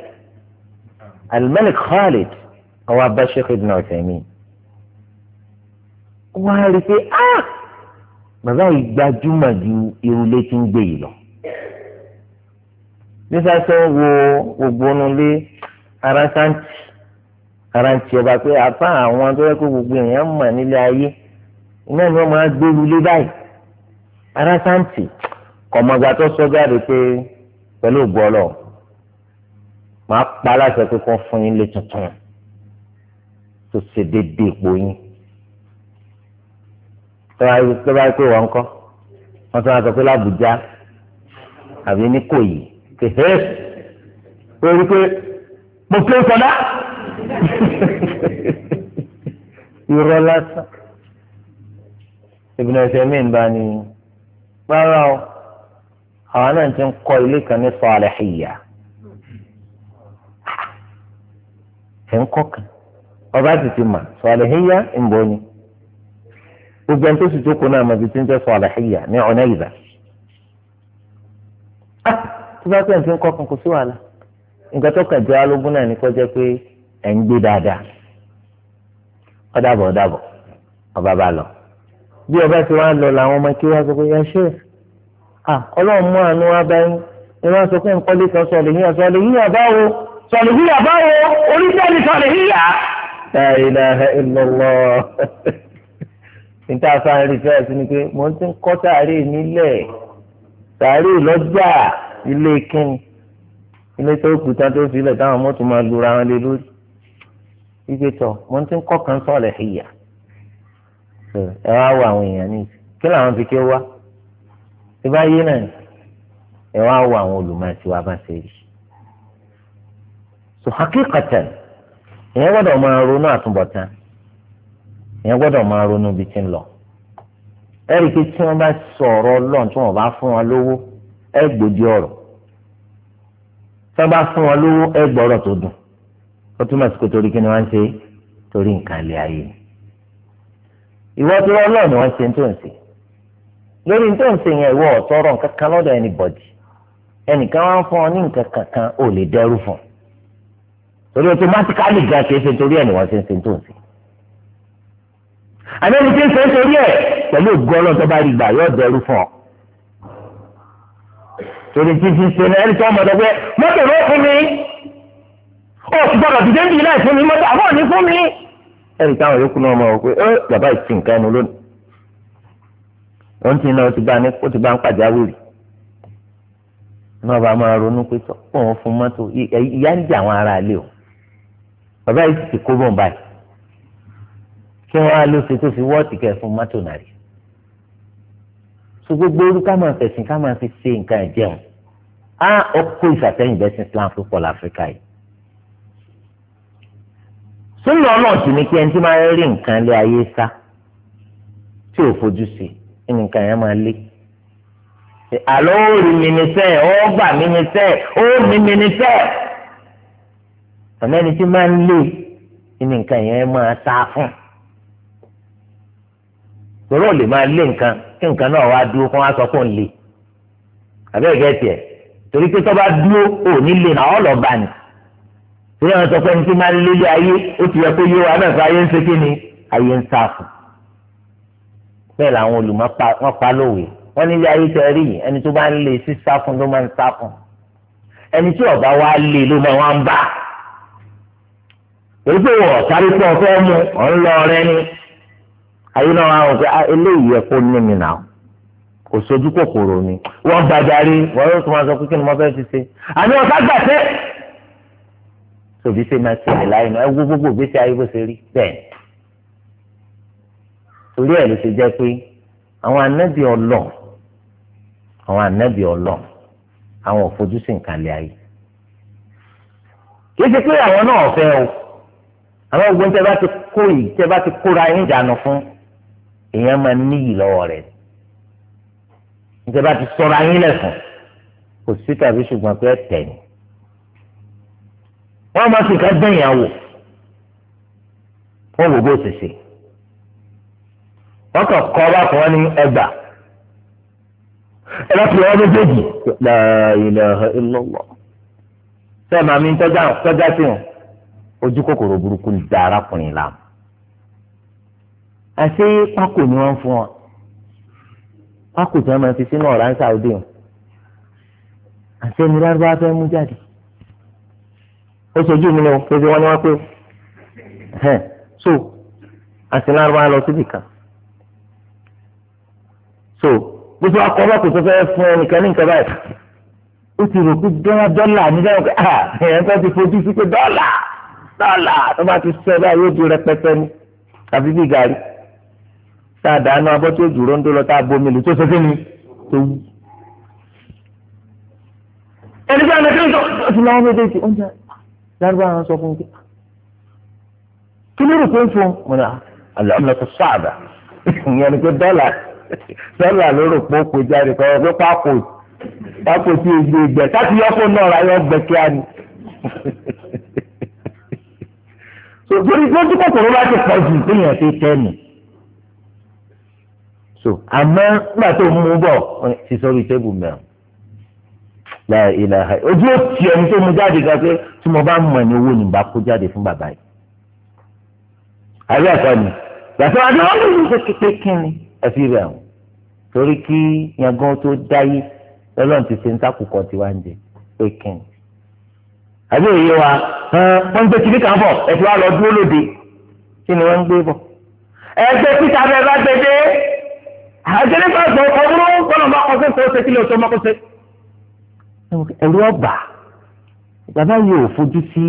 alimẹ́lì Khalid ọwọ́ wọ́n á rí i pé áà. Ah, bàbá yìí gbajúmọ̀ ju irulé tí ń gbé yìí lọ nígbà tó wo gbogbo onulé ara sáǹtì ara ń tiẹ̀ bá pé apá àwọn tó yẹ kó gbogbo èèyàn mọ̀ nílé ayé iná ni wọ́n máa gbé wulé báyìí ara sáǹtì kọ̀mọ̀gbà tó sọ jáde pé pẹ̀lú ògbọ́lọ̀ máa pa aláṣẹ pé kó fún yín lé tuntun tó ṣe déédéé ipò yín tó bá pé wọn kọ́ wọ́n tún wá sọ pé lábùjá àbí ní kò yìí kéhé ó rí pé mo pé sọdá irọ́ lásán ìbùnà ẹsẹ̀ mi ń bá ní rárá o àwọn náà ti ń kọ́ ilé kan ní Salihiyya ẹ̀ ń kọ́ kan ọba sì ti mà Salihiyya ń bọ̀ ni gbogbo ẹni tó sì jókòó náà mọ̀bí tí ń jẹ́ Salihiyya ní ọ̀nà ìdá. Ah, tó bá pẹ́ ní ti ń kọ́ kan kò sí wàhálà nǹkan tó kàn jẹ́ alógún náà ní kọ́ jẹ́ pé ẹ̀ ń gbé dáadáa ọ̀dàbọ̀ ọ̀dàbọ̀ ọba bá lọ. bí ọba ti wá lọ làwọn ọmọ kí wá sọ pé ẹ ṣe à ah, ọlọ́run mú àánú wá báyìí ni wọ́n sọ pé nǹkan lè kan Salihiyya Salihiyya báwo Salihiyya báwo oníṣẹ́ ni Salihiyya. La ilaha illallah. níta sáà rí fẹ́ẹ́ ni pé mo ti ń kọ́ sàárè nílẹ̀ sàárè lọ́jà ilé kíni ilé tó kù tán tó fi ilẹ̀ táwọn mọ́tò máa lura wọn lé lórí ibi tọ̀ mo ti ń kọ́ kan sọ̀rọ̀ ìyà ẹ wá wo àwọn èèyàn ní kí làwọn fi ké wá tí bá yé náà ẹ wá wo àwọn olùmọ̀ọ́sí bá ṣe rí so hakíkatan ìyẹn gbọ́dọ̀ máa ronú àtúbọ̀tán. ìyẹn gbọ́dọ̀ máa ronú bí ti ń lọ ẹ̀rí pé tí wọ́n bá sọ̀rọ̀ ọlọ́run tí wọ́n bá fún wọn lówó ẹ gbòdì ọ̀rọ̀ tí wọ́n bá fún wọn lówó ẹ gbọ́rọ̀ tó dùn ó túmọ̀ sí pé torí kí ni wọ́n ń ṣe torí nǹkan ilé ayé ìwọ tí wọ́n lọ́ọ̀ ni wọ́n ṣe ń tó ń ṣe lórí tó ń ṣe yẹn ìwọ ọ̀tọ́rọ̀ kankan ò lè fún torí ṣe torí wọ́n ṣe ń àbẹ́ni tí ń sọ nítorí ẹ̀ pẹ̀lú ògùn ọlọ́run tó bá rí gbà yóò dẹrú fún ọ. torí tí ti ṣe ẹni tí wọ́n mọ̀ dọ́gbẹ́ mọ́tò ló fún mi ó ti gbọ́dọ̀ ti débi náà fún mi mọ́tò àbọ̀ ní fún mi. ẹnì táwọn yòókù náà mọ̀ ọ́ pé ẹ bàbá ìsìn nǹkan ẹnu lónìí. òun ti náà ó ti bá ń pàjáwìrì náà bá máa ronú pé sọ pé òun fún mọ́tò ìyá ń jẹ àwọn ará ilé o bàbá yìí ti kó bọ̀ báyìí kí wọ́n á lọ ṣe tó fi wọ́ọ̀tì kẹ fún mọ́tò náà rí so gbogbo orí ká máa fẹ̀sìn ká máa fi ṣe nǹkan ìjẹun á ọkọ ìṣàtẹ̀yìn bẹ́sìn Islam púpọ̀ láfíríkà yìí sínú ọlọ́ọ̀tì ni kí ẹni tí máa rí nǹkan lé ayé sá tí ò fojú sí ẹni nǹkan yẹn máa lé àlọ́ ó rí mi ó gbà mí ó mi mi ọ̀nà ẹni tí máa ń lé ẹni nǹkan yẹn máa sá fún torí ò lè máa lé nǹkan kí nǹkan náà wá dúró kó wá sọ pé ń lé àbẹ́rẹ́ gẹ̀ẹ́tì ẹ̀ torí pé tó bá dúró ò ní lé náà ọ̀ bá ní torí àwọn sọ pé ní kí máa ń lélẹ̀ ayé ó ti yẹ kó yé wa náà ayé ń ṣe kí ni ayé ń sáfù bẹ́ẹ̀ làwọn olùmọ̀ wọ́n pa lówe wọ́n nílé ayé tẹ rí yìí ẹni tó bá ń lé sí sáfù ló máa ń sáfù ẹni tí ọba wa lé ló máa ń bá torí pé wọ́n sáré pọ̀ fẹ́ mu ọ̀ ń lọ ọ̀rẹ́ ni àyè náà wà wọ́n pé ah, eléyìí ẹ̀kọ́ ní mi nà ó kò sojú kòkòrò ni wọ́n gbàdarí wọ́n yóò tún máa sọ pé kí ni mo fẹ́ fi ṣe àní ọ̀sá gbàṣẹ. tòbí ṣe máa ṣẹlẹ̀ láyé náà ẹ wo gbogbo ìgbésí ayé bó ṣe rí bẹ́ẹ̀ torí ẹ̀ ló ṣe jẹ́ pé àwọn anábì ọlọ́ àwọn anábì ọlọ́ àwọn ò fojú sí nǹkan ayé kì í ṣe pé àwọn náà fẹ́ o àwọn ogun tẹ́ bá ti kó yìí tẹ́ bá ti kóra yín jànú fún èèyàn máa níyì lọ́wọ́ rẹ̀ ìjọba ti sọ̀rọ̀ ayé lẹ́sùn kò sí tàbí ṣùgbọ́n pé tẹ̀yìn wọ́n máa fi ká dẹ̀yìn àwò wọ́n wò bó ṣe ṣe wọ́n kàn kọ́ wá fún wọn ní ẹgbà ẹ bá fi wọn méjèèjì la ilaha illallah sẹ́ẹ̀ màmí tọ́jà tọ́jà sí wọn ojú kòkòrò burúkú ń da arákùnrin láàmú àti pákó ni wọ́n fún ọ pákó tí wọ́n máa fi sínú ọ̀rá ń sàwọ́dì o àti ẹni lárúbá fẹ́ mú jáde ó ṣojú mi lọ pépé wọn ni wọn pé ẹhẹn so àti lárúbá lọ síbi kan so gbogbo akọ ọlọ́pàá tó fẹ́ fún ẹnìkan ní nǹkan báyìí ó ti rò pé dọ́là dọ́là nígbà wọn pé ah ẹ̀yàn kan ti fojú sí pé dọ́là dọ́là tó bá ti sọ ẹ báyìí ó di rẹpẹtẹ ni tàbí bí gàrí tá a dáná abọ́ tó dúró ń dúró tá a bomi lù tó ṣe fún mi tó wú. ẹni tí a lè kí ọtí láwọn méjèèjì oúnjẹ lárúbáwá sọ fún mi kí ló rò pé ń fún mo ní ah, àlọ́ ọ̀nà tó sáàdà ìyẹn ni pé dọ́là dọ́là ló rò pé ó kó jáde kọ́ ọ pé pápò pápò tí o gbé gbẹ káàtì yọkọ náà ra yọ gbẹ kíá ni. sòtúrí tó kòkòrò bá ti pọ̀ jù pé yẹn ti tẹ́ nù so àmọ́ nígbà tó mú bọ̀ ti sọ́rí tébù mẹ́rin láì ìlàhà ojú ó ti ẹni tó mú jáde gan pé tí mo bá mọ̀ ní owó ni bá kó jáde fún bàbá yìí àbí ẹ̀kọ́ ni yàtọ̀ adé wọn lè ní kékeré kí ni ẹ fi rẹ̀ hàn torí kí yangan tó dáyé lọ́lọ́run ti ṣe ń takùkọ tiwa ń jẹ pé kí ni àbí òye wa wọ́n ń gbé kiri kan bọ̀ ẹ ti wá lọ dúró lóde kí ni wọ́n ń gbé bọ̀ ẹ gbé títa bẹ́ẹ̀ bá gbé dé àjẹlẹ bá gbọ́ ọdún kọlọ bá kọ sí kóse kí lè tó mọkóse. ẹ̀rù ọba bàbá yìí ò fojú sí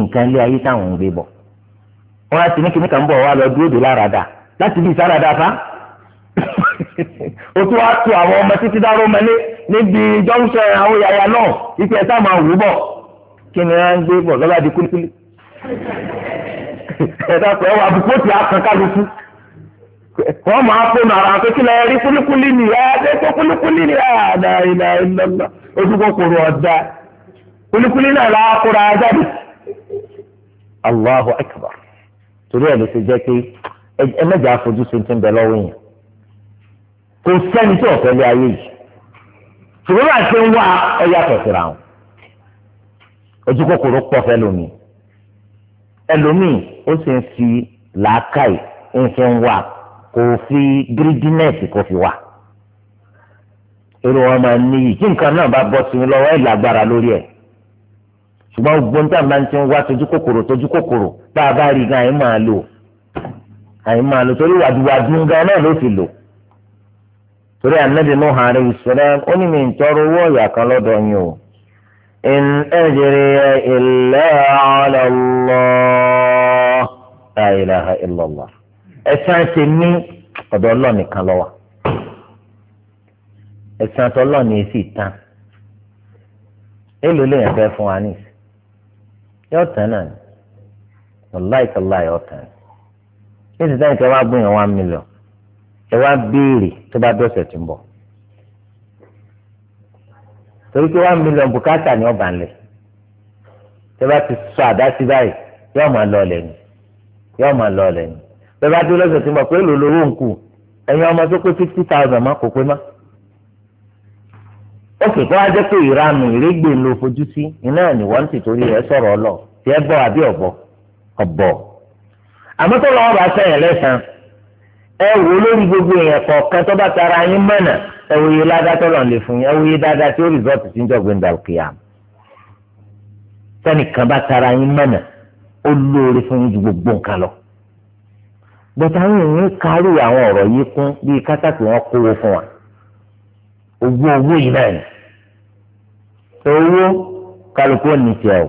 nǹkan ilé ayé táwọn ń gbé bọ̀ wọn á ti ní kíníkà ń bọ̀ wá lọ dúró dé lárada láti bí sárada fa o tún wá tu àwọn ọmọ títí dáró mẹlé níbi jọ́nsọ̀ àwọn yàyà náà ipe ẹ̀ táwọn àwùjọ bọ̀ kí ni wọ́n ń gbé bọ̀ lọ́ba di kúlíkúlí ẹ̀dá pẹ̀lú àbùkù tí a kan kálukú wọ́n máa pè mọ àwọn akékèké lọ rí kúlíkúlí ni ẹ tó kúlíkúlí ni àdá ìlà ìlànà ojú kòkòrò ọ̀dà kúlíkúlí náà láàkúrò ajáde. Allahu akbar torí ẹ̀ ló ti jẹ́ pé ẹ mẹ́jọ afojú sí ti ń bẹ lọ́wọ́ yẹn kò sẹ́ni tí ọ̀fẹ́ lé ayé yìí ṣùgbọ́n bá ṣe ń wá ẹ̀yà tẹ̀síra wọn ojú kòkòrò pọ̀ lómi ẹlòmíì ó kò fi greediness kò fi wà èrò wọn máa níyì nǹkan náà bá bọ́ sí mi lọ́wọ́ ẹ̀ lágbára lórí ẹ̀ ṣùgbọ́n gbogbo níta máa ti ń wá tójú kòkòrò tójú kòkòrò tá a bá rí gan àyè máa lò àyè máa lò torí wàdùwàdù gan náà ló fi lò torí ànábì ó ní mi ń tọrọ owó ọ̀yà kan lọ́dọ̀ yín ẹ̀san ti ní ọ̀dọ̀ Ọlọ́ọ̀nì kan ló wà ẹ̀san tó Ọlọ́run yìí sì tán èlò lèèyàn fẹ́ fún wa nìyí yóò tán náà ni ọláìkọlá yóò tán ní ti sẹ́yìn kí wọ́n á gbé yẹn ẹ wá béèrè tó bá dọ̀sẹ̀ tó ń bọ̀ torí pé one million bùkátà ni ọba ń lẹ̀ tó bá ti sọ àdá báyìí yóò máa lọ ọ̀lẹ̀ ni yóò máa lọ ọ̀lẹ̀ ni bẹ́ẹ̀ bá dé lọ́sẹ̀ tí mo pé èlò lówó ń kù ọmọ tó pé fifty thousand má kò pé má. ó kì í kọ́ ajẹ́ pé ìranù ìrégbè ló fojú sí iná ẹ̀ ní wọ́n ti torí rẹ̀ sọ̀rọ̀ ọlọ tí ẹ bọ̀ àbí ọ̀bọ̀ ọ̀bọ̀. àmọ́ tó lọ́wọ́ bá sẹ́yìn lẹ́sàn ẹ wò lórí gbogbo èèyàn kọ̀ọ̀kan tó bá tara yín mọ̀nà ẹ wò ládàá tó lọ́n lè fún yín ẹ wò dáadáa tí ó rìsọ́ọ̀tì sí ìjọba ìdàlùkìyà tẹ́nìkan bá bọ̀tà àwọn èèyàn kárí àwọn ọ̀rọ̀ yìí kún bíi kátàkì wọn kówó fún wa ogún owó yìí náà ni owó kálukú òní tiẹ̀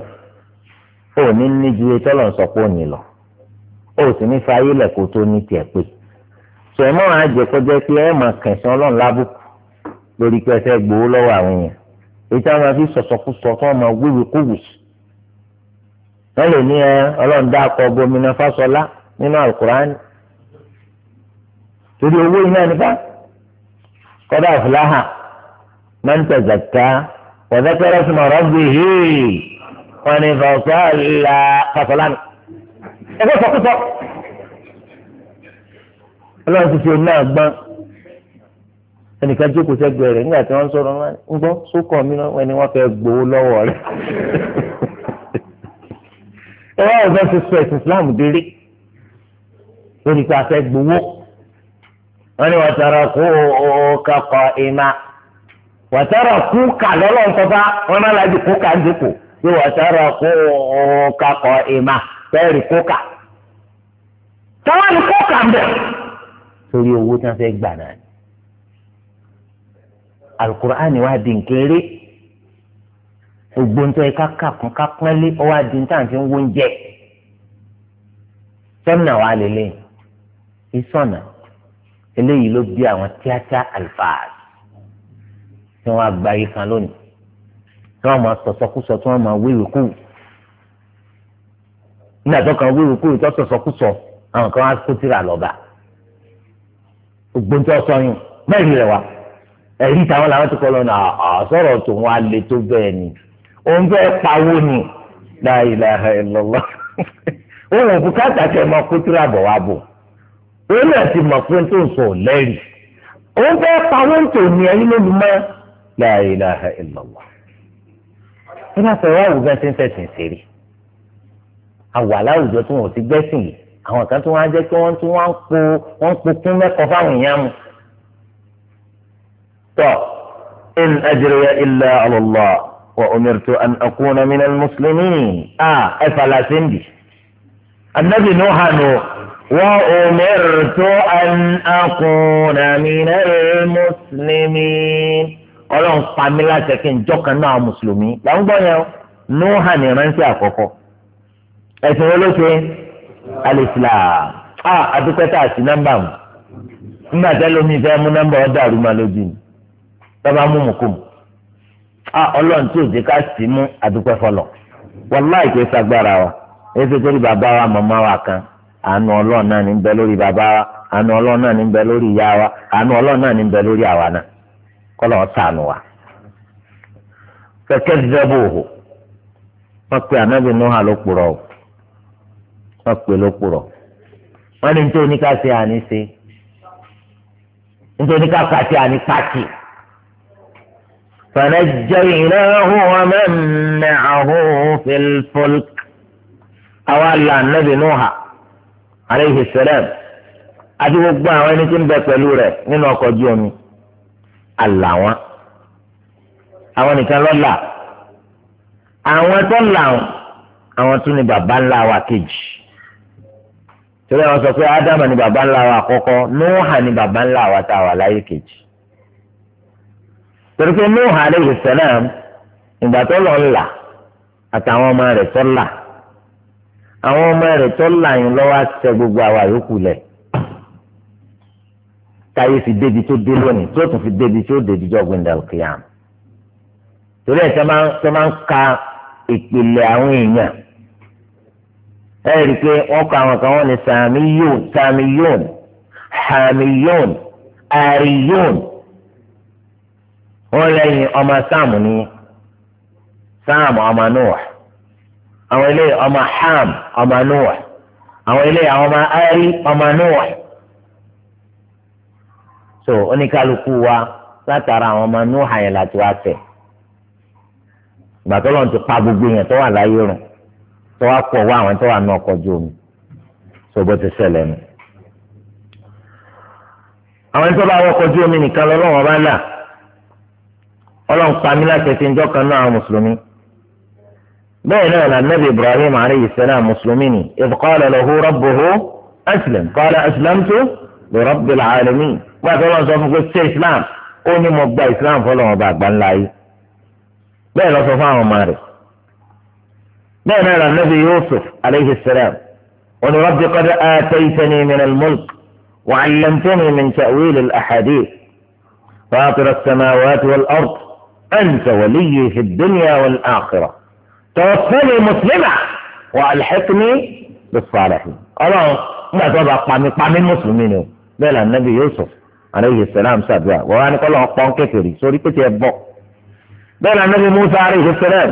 o ò ní ní ju etí ọlọ́run sọ pé òní lọ o sì ní fa ayélẹ̀ kó tó ní tiẹ̀ pé sọ ẹ mọ́ àwọn àjẹkọ́jẹ́ pé ẹ máa kẹsàn ọlọ́run lábùkù lórí pé ẹ gbowó lọ́wọ́ àwọn èèyàn èyí tí wọ́n máa fi sọ̀sọ̀kúsọ tí wọ́n máa wíwèé kówùsì wọ́n lè ní ọlọ́run dá akọ gómìnà fásọlá nínú àlùkùránì torí owó iná nìkan kọ́dà fúláhà máa ń tẹ̀sàkà wọ́dẹ́kẹ́rẹ́ fún ọ̀rọ̀ bí hìí wọ́n ní fọ́sọ́ la kàtọ́lámì. ẹgbẹ́ sọkúsọ ọlọ́run ti fi omi náà gbọ́n ẹnìkan jókòó sẹ́gbẹ̀ẹ́ rẹ̀ nígbà tí wọ́n sọ̀rọ̀ wọn ń gbọ́ sókàn mi náà wọ́n ni wọ́n fẹ́ gbowó lọ́wọ́ rẹ̀. ẹ wá ọ̀gá ti sọ ẹ̀sìn Islam délé lórí pé a fẹ́ gbowó wọ́n ní wàtàrà kú kakọ ìmá wàtàrà kú kà lọ́lọ́ nsọ́fà wọ́n náà lájú kú kà ndínkù bí wàtàrà kú kakọ ìmá bẹ́ẹ̀rì kú kà táwọn ní kú kà mbẹ́ torí owó tí wọ́n fẹ́ gbà náà alukur'ani wa di nkéré ògbóntọ́ yìí káka kún kápẹ́lẹ́ ọwọ́ adi ní tàǹtí ń sẹ́mìnà wa lélẹ̀ ìsọ̀nà eléyìí ló bí àwọn tíátá alfaaz tí wọ́n agbáyé kan lónìí tí wọ́n máa sọ̀sọ́kúsọ tí wọ́n máa wéwèé kú nígbà tó kan wéwèé kú tó sọ̀sọ́kúsọ àwọn kan wá kó tìrà lọ́ba ògbóntì ọ̀sọ́yún mẹ́rin rẹ̀ wá ẹ̀rí táwọn làwọn ti kọ́ lọ́nà àsọ̀rọ̀ tó wọn alẹ́ tó bẹ́ẹ̀ ni òun fẹ́ pawó ni la ilaha illallah òun ò bùkátà kẹ́ máa kó tìrà bọ̀ wá bò òun náà ti mọ̀ pé tó ń sọ lẹ́rìí òun fẹ́ pa wọ́n tó ní ẹni lóbi mọ́ la ilaha illallah nígbà tó wá àwùjọ tí ń tẹ̀sìn sèré àwà láwùjọ tí wọn ò ti gbẹ́sìn yìí àwọn kan tó wá jẹ́ pé wọ́n tún wá po wọ́n po kún mẹ́kọ̀ọ́ fáwọn èèyàn mu. tọ́ in ajriya illa ala Allah wa umirtu an akuna minal muslimin a ẹ̀fà làṣẹ́ ń bì. النبي نوح نوح وأمرت أن أكون من المسلمين ọlọ́run pa mí láṣẹ kí n jọ́kan náà mùsùlùmí là ń gbọ́ yẹn o nóhà ní ìrántí a àdúpẹ́ a sí nọ́mbà mu nígbà tẹ́lómi fẹ́ mú nọ́mbà ọ̀dà èsì pé bàbá wa mama wa kan àánú ọlọ́run náà ní bẹ lórí wa àánú ọlọ́run náà ní bẹ lórí wa àánú ọlọ́run náà ní bẹ lórí àwa náà kọ́lọ̀ wa. kẹ̀kẹ́ dẹ́bù òhò wọ́n pe ànábì nùhà ló kpọ̀rọ̀ pe ló nítorí àní nítorí àwa la anabi nuha aleyhi salam àti gbogbo àwọn ẹni tí ń bẹ pẹ̀lú rẹ̀ nínú ọkọ̀ ojú omi àlà wọn àwọn nìkan ló là àwọn tó là wọn àwọn tún ni bàbá ńlá wa kejì torí àwọn sọ pé ádámà ni bàbá ńlá wa àkọ́kọ́ nuha ni bàbá ńlá wa tá a láyé kejì torí nuha aleyhi salam ìgbà tó lọ ń àtàwọn ọmọ rẹ̀ tó là. àwọn ọmọ rẹ̀ tó làyìn lọ́wọ́ àṣẹ gbogbo àwa yòókù lẹ̀ táyé fi débi tó dé lónìí tó tún fi débi tó débi jọ gbẹndà òkèèyàn torí ẹ̀ tó máa ń ka ìpìlẹ̀ àwọn èèyàn ẹ rí i pé wọ́n kọ àwọn kan wọ́n ní sàmíyòn sàmíyòn wọ́n lẹ́yìn ọmọ ní ọmọ àwọn eléyìí ọmọ ham ọmọ noah àwọn eléyìí àwọn ọmọ ari ọmọ noah so oníkálukú wa látara àwọn ọmọ noah yẹn láti wá tẹ̀ gbàtọ́ lọ́n ti pa gbogbo yẹn tó wà láyé rùn tó wá pọ̀ wá àwọn tó wà ní ọkọ̀ ojú omi so bó ti ṣẹlẹ̀ nù àwọn tó bá wọkọ̀ ojú omi nìkan lọ́wọ́ bá là ọlọ́run pa mí láti ẹsẹ̀ ńjọ́ kan náà àwọn mùsùlùmí. بين النبي إبراهيم عليه السلام مسلمين إذ قال له ربه أسلم قال أسلمت لرب العالمين وقال الله سبحانه وتعالى إسلام قومي مبدا إسلام فلو مبدا بان لاي بين صفان ومارس بين النبي يوسف عليه السلام قل رب قد آتيتني من الملك وعلمتني من تأويل الأحاديث فاطر السماوات والأرض أنت ولي في الدنيا والآخرة tawaffani mùsùlùmá wà alhiqni bis-salihin ọlọ́run nígbà tó bá pami pami mùsùlùmí ni o bẹ́ẹ̀ lànà nàbí Yusuf aleyhi salam sàdúrà wọ́n wá ní kọ́ lọ́wọ́ pọ́n kékeré sórí pété ẹ bọ́ bẹ́ẹ̀ lànà nàbí Musa aleyhi salam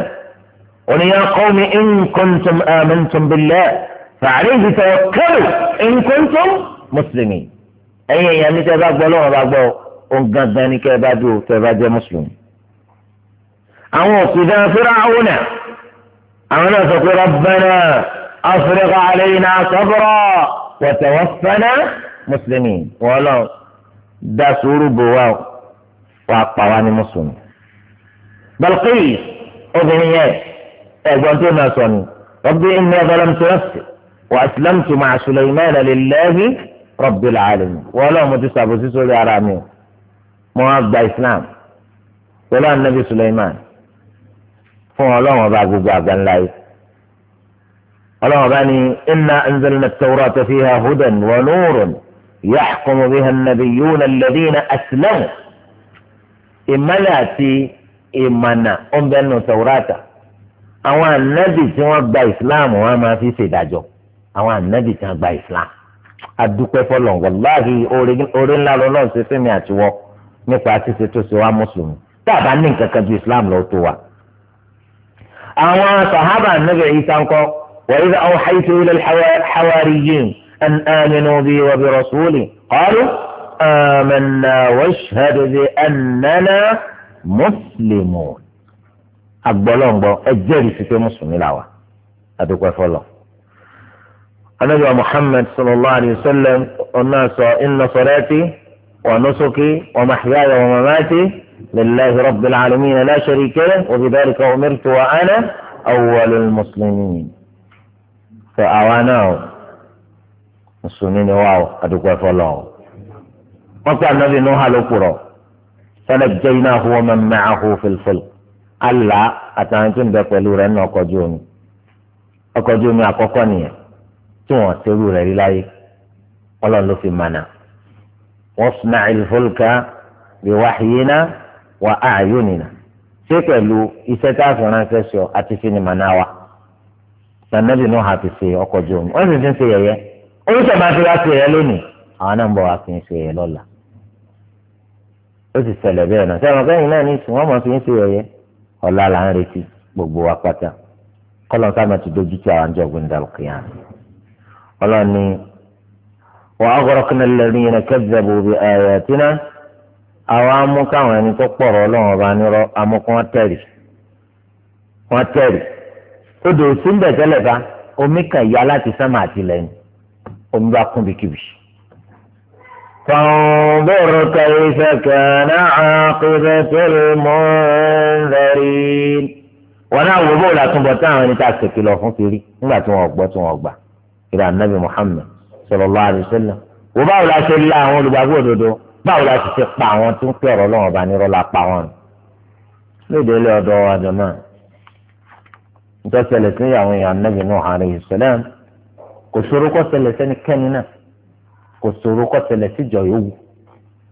òní yā qawmi in kuntum amantum billahi fa alayhi tawakkalu in kuntum muslimin ẹ̀yin èèyàn mi tẹ́ bá gbọ́ lọ́wọ́ bá gbọ́ òun gangan ni kẹ́ bá dúró tẹ́ bá jẹ́ mùsùlùmí. àwọn òkùnrin fúnra ọ̀hún náà àwọn náà sọ pé rabbana afrigh alayna sabra wa tawaffana mùsùlùmí wọ́n lọ da sùúrù bò wá wà pa wá ní mùsùlùmí. Balqis obìnrin yẹn ẹ̀gbọ́n tó náà sọ ni rabbi inni zalamtu nafsi wa aslamtu ma'a sulaymana lillahi rabbil alamin wọ́n lọ mo ti sàbòsí sórí ara mi mo wá gba islam pẹ̀lú fún ọlọ́run ọba gbogbo àgbáńlá yìí ọlọ́run ọba ní inna anzalna at-taurata fiha hudan wa nurun yahkumu biha an-nabiyyuna alladhina aslamu ìmọ́lẹ̀ àti ìmọ̀nà ọ̀nbẹ́nu tàwùrátà àwọn ànábì tí wọ́n gba ìsìláàmù wọn máa fi ṣèdájọ́ àwọn ànábì tí wọ́n gba ìsìláàmù adúpẹ́ fọlọ́n wàláhì orí ńlá lọ́lọ́run ṣe fẹ́mi àtiwọ́ nípa ṣíṣe tó ṣe wá mùsùlùmí tá a bá ní nǹkan kan ju ìsìláàmù lọ́wọ́ tó wà. àwọn sàhábà nàbẹ Ìsá ńkọ́ wa idh awhaytu ila al-hawariyyin an aminu bi wa bi rasuli qalu amanna washhadu bi annana muslimun agbọlọngbọ ẹjẹrìí sí pé mùsùlùmí làwà adúgbò ẹfọlọ. النبي محمد صلى الله عليه وسلم الناس إن صلاتي ونسكي ومحياي ومماتي لله رب العالمين لا شريك له وبذلك أمرت وأنا أول المسلمين فأوانا مسلمين واو أدوك فالله وقال النبي نوح لكرة فنجيناه ومن معه في الفلك ألا أتانتم بقلو رن أقجوني أقجوني أقوقني تون سيرو رلاي ولن في منا واصنع الفلك بوحينا wà á yónìnà ṣé pẹ̀lú iṣẹ́ tá a fi ránṣẹ́ sọ àti fi ni wa nànàbì náà hà fi ṣe ọkọ̀ ojú omi wọ́n sì ti ń ṣe yẹ̀yẹ́ oríṣi máa fi wá ṣe yẹ̀yẹ́ lónìí àwọn náà ń bọ̀ wá fi ń ṣe yẹ̀yẹ́ lọ́la ó sì ṣẹlẹ̀ bẹ́ẹ̀ náà sẹ́wọ̀n kẹ́yìn náà ní ìsìn wọ́n mọ̀ fi ń gbogbo wa pátá kọ́lọ́n sábà ti dojú tí àwọn àwa mú káwọn ẹni tó pọ̀rọ̀ ọlọ́run ọba nírọ́ amúkún wọn tẹ̀rì wọn tẹ̀rì odò síbẹ̀ tẹ́lẹ̀ bá omi kan ya láti sánmà àtìlẹ́yìn omi bá kún bíkíbi. فانظر كيف كان عاقبة المنذرين wọn náà wò bóòlù àtúbọ̀ táwọn ẹni tá a ṣèké lọ fún kiri nígbà tí wọn gbọ́ tí wọn gbà ìlànà nàbì Muhammad sallallahu alaihi wasallam wò báwo la ṣe la àwọn olùgbàgbọ́ òdodo báwo la ti ṣe pa àwọn tó ń pè ọ̀rọ̀ lọ́wọ́ bá nírọ́ la pa wọn lóde ilé ọ̀dọ̀ wa jọmọ ìjọsẹ̀lẹ̀ sí àwọn èèyàn anábì Nuh alayhi salam kò ṣòro kó ṣẹlẹ̀ sẹ́nikẹ́ni náà kò ṣòro kó ṣẹlẹ̀ síjọ yòówù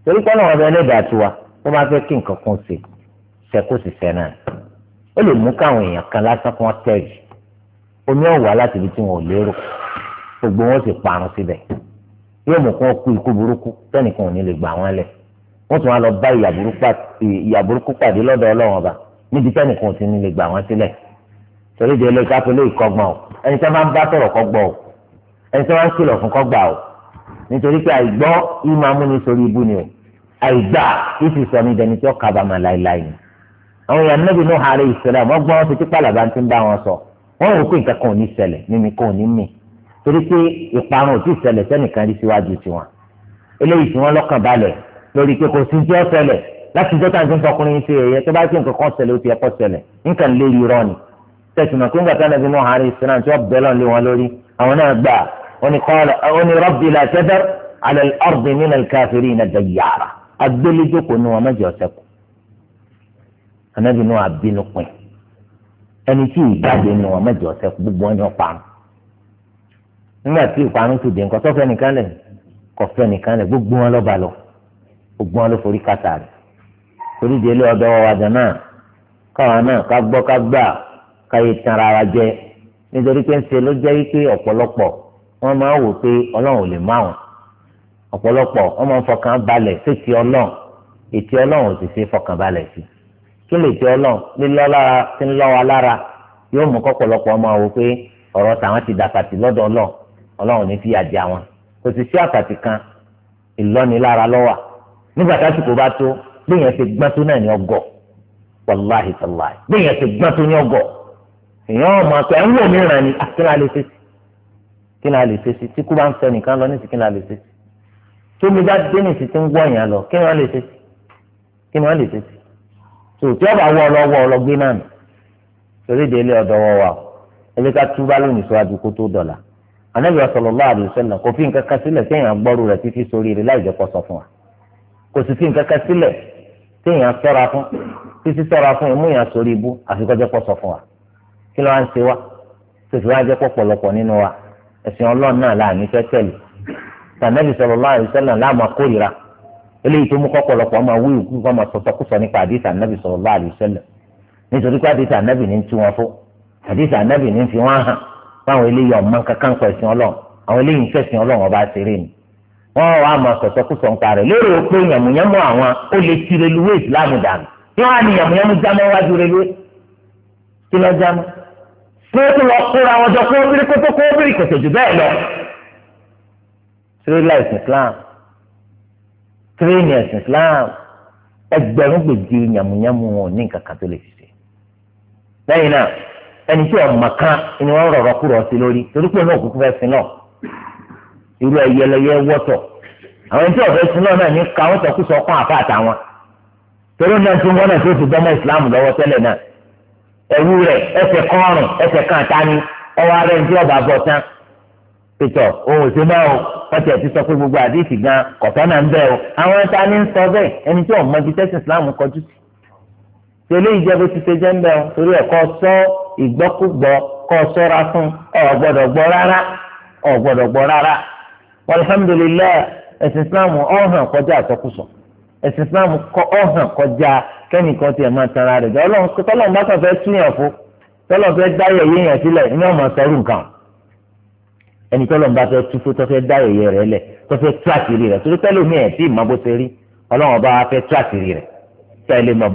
torí pé ọlọ́wọ́ bẹ ẹlẹ́dàá tiwa ó máa fẹ́ kí nǹkan kan ṣe ṣẹkó sì fẹ́ náà ó lè mú káwọn èèyàn kan lásán kí wọ́n tẹ̀lé omi ọ̀wà láti ibi tí wọn ò lérò gbogbo wọn sì parun síbẹ̀ yóò mú kó kú ikú burúkú tẹnìkan ò ní lè gbà wọn lẹ wọn tún wá lọ bá ìyà burúkú pàdé lọ́dọ̀ Ọlọ́run ọba níbi tẹnìkan ò ti ní lè gbà wọn sílẹ̀ torí di ẹlẹgá tó lè kọgbọn o ẹni tí wọn bá ń bá sọ̀rọ̀ kọgbọn o ẹni tí wọn ń kìlọ̀ fún kọgbà o nítorí pé àìgbọ́ yìí máa ibú ni o àìgbà yìí ti sọ ní ìdẹni tí ó kábàámà láéláé ni àwọn èèyàn níbi ní ọ̀hárẹ̀ ìṣẹ̀lẹ̀ wọn gbọ́ wọn ti tí pàlàbà ti ń bá wọn sọ wọn ò pé nǹkan kan ò ní ṣẹlẹ̀ mímí torí pé ìparun ò tí ì ṣẹlẹ̀ sẹ́nìkan rí síwájú tiwọn eléyìí tí wọ́n lọ́kàn balẹ̀ lórí pé kò sí tí ó ṣẹlẹ̀ láti dọ́tà ní ọkùnrin yìí ṣe ẹ̀yẹ tó bá ṣe nǹkan kan ṣẹlẹ̀ ó ti ẹ̀kọ́ ṣẹlẹ̀ nǹkan lé irọ́ ni tẹ̀sùmọ̀ pé nígbà táwọn ẹbí mọ́ àárín ìṣúná tí wọ́n bẹ́ẹ̀ lé wọn lórí àwọn náà gbà ó ní rọ́bì la tẹ́dẹ́r alẹ́ ọ̀rùbí nínú káfírí iná dẹ̀yàrá agbéléjókòó ẹni tí nígbà tí ìparun ti dé nǹkan sọ́fẹ́ nìkan lẹ̀ kọ̀fẹ́ nìkan lẹ̀ gbogbo wọn lọ́ba lọ gbogbo wọn ló forí kàtà rẹ̀ torí délé ọ̀dọ́ wàjà náà káwa náà ká gbọ́ ká gbà káyé tan ara jẹ nítorí pé ń ṣe ló jẹ́ wípé ọ̀pọ̀lọpọ̀ wọ́n máa wò pé ọlọ́run ò lè má wọn ọ̀pọ̀lọpọ̀ wọ́n máa ń fọkàn balẹ̀ sétí ọlọ́run ètí ọlọ́run ò sì ṣe fọkàn balẹ̀ sí kí lè tí ọlọ́run lílọ́ lára tí ń lọ́ wa lára yóò mú kọ́pọ̀lọpọ̀ máa ọlọ́run ní fi àjà wọn kò sì sí àkàtì kan ìlọ́nilára lọ́wà nígbà tásìkò bá tó gbẹ̀yìn ti gbọ́n tó náà ní ọgọ̀ wàláhì tàláhì gbẹ̀yìn ti gbọ́n tó ní ọgọ̀ èèyàn ọmọ akẹ́ ń wò mìíràn ni ah, kí náà lè ṣe sí kí náà lè ṣe sí tí kú bá ń fẹ́ nìkan lọ nísìkí náà lè ṣe sí tómi bá dé nìsí tí ń wọ̀ yẹn lọ kí lè ṣe sí lè ṣe sí tòtí ọba wọ ọlọ́wọ́ wọ wa anabi sallallahu alaihi wasallam kò fi nǹkan kan sílẹ̀ téèyàn gbọ́rù rẹ̀ títí sórí rẹ̀ láì jẹ́ kó sọ fún wa kò sì fi nǹkan kan sílẹ̀ téèyàn sọ́ra fún títí sọ́ra fún imú yẹn sórí ibú àfi kó jẹ́ kó sọ fún wa kí ló wá ń ṣe wá tòṣì wá jẹ́ pọ̀pọ̀lọpọ̀ nínú wa ẹ̀sìn ọlọ́run náà láàánú fẹ́ tẹ̀lé tànàbì sallallahu alaihi wasallam láàmú akórira eléyìí tó mú pọ̀pọ̀lọpọ̀ ọmọ wíwù kí wọ́n máa sọ̀tọ̀kùsọ nípa fáwọn eléyìí ọmọ kankan kọ ẹ̀sìn Ọlọ́run àwọn eléyìí ń fẹ̀sìn Ọlọ́run ọba ṣeré ni wọn wàá máa sọsọkúsọ ń parẹ lérò pé yàmùyàmù àwọn ó lè ti reluwé ìsìlámù dànù kí wọn á ní yàmùyàmù jámọ wájú reluwé kí lọ jámọ kí wọn kóra wọn jọ kó bírí kótó kó bírí kòtò jù bẹ́ẹ̀ lọ. tírélà ẹ̀sìn Islam tírénì ẹ̀sìn Islam ẹgbẹ̀rún gbèjì yàmùyàmù wọn ò ní nǹkan kan tó lè fi lẹ́yìn náà ẹni tí ọmọ kan ni wọ́n rọ̀rọ̀ kúrò sí lórí torí pé náà kúkú fẹ́ sin náà irú ẹyẹlẹyẹ wọ́tọ̀ àwọn ẹni tí ọ̀fẹ́ sin náà náà ní ká wọ́n tọ́kù sọ kún àfa àtàwọn torí náà tí wọ́n náà tó fi dánmọ́ ìsìláàmù lọ́wọ́ tẹ́lẹ̀ náà ẹ̀wù rẹ̀ ẹsẹ̀ kọ́ọ̀rùn ẹsẹ̀ kan àtàní ọwọ́ ara ẹni tí ọba bọ̀ tán pẹ̀tọ̀ ohun òsè náà o wọ́n ti sọ pé gbogbo àdéhìí gan kọ̀tọ́ náà ń bẹ̀ o àwọn ẹni tá ń sọ bẹ́ẹ̀ ẹni tí ọ̀mọ́ ibi tẹ́sí ìsìláàmù kọjú sí. tẹ́lẹ̀ ìjẹ́bù ti ṣe jẹ́ ń bẹ̀ o torí ẹ̀kọ́ sọ́ọ́ ìgbọ́kúgbọ́ kọ́ sọ́ra fún ọ gbọ́ rárá ọ rárá alhamdulilayi ẹ̀sìn islam ọ̀hàn kọjá àtọkùsọ ẹ̀sìn islam ọ̀hàn kọjá kẹ́nìkan tiẹ̀ máa tara rẹ̀ jẹ́ ọlọ́run tọ́lọ́run bá túyàn fún tọ́lọ́run fẹ́ sílẹ̀ ní ọmọ nǹkan ẹni tọ́lọ́run bá fẹ́ tú fún tọ́fẹ́ rẹ̀ lẹ̀ tọ́fẹ́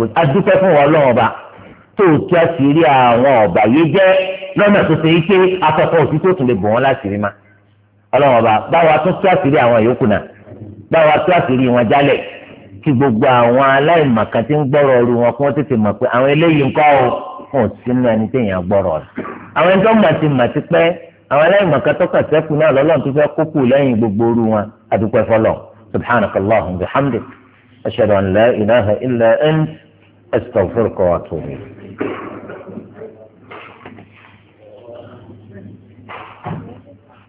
tú rẹ̀ tó o tú àṣírí àwọn ọ̀bà yìí jẹ́ lọ́nà tó ṣe ike akọkọ òsì tó tún lè bọ̀ wọ́n láṣìírí ma ọlọ́run ọba báwa tún tú àṣírí àwọn yòókù náà báwa tú wọn jálẹ̀ kí gbogbo àwọn aláìmọ̀kan tí ń gbọ́rọ̀ ru wọn kí wọ́n tètè mọ̀ pé àwọn eléyìí ń kọ́ ọ fún òsínú ẹni tí èèyàn gbọ́rọ̀ rẹ̀ àwọn ẹni tó mọ̀ ti mọ̀ ti pẹ́ àwọn aláìmọ̀kan tó kà sẹ́kù